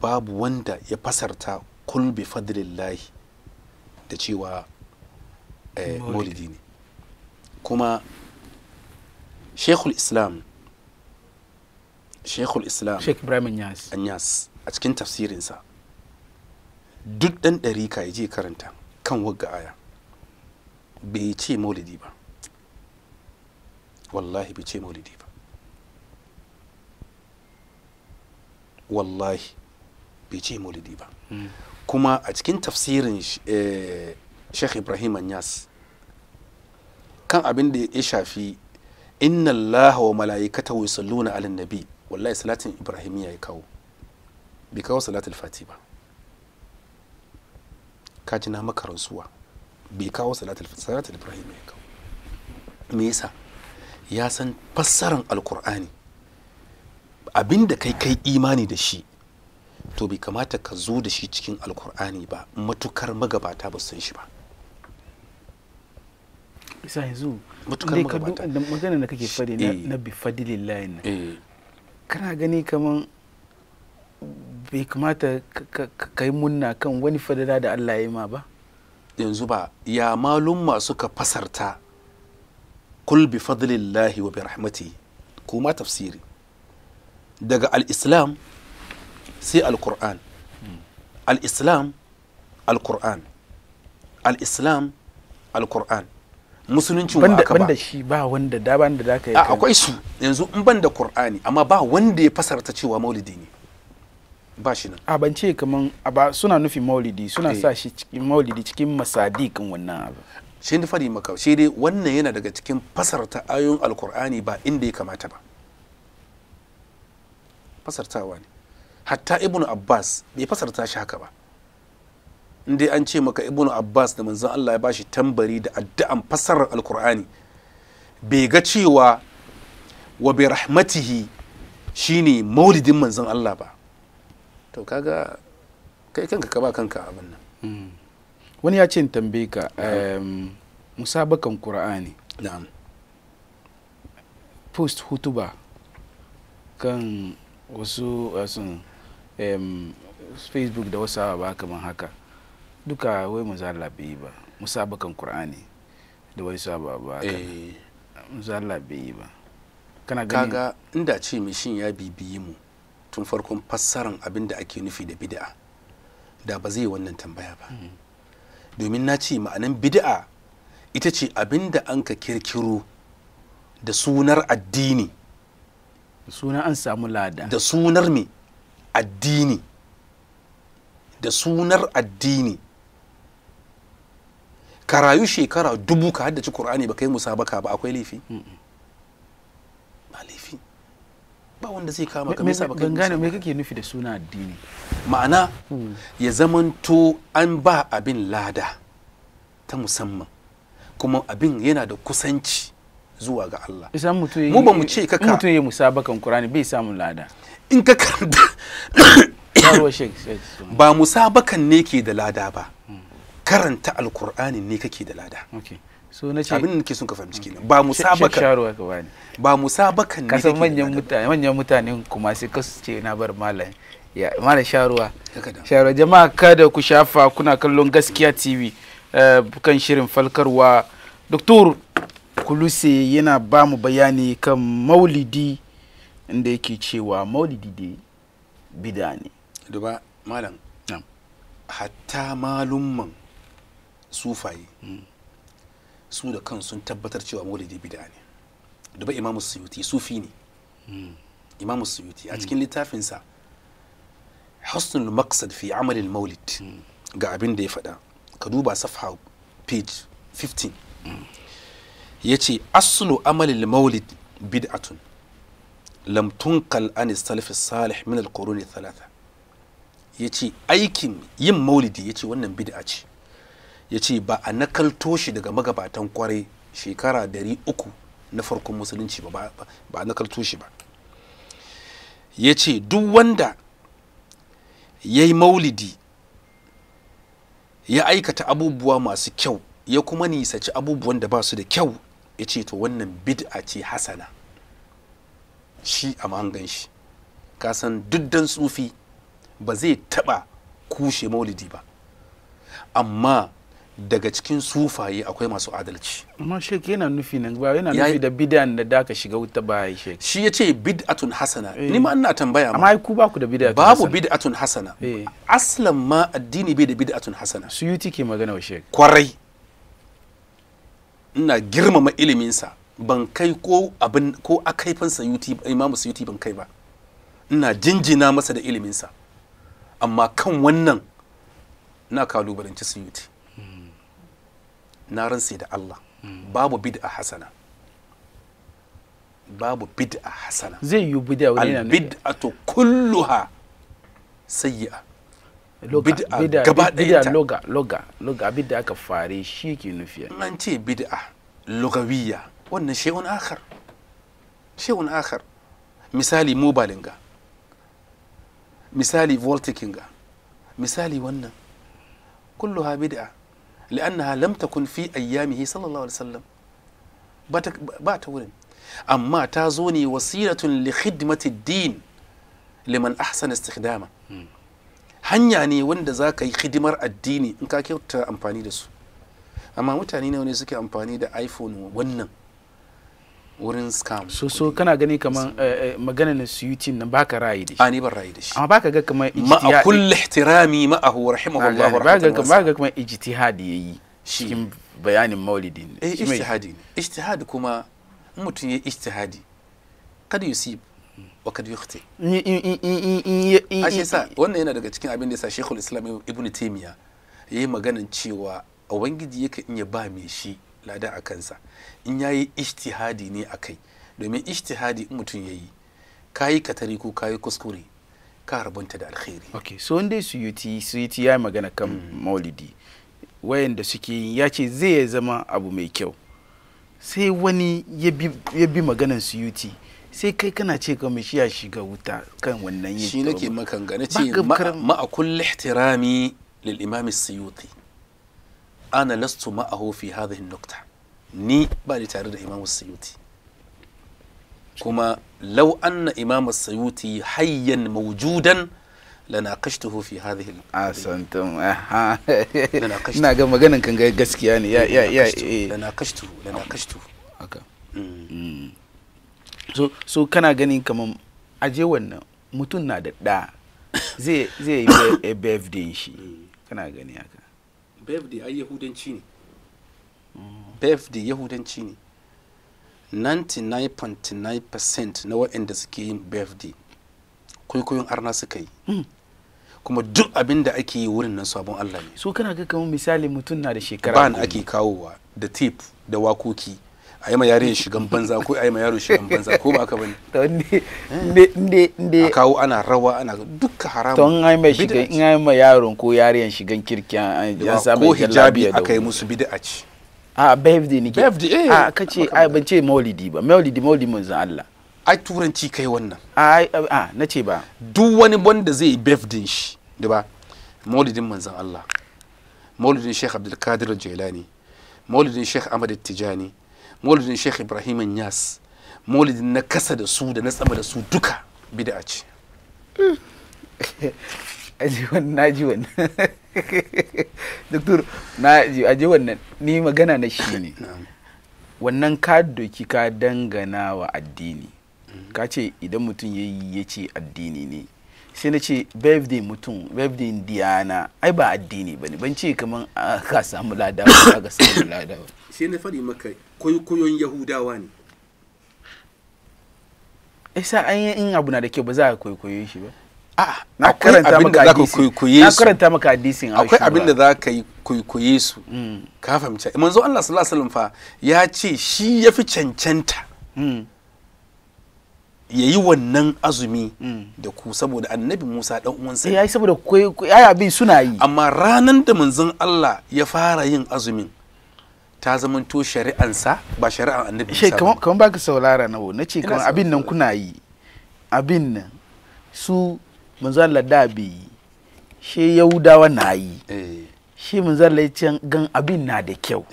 babu wanda ya fasarta kul bi fadlillahi da cewa eh, maulidi ne kuma shekul islam shekul islam shek ibrahim anyas a cikin tafsirinsa duk ɗan ɗarika ya je karanta kan wagga aya bai ce maulidi ba wallahi bai ce maulidi ba wallahi bai ce maulidi ba hmm. kuma a cikin tafsirin eh, sheikh ibrahim anyas kan abin da ya shafi inna allah wa mala'ikata wa salluna ala nabi wallahi salatin ibrahim ya yi kawo bai kawo salatul fatima ba ka ji na maka rantsuwa bai kawo salatul salatul ibrahim ya yi kawo me yasa ya san fassaran alkur'ani da kai kai imani da shi to bai kamata ka zo da shi cikin alkur'ani ba matukar magabata ba san shi ba isa yanzu matukar magabata da magana da kake fadi na eh. bifadilillahi layin eh. kana gani kaman bai kamata ka yi munna kan wani fadada da Allah ya yi ma ba yanzu ba ya malum masu ka fasarta kul bi fadlillahi wa bi rahmati kuma tafsiri daga al-islam sai alkur'an al-islam al-qur'an al-islam al-qur'an musulunci ba aka ba banda shi ba wanda da ban da zaka yi akwai su yanzu in ban da qur'ani amma ba wanda ya fasarta cewa maulidi ne ba shi nan a ban ce kaman ba suna nufi maulidi suna eh. sa shi cikin maulidi cikin masadiqin wannan abu shi da fari maka shi dai wannan yana daga cikin fasarta ayoyin alkur'ani ba inda ya kamata ba fasartawa ne hatta ibnu abbas bai fasarta shi haka ba in dai an ce maka ibnu abbas da manzon allah ya bashi tambari da addu'an fasarar alkur'ani bai ga cewa wa bi rahmatihi shine maulidin manzon allah ba to kaga kai kanka ka ba kanka abin nan hmm. wani ya ce tambaye ka musabakan qur'ani na'am post hutuba kan wasu eh, facebook da wasu ba kamar haka duka wai mu bi ba musabakan qur'ani da wai saba ba eh. zallabe bi ba kana gani kaga inda ce mishin ya bibiyi mu tun farkon fassaran abin da ake nufi da bid'a da ba zai wannan tambaya ba mm-hmm. domin na ce ma'anan bid'a ita ce abin da an ka kirkiro da sunar addini da sunar an samu lada da sunar me addini da sunar addini ka rayu shekara dubu ka haddace qur'ani ba kai musabaka ba akwai laifi ba laifi ba wanda zai kama ka mesa ba kai ba. me kake nufi da suna addini ma'ana hmm. ya zamanto an ba abin lada ta musamman kuma abin yana da kusanci zuwa ga Allah isan mutum mu ba mu ce ka mutum yayi musabakan Qur'ani bai samu lada in ka karanta ba musabakan ne ke da lada ba karanta alkur'ani ne kake da lada so na ce abin da ke sun ka fahimci kenan ba musabakan ba musabakan ne kasan manyan mutane manyan mutane kuma sai ka ce na bar malam ya malam sharuwa sharuwa jama'a kada ku shafa kuna kallon gaskiya tv eh, kan shirin falkarwa doktor kuluse yana ba mu bayani kan maulidi inda yake cewa maulidi da bida ne duba malam hatta malumman sufaye hmm. su da kan sun tabbatar cewa maulidi bida ne duba imamu suyuti sufi ne hmm. imamu suyuti a cikin littafinsa husnul maqsad fi amalin maulid hmm. ga abin da ya faɗa ka duba safha page 15 ya ce aslu amalil maulid bid'atun lam tunkal an salafis salih min al-quruni thalatha yace aikin yin maulidi yace wannan bid'a ce ya ce ba a nakalto shi daga magabatan kwarai shekara dari uku na farkon musulunci ba ba a nakalto shi ba yace duk wanda ya yi maulidi ya aikata abubuwa masu kyau ya kuma nisaci abubuwan da ba su da kyau ya ce to wannan bid'a ce hasana shi a mahangan shi kasan duddan tsufi ba zai taba kushe maulidi ba amma daga cikin sufaye akwai masu adalci amma shek yana nufi nan ba yana nufi da bid'an da daka shiga wuta ba ya shek shi a bid'atun hasana eh. ni ma ina tambaya ma amma ai ku ba ku da bid'atun babu bid'atun hasana eh. aslan ma addini bai da bid'atun hasana suyuti ke magana wa shek kwarai ina girmama iliminsa ban kai ko abin ko akaifin imamu sayuti ban kai ba ina jinjina masa da iliminsa amma kan wannan hmm. na kalubalanci sayuti na ransa da Allah hmm. babu bid'a hasana babu bid'a hasana zai yi bid'a wani na bid'atu kulluha sayyi'a bid'a gaba ɗaya loga loga loga abinda aka fare shi yake nufi an ce bid'a lugawiyya wannan shay'un akhar shay'un akhar misali mobalin ga misali volticin ga misali wannan kulluha bid'a li'annaha lam takun fi ayyamihi sallallahu alaihi wasallam ba ta wurin amma ta zo ne wasilatun li khidmati din liman ahsana istikhdama hanya ne wanda za ka yi hidimar addini in ka kyauta amfani da su amma mutane ne wani suke amfani da iphone wannan wurin scam so so kana gani kamar eh, eh, maganar na suyuti nan baka rayi da shi a ni ban rayi da shi amma baka ga ijtihadi ma a kulli ihtirami ma a huwa rahimahullahu rahmatan baka ga kaman ijtihadi yayi cikin bayanin maulidin eh ijtihadi ijtihadi kuma mutum ya ijtihadi kada yusib wa yukhti ashe sa wannan yana daga cikin abin da yasa Sheikhul Islam Ibn Taymiya yayi maganan cewa ubangiji yake in ya ba mai shi lada a kansa in yayi ijtihadi ne akai domin ijtihadi in mutum yayi kayi katari ko kayi kuskure ka rabunta da alkhairi okay so wanda suyuti suyuti ya magana kan maulidi wayanda suke ya ce zai zama abu mai kyau sai wani ya bi maganan suyuti sai kai kana ce ga mai shiya shiga wuta kan wannan yi shi nake makan gane ce ma'a kulli ihtirami lil imam suyuti ana lastu ma'ahu fi hadhihi nukta ni ba ni tare da imam suyuti kuma law anna imam suyuti hayyan mawjudan lanaqashtuhu fi hadhihi asantum ah, aha ina ga maganan kan gaskiya ne ya ya ya lanaqashtuhu eh. lanaqashtuhu haka mm. mm. so so kana ganin kamar aje wannan mutum na da da zai zai yi birthday shi kana gani haka birthday ai yahudanci ne mm. birthday yahudanci ne 99.9% na waɗanda suke yin birthday kwaikwayon arna suka yi mm. kuma duk abin da ake yi wurin nan sabon Allah ne so kana ga kamar misali mutum na da shekara ban ake kawowa da tape da wakoki a yi ma yarin shigan banza ko a yi ma yaro shigan banza ko ba ka bane to nde nde nde a kawo ana rawa ana dukka haramu to in ma shigan in ai ma yaron ko yarin shigan kirki an samu ko hijabi aka yi musu bid'a ci a birthday ke birthday eh, a kace ai ban ce maulidi ba maulidi maulidi zan Allah ai turanci kai wannan a a na ce ba duk wani wanda zai birthday shi da ba maulidin zan Allah maulidin Sheikh Abdul Qadir Jailani maulidin Sheikh Ahmad Tijani maulidin sheikh ibrahim nyas maulidin na kasa da su da na sama da su duka bid'a ce ajiwan wannan na ji wannan doktor na ji aji wannan ni magana na shi ne wannan ka doki ka dangana wa addini ka ce idan mutum ya ce addini ne sai na ce birthday mutum birthday diana ai ba addini ba ne ban ce kamar ka samu lada ba ka samu lada ba sai na faɗi maka kwaikwayon yahudawa ne isa an yi in abu na da kyau ba za a kwaikwayo shi ba na karanta maka hadisi na karanta maka hadisin akwai abin da za ka yi kwaikwaye su mm. ka fahimci manzo Allah sallallahu alaihi wasallam fa ya ce shi yafi cancanta mm. ya yi wannan azumi mm. da ku saboda annabi Musa dan uwan uwansa ya yi saboda kwaikwaye kwaikwayo abin suna yi amma ranan da manzon Allah ya fara yin azumin ta shari'an shari'ansa ba shari'an annabi isa kamar kamar baka saurara nawo na ce kamar abin nan kuna yi abin nan su manzala da bai yi shi yahudawa na yi eh. shi manzala ya gan abin na da kyau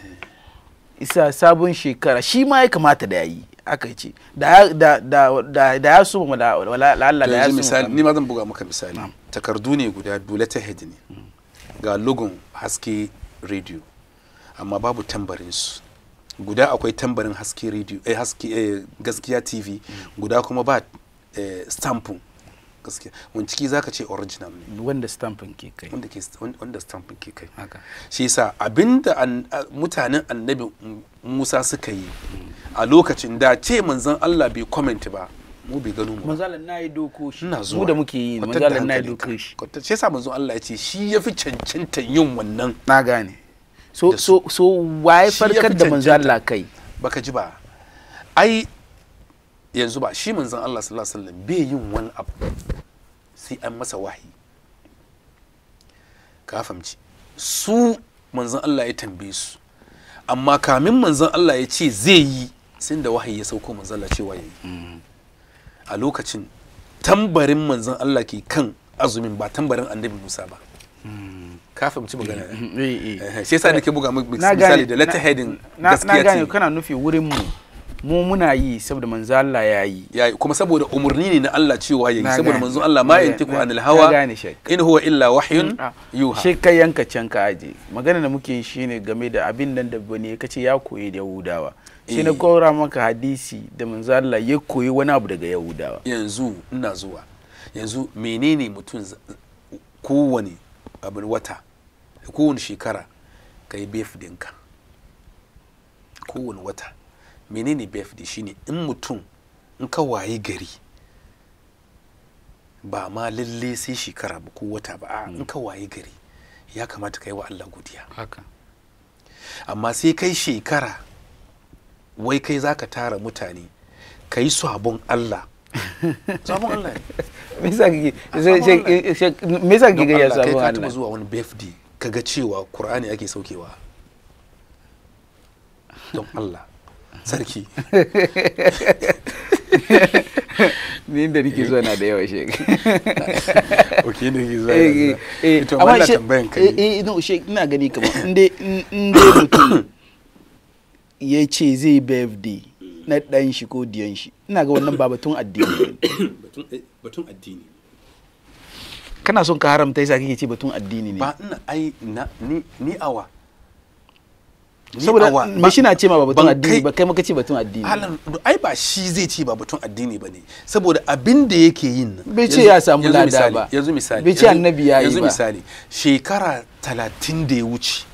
isa sabon shekara shi ma ya kamata da ya yi aka ce da ya so mu da lalla da ya so misali ni ma zan buga maka misali takardu ne guda dole ta ne mm. ga lugun haske radio amma babu tambarin su guda akwai tambarin haske radio eh, haske eh, gaskiya tv guda kuma ba eh, stampin gaskiya wani ciki zaka ce original ne wanda stampin ke kai wanda ke wanda stampin ke kai haka shi yasa abinda an, mutanen annabi Musa suka yi a lokacin da ce manzon Allah bai comment ba mu bai gano mu manzalan nayi doko shi ina zuwa mu da muke yi manzalan nayi doko shi shi yasa manzon Allah ya ce shi yafi cancanta yin wannan na gane so so so waye farkar da manzo Allah kai baka ji ba ai yanzu ba shi manzon Allah sallallahu alaihi wasallam bai yin wani abu sai an masa wahayi ka fahimci su manzon Allah ya tambaye su amma kamin manzon Allah ya ce zai yi sun da wahayi ya sauko manzon Allah cewa ya yi a lokacin tambarin manzon Allah ke kan azumin ba tambarin annabi Musa ba ka fahimci magana eh, eh, eh, shi yasa nake buga misali da letter heading gaskiya na gane kana nufi wurin mu mu muna yi saboda manzo Allah ya yi ya kuma saboda umurni ne na Allah cewa ya yi saboda manzo Allah ma tiku anil hawa in huwa illa wahyun mm, ah, yuha shi kai yanka can ka aje magana da muke yi shine game da abin nan da bane kace ya koyi da Yahudawa shi na kora maka hadisi da manzo Allah ya koyi wani abu daga Yahudawa yanzu ina zuwa yanzu menene mutum kowane abin wata kowane shekara ka yi bef dinka kowane wata menene bef da shine in mutum in ka waye gari ba ma lalle sai shekara ba ko wata ba a in ka waye gari ya kamata ka yi wa Allah godiya amma sai kai shekara wai kai za ka tara mutane ka yi sabon Allah sabon Allah ne me yasa kike ga sabon Allah kai ka zuwa wani birthday kaga cewa qur'ani ake saukewa don allah sarki ni da nake zuwa na da yawa shek ok da nake zuwa ita eh, eh, eh, wannan tambayan kai eh no ina gani kamar inda mutum ya ce zai birthday na dan shi ko diyan shi ina ga wannan ba batun addini batun addini kana son ka haramta yasa kake ce batun addini ne ba ina ai ni ni awa saboda me shi na ce ma ba batun addini ba kai maka ce batun addini halan ai ba shi zai ce ba batun addini ba ne saboda abin da yake yin nan bai ce ya samu lada ba yanzu misali bai ce annabi ya yi ba yanzu misali shekara talatin da ya wuce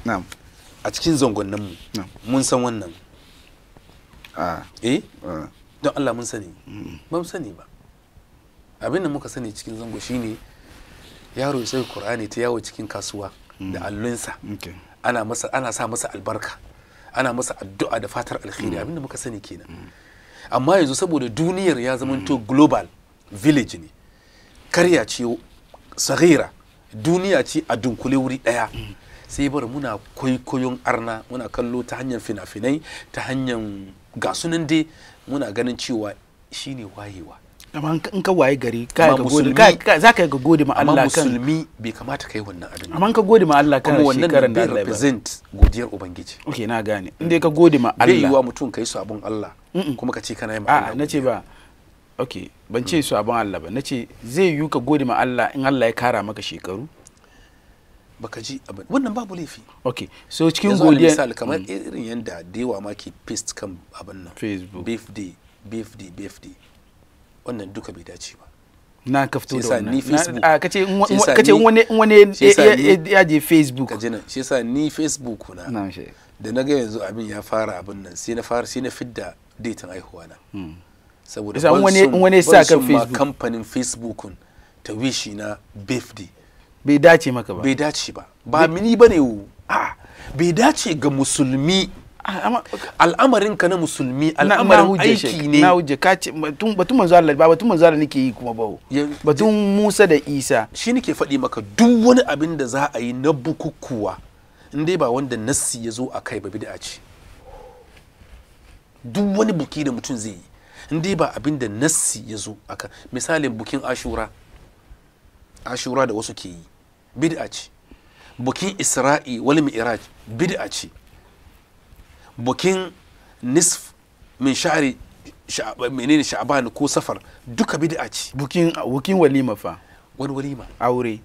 a cikin zangonnin mu mun san wannan eh don Allah mun sani mm. ba mun sani ba abin da muka sani cikin zango shine yaro sai qur'ani ta yawo cikin kasuwa da hmm. allunsa ana masa ana sa masa albarka ana masa addu'a da fatar alkhairi hmm. abinda muka sani kenan hmm. amma yanzu saboda duniyar ya zamanto global village ne karya ce sagira duniya ce a dunkule wuri daya sai bar muna kwaikwayon arna muna kallo ta hanyar fina-finai ta hanyar gasunan dai muna ganin cewa shine wayewa amma in ka waye gari ka za ka ga gode ma Allah kan musulmi bai kamata kai wannan abin amma ka gode ma kan shekarar da Allah ya represent godiyar ubangiji okay na gane in ka gode ma bai yiwa mutum kai su abun Allah kuma ka ce kana yi ma Allah a ba okay ban ce su Allah ba nace zai yiwu ka gode ma in Allah ya kara maka shekaru baka ji abin wannan babu laifi ok so cikin godiya misali kamar mm. irin yadda dewa ma ke paste kan abin nan facebook wannan duka bai dace ba na ka fito da wannan kace kace wani wani ya je facebook kaje nan shi yasa ni facebook na da na ga yanzu abin ya fara abin nan sai na fara sai na fidda datin aihuwa na hmm. saboda wani wani sa kan facebook kamfanin facebook ta wishi na birthday bai dace maka ba bai dace ba ba mini bane a bai dace ga musulmi al'amarin ka na musulmi al'amarin aiki ne na wuje. ka ce batun manzo Allah ba batun manzo Allah nake yi kuma ba batun Musa da Isa shi nake faɗi maka duk wani abin da za a yi na bukukuwa in dai ba wanda nassi ya zo a kai ba bid'a ce duk wani buki da mutum zai yi in dai ba abin da nassi ya zo aka misalin bukin ashura ashura da wasu ke yi bid'a ce bukin isra'i wal mi'raj bid'a ce bukin nisf min sha'ari menene sha'ban ko safar duka bid'a ce bukin bukin walima fa wani walima aure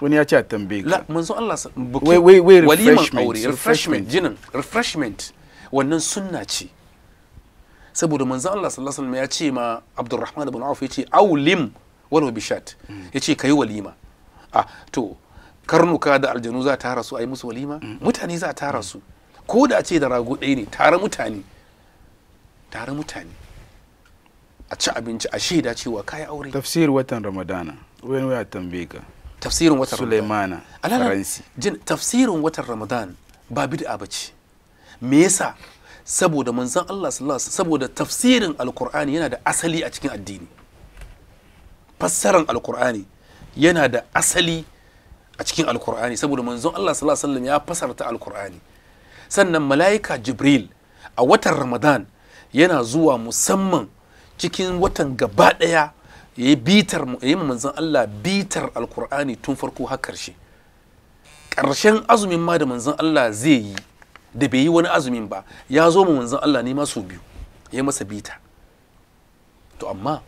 wani ya ce a tambaye ka manzo Allah bukin walima aure refreshment jinin refreshment wannan sunna ce saboda manzo Allah sallallahu alaihi wasallam ya ce ma Abdurrahman ibn Auf yace aulim walau bishat yace kai walima ah to karnuka da aljanu za ta rasu ayi musu walima mm. mutane za ta rasu ko da ce da rago ɗaya ne tare mutane tare mutane a ci abinci a shaida cewa kayi aure tafsir watan ramadana wani waya tambaye ka tafsirin watan sulaimana faransi jin tafsirin watan ramadan ba bid'a bace me yasa saboda manzon Allah sallallahu alaihi saboda tafsirin alqur'ani yana da asali a cikin addini fassaran alqur'ani yana da asali a cikin alqur'ani saboda manzon Allah sallallahu alaihi wasallam ya fasarta alqur'ani sannan mala'ika jibril a watan ramadan yana zuwa musamman cikin watan gaba daya ya yi bitar ya Allah bitar alkur'ani tun farko har karshe ƙarshen azumin ma da manzan Allah zai yi da bai yi wani azumin ba ya zo ma manzan Allah ne masu biyu ya masa bita to amma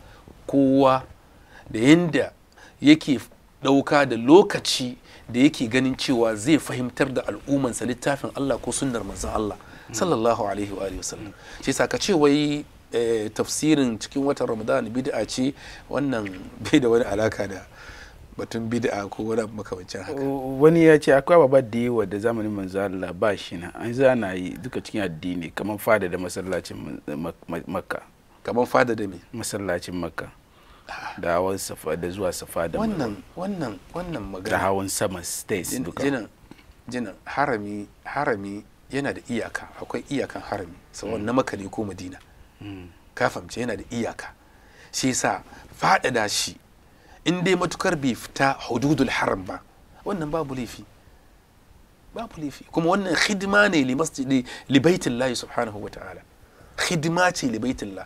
kowa da yanda yake ɗauka da lokaci da yake ganin cewa zai fahimtar da al'ummansa littafin Allah ko sunnar manzon Allah sallallahu alaihi wa sallam shi ka ce wai eh, tafsirin cikin watan Ramadan bid'a ce wannan bai da wani alaka da batun bid'a ko wani makamancin haka wani ya ce akwai ba da yawa da zamanin manzo Allah ba shi na an zana yi duka cikin addini kamar fada da masallacin makka kamar fada da me masallacin makka da hawan safa da zuwa safa da wannan wannan wannan magana da hawan sama states duka jinan jinan harami harami yana da iyaka akwai iyakan harami sawan hmm. na maka ko madina hmm. ka fahimci yana da iyaka shi sa faɗaɗa shi in dai matukar bai fita hududul haram ba wannan babu laifi babu laifi kuma wannan hidima ne li masjidi li baitillah subhanahu wa ta'ala hidima ce li baitillah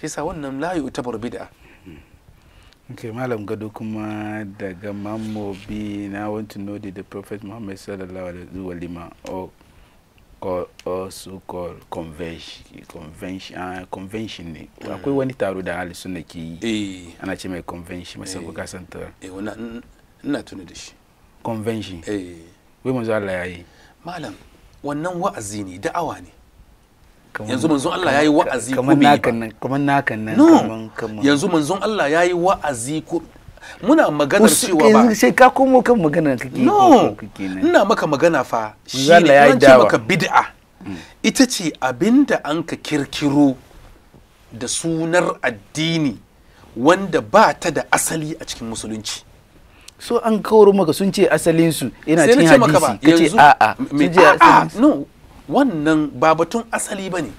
shi sa wannan la yu'tabar bid'a Okay, Malam Gado kuma daga Mammo bi na want to know the Prophet Muhammad sallallahu alaihi wa lima o su so convention convention ah, ne mm. akwai wani taro da ali suna ke yi eh. ana ce mai convention masu kuka kasan ta eh, eh wani ina tuni da shi convention eh wai manzo Allah yi. malam wannan wa'azi ne da'awa ne yanzu manzon Allah yayi wa'azi kamar nakan nan kamar nakan nan kamar yanzu manzon Allah yayi wa'azi ko muna maganar cewa eh, ba sai ka komo kan magana kake no ina maka magana fa shi ne an ce maka bid'a mm. ita ce abinda an ka kirkiro da sunar addini wanda ba ta da asali a cikin musulunci so an kawo maka sun ce asalinsu yana cikin hadisi kace a'a sun ce a'a no wannan ba batun asali ba ne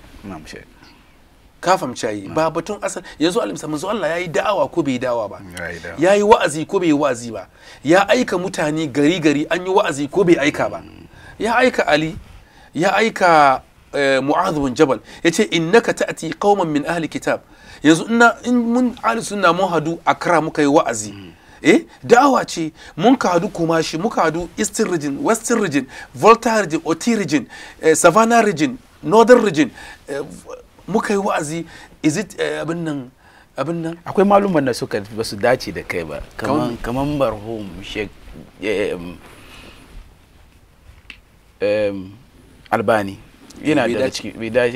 ka fahimci yi ba batun asali yanzu alimsa manzo Allah yi da'awa ko bai da'awa ba ya yi wa'azi ko bai wa'azi ba ya aika mutane gari gari an yi wa'azi ko bai aika ba hmm. ya aika Ali ya aika eh, Mu'adh bin Jabal yace innaka ta'ti qauman min ahli kitab yanzu in mun ahli sunna mun hadu a akra muka yi wa'azi hmm. eh da'awa ce mun kadu kumashi muka hadu eastern region western region volta region oti region eh, savannah region northern region eh, muka yi wa'azi is it eh, abin nan abin nan akwai malumman da suka ba su dace da kai ba kaman kaman marhum sheik um, eh, eh, um, albani yana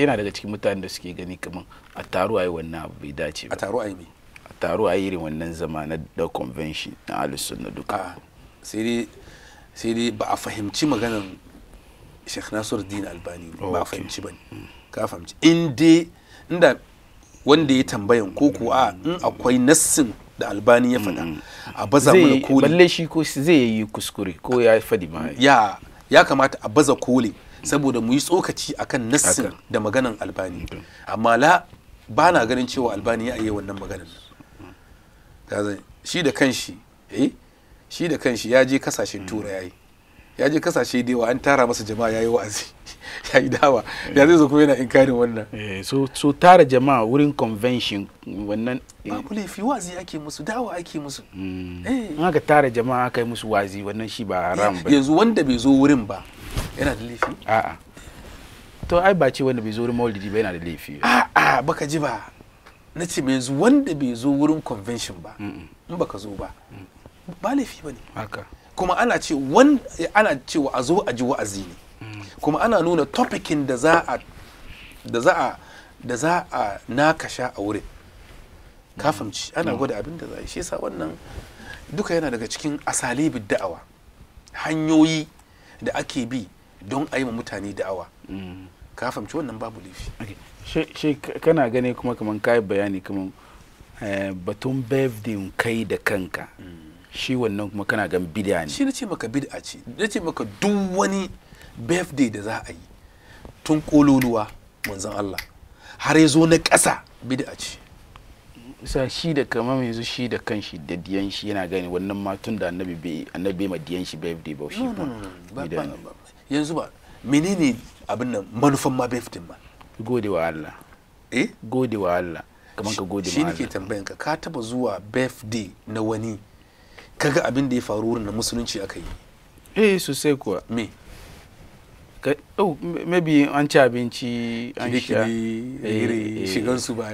daga cikin mutanen da suke gani kaman a taro ayi wannan abu bai dace ba a taro ayi taro a irin wannan zama na da convention na alisun na duka ah, sai dai ba a fahimci maganar sheikh nasur din albani ba a fahimci ba ne hmm. ka fahimci in dai inda wanda ya tambayan ko ko a ah, in akwai nassin da albani ya faɗa hmm. a baza mana koli balle shi ko zai yi kuskure ko ya faɗi ma ya ya kamata a baza koli hmm. saboda mu yi tsokaci akan nassin da maganar albani amma la ba na ganin cewa albani ya yi wannan maganar shi da kanshi eh shi da kanshi ya je kasashen tura yayi ya je kasashe da yawa an tara masa jama'a yayi wa'azi yayi dawa ya zai zo kuma yana inkarin wannan eh, so so tara jama'a wurin convention wannan ne eh. laifi wa'azi ake musu dawa ake musu hmm. eh aka tara jama'a kai musu wa'azi wannan shi ba haram ba yanzu wanda bai zo wurin ba yana da laifi a'a to ai ba ce wanda bai zo wurin maulidi ba yana da laifi a'a baka ji ba na ce mai zuwa wanda bai zo wurin convention ba in baka zo ba mm. ba laifi ba ne kuma ana ce ana cewa a zo a ji wa'azi ne mm. kuma ana nuna topikin da za a da za a da za a a wurin kafamci mm. ana gwada abin da za a yi shi wannan duka yana daga cikin asalibi da'awa hanyoyi da ake bi don a yi ma mutane da'awa ka wannan babu laifi shi kana gani kuma kamar kayi bayani kamar eh, batun birthday kai da kanka mm. shi wannan kuma kana gan bid'a ne shi nace maka bid'a ce nace maka duk wani birthday da za a yi tun kololuwa manzon Allah har ya zo na ƙasa bid'a ce sa shi da kamar yanzu shi da kanshi da diyan shi yana gani wannan matun da annabi bai annabi ma diyan shi birthday ba shi hmm, ba yanzu ba menene abin nan manufan ma birthday ma gode wa Allah eh gode wa Allah kamar ka gode shi nake tambayan ka ka taba zuwa birthday na wani kaga abin da ya faru wurin na musulunci aka yi eh sosai kuwa me oh, maybe an ci abinci an sha eh, iri eh. shigan su ba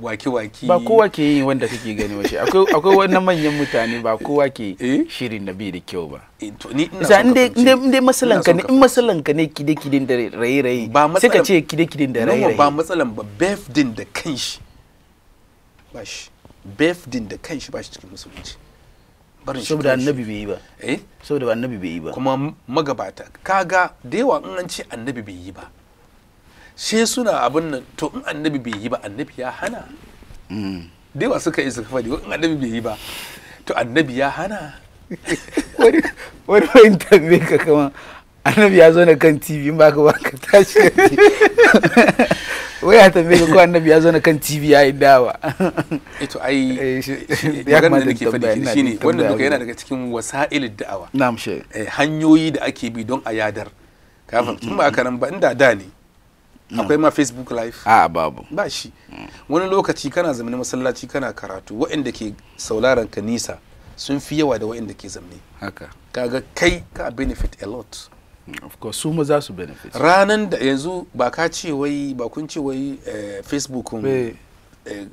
waki waki ba kowa ke yi wanda kake gani washi akwai wannan manyan mutane ba kowa ke eh? shirin da bai da kyau ba inda in dai masalan ka ne in masalan ka ne kide kidin da raye raye sai ka ce kide kidin da raye raye ba matsalan ba bef din da kanshi ba shi bef din da kanshi ba shi cikin musulunci barin saboda annabi bai yi ba eh saboda annabi bai yi ba kuma magabata kaga da yawa in an ce annabi bai yi ba she suna abin nan to in annabi bai yi ba annabi ya hana mm. da yawa suka yi suka faɗi in annabi bai yi ba to annabi ya hana wani wani ka kama annabi ya zo na kan tv in baka ba ka tashi wai ya tambaye ka ko annabi ya zo na kan tv ya yi dawa ito eh ai eh, eh, ya kamata da ke faɗi ne wannan duka yana daga cikin wasa'il da'awa na'am mushe. hanyoyi da ake bi don a yadar ka mm, fahimci mm, ba ka mm. nan ba inda da ne akwai ma facebook live a babu ba shi wani lokaci kana zamani masallaci kana karatu waɗanda ke sauraron ka nisa sun fi yawa da waɗanda ke zamani haka kaga kai ka benefit a lot of course su ma za su benefit ranan da yanzu ba ka ce wai ba kun ce wai eh, facebook eh. Eh,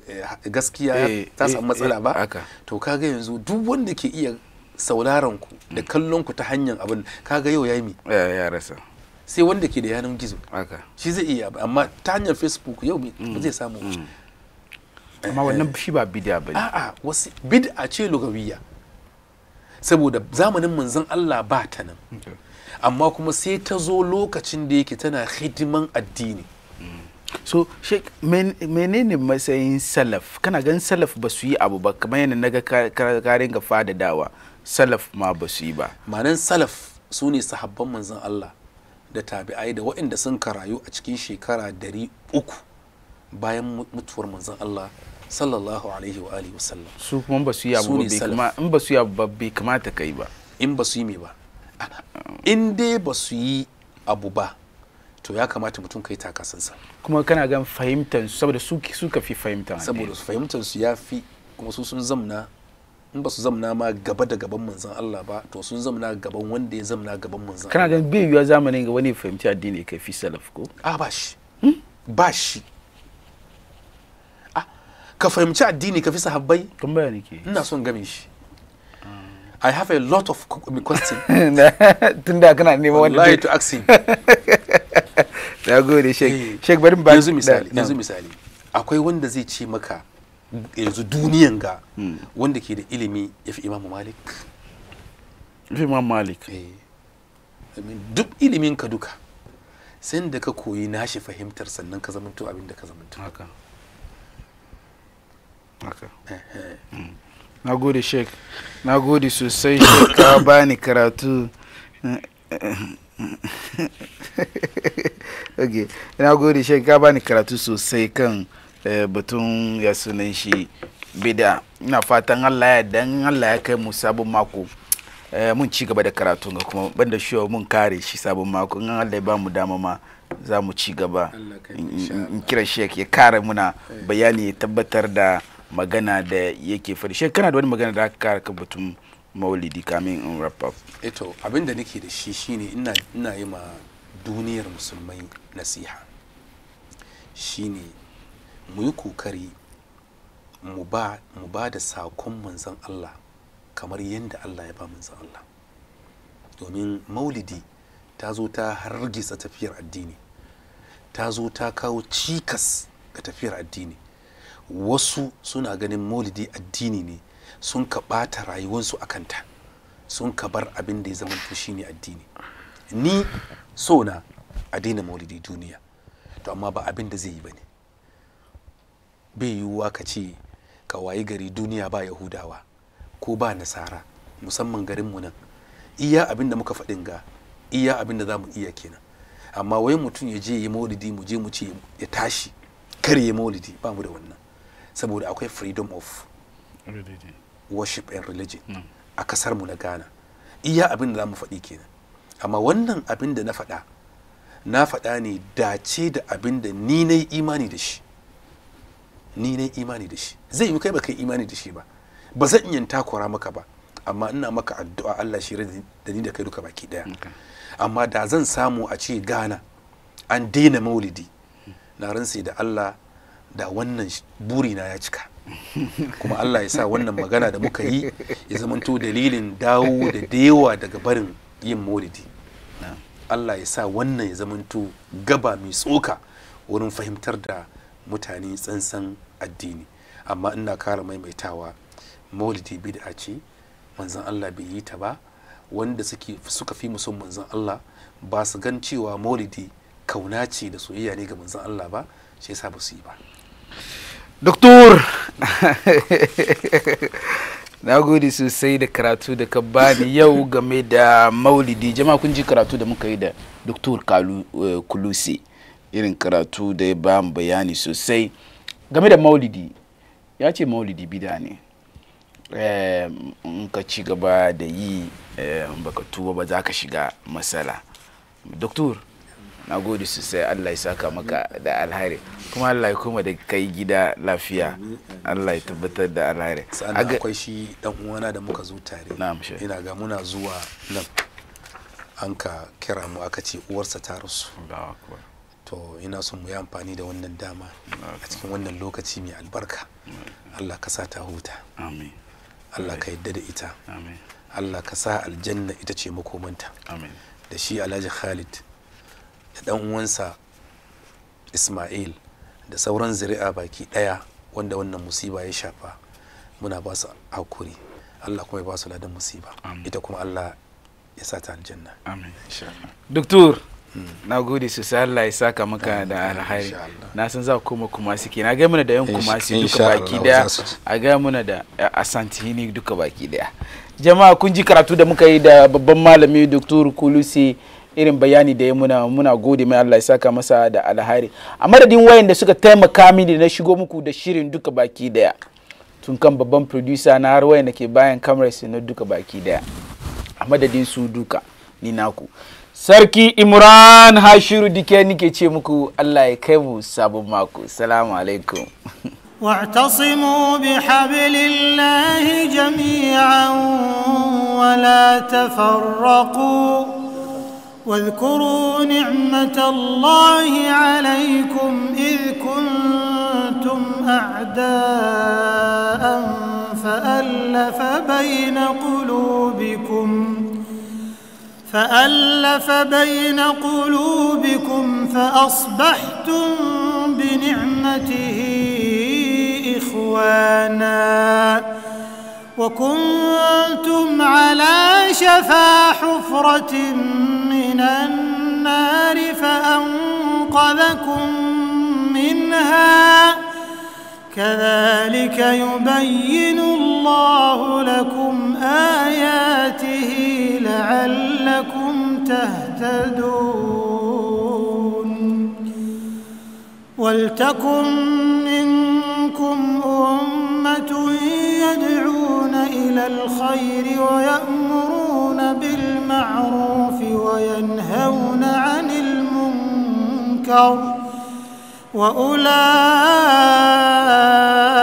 gaskiya ta samu matsala ba to kaga yanzu duk wanda ke iya sauraron ku da kallon ku ta hanyar abin kaga yau yayi mi ya rasa sai wanda ke da yanar gizo shi zai iya amma ta hanyar facebook yau ba mm. zai samu mm. amma wannan shi ba bid'a ba a'a wasu a ce lugawiya saboda zamanin manzon Allah ba ta nan amma kuma sai ta zo lokacin da yake tana hidiman addini so sheik menene matsayin salaf kana gan salaf ba su yi abu ba kamar yadda naga karin ga dawa salaf ma ba su yi ba manan salaf su ne sahabban manzon Allah da tabi'ai da waɗanda sun karayu a cikin shekara dari uku bayan mutuwar manzon Allah sallallahu alaihi wa alihi wasallam su kuma ba su yi abu ba in ba su yi abu ba bai kamata kai ba in ba su yi me ba in dai ba su yi abu ba to ya kamata mutum kai takasansa kuma kana gan fahimtar su saboda su suka fi fahimta saboda su fahimtar su ya fi kuma su sun zamna in ba su zamna ma gaba da gaban manzon Allah ba to sun zamna gaban wanda ya zamna gaban manzon kana gan bai yuwa zamanin ga wani fahimci addini kai fi salaf ko a ah, ba shi hmm? ba shi ah, ka fahimci addini ka fi sahabbai kan bayani ke ina son gamin shi I have a lot of questions. Tun da kana neman wanda zai to ask him. Na gode Sheikh. Eh, Sheikh bari ba yanzu misali, yanzu misali. Akwai wanda zai ce maka yanzu duniyan ga hmm. wanda ke da ilimi fi Imam Malik. fi Imam Malik. Eh. Duk ilimin ka duka. Sai da ka koyi nashi fahimtar sannan ka zamanto abin da ka zamanto. Haka. Haka. Eh, hmm. na gode sheik na gode sosai sheik ka bani karatu okay na gode sheik ka ni karatu sosai kan eh, batun ya sunan shi bida ina fatan allah ya dan allah ya kai mu sabon mako eh, mun ci gaba da karatu ga kuma banda shiwa mun kare shi sabon mako in allah ya ba mu dama ma za mu ci gaba in kira shek ya kare muna eh. bayani ya tabbatar da magana da yake faɗi shi kana da wani magana da aka ka batun maulidi kamin in wrap up eto eh abin da nake da shi shine ina ina yi ma duniyar musulmai nasiha shine mu yi kokari mu ba da sakon manzon Allah kamar yadda Allah ya ba manzon Allah domin maulidi ta zo ta hargitsa tafiyar addini ta zo ta kawo cikas ga tafiyar addini wasu suna ganin maulidi addini ne sun ka ɓata rayuwarsu a kanta sun ka bar abin da ya zama shi ne addini ni so na a daina maulidi duniya to amma ba abin da zai yi ba ne bai yiwuwa ka ce ka wayi gari duniya ba yahudawa ko ba nasara musamman garinmu nan iya abin da muka faɗin ga iya abin da za mu iya kenan amma wai mutum ya je ya maulidi mu je mu ce ya tashi kar ya maulidi ba mu da wannan saboda akwai freedom of worship and religion hmm. a kasar mu na Ghana iya abin da za mu faɗi kenan amma wannan abin da na faɗa na faɗa ne dace da abin da ni na imani da shi ni na imani da shi zai yi kai baka imani da shi ba ba zan iya takura maka ba amma ina maka addu'a Allah shi da ni da kai duka baki daya amma da zan samu a ce Ghana an daina maulidi hmm. na ransa da Allah da wannan burina ya cika kuma Allah ya sa wannan magana da muka yi ya zamanto dalilin dawo da dewa daga barin yin maulidi Allah ya sa wannan ya zamanto gaba mai tsoka wurin fahimtar da mutane tsantsan addini amma ina kara maimaitawa maulidi bid'a ce manzon Allah bai yi ta ba wanda suka fi musun manzon Allah ba su gan cewa maulidi kauna ce da soyayya ne ga manzon Allah ba shi yasa ba su yi ba Doktor! Na gode sosai da karatu da ka bani yau game da maulidi. Jama kun ji karatu da muka yi da Doktor eh, Kulusi. Irin karatu da ya ba bayani sosai. Game da maulidi, ya ce maulidi bida ne. Eh, in ka ci gaba da yi eh, baka tuba ba za ka shiga matsala. Doktor, na gode sai allah ya saka maka da alhari kuma allah ya koma da kai gida lafiya allah ya tabbatar da alhari sannan akwai shi dan uwana da muka zo tare ina ga muna zuwa nan an ka kira mu aka ce uwarsa ta rasu to ina son mu yi amfani da wannan dama a cikin wannan lokaci mai albarka allah ka sa ta huta allah ka yadda da ita allah ka sa aljanna ita ce makomanta da shi alhaji khalid da dan uwansa ismail da sauran zuri'a baki ɗaya wanda wannan musiba ya shafa muna ba su hakuri allah kuma ya ba su ladan musiba ita kuma allah ya sa ta aljanna amin doktor hmm. na gode sosai Allah ya saka maka da alhari na san za kuma kuma suke na gaya mana da yan kuma su duka baki daya a gaya mana da asantini duka baki daya jama'a kun ji karatu da muka yi da babban malami doktor kulusi irin bayani da ya muna muna gode mai Allah ya saka masa da alhari a madadin wayan da suka taimaka mini na shigo muku da shirin duka baki daya tun kan babban producer na har wayan da ke bayan kamar na duka baki daya a madadin su duka ni naku sarki imran hashiru dike nike ce muku Allah ya kai mu sabon mako salamu alaikum واعتصموا بحبل الله جميعا ولا تفرقوا واذكروا نعمة الله عليكم إذ كنتم أعداء فألف بين قلوبكم فألف بين قلوبكم فأصبحتم بنعمته إخواناً وكنتم على شفا حفرة من النار فأنقذكم منها كذلك يبين الله لكم آياته لعلكم تهتدون ولتكن منكم أمة إلى الخير ويأمرون بالمعروف وينهون عن المنكر وأولئك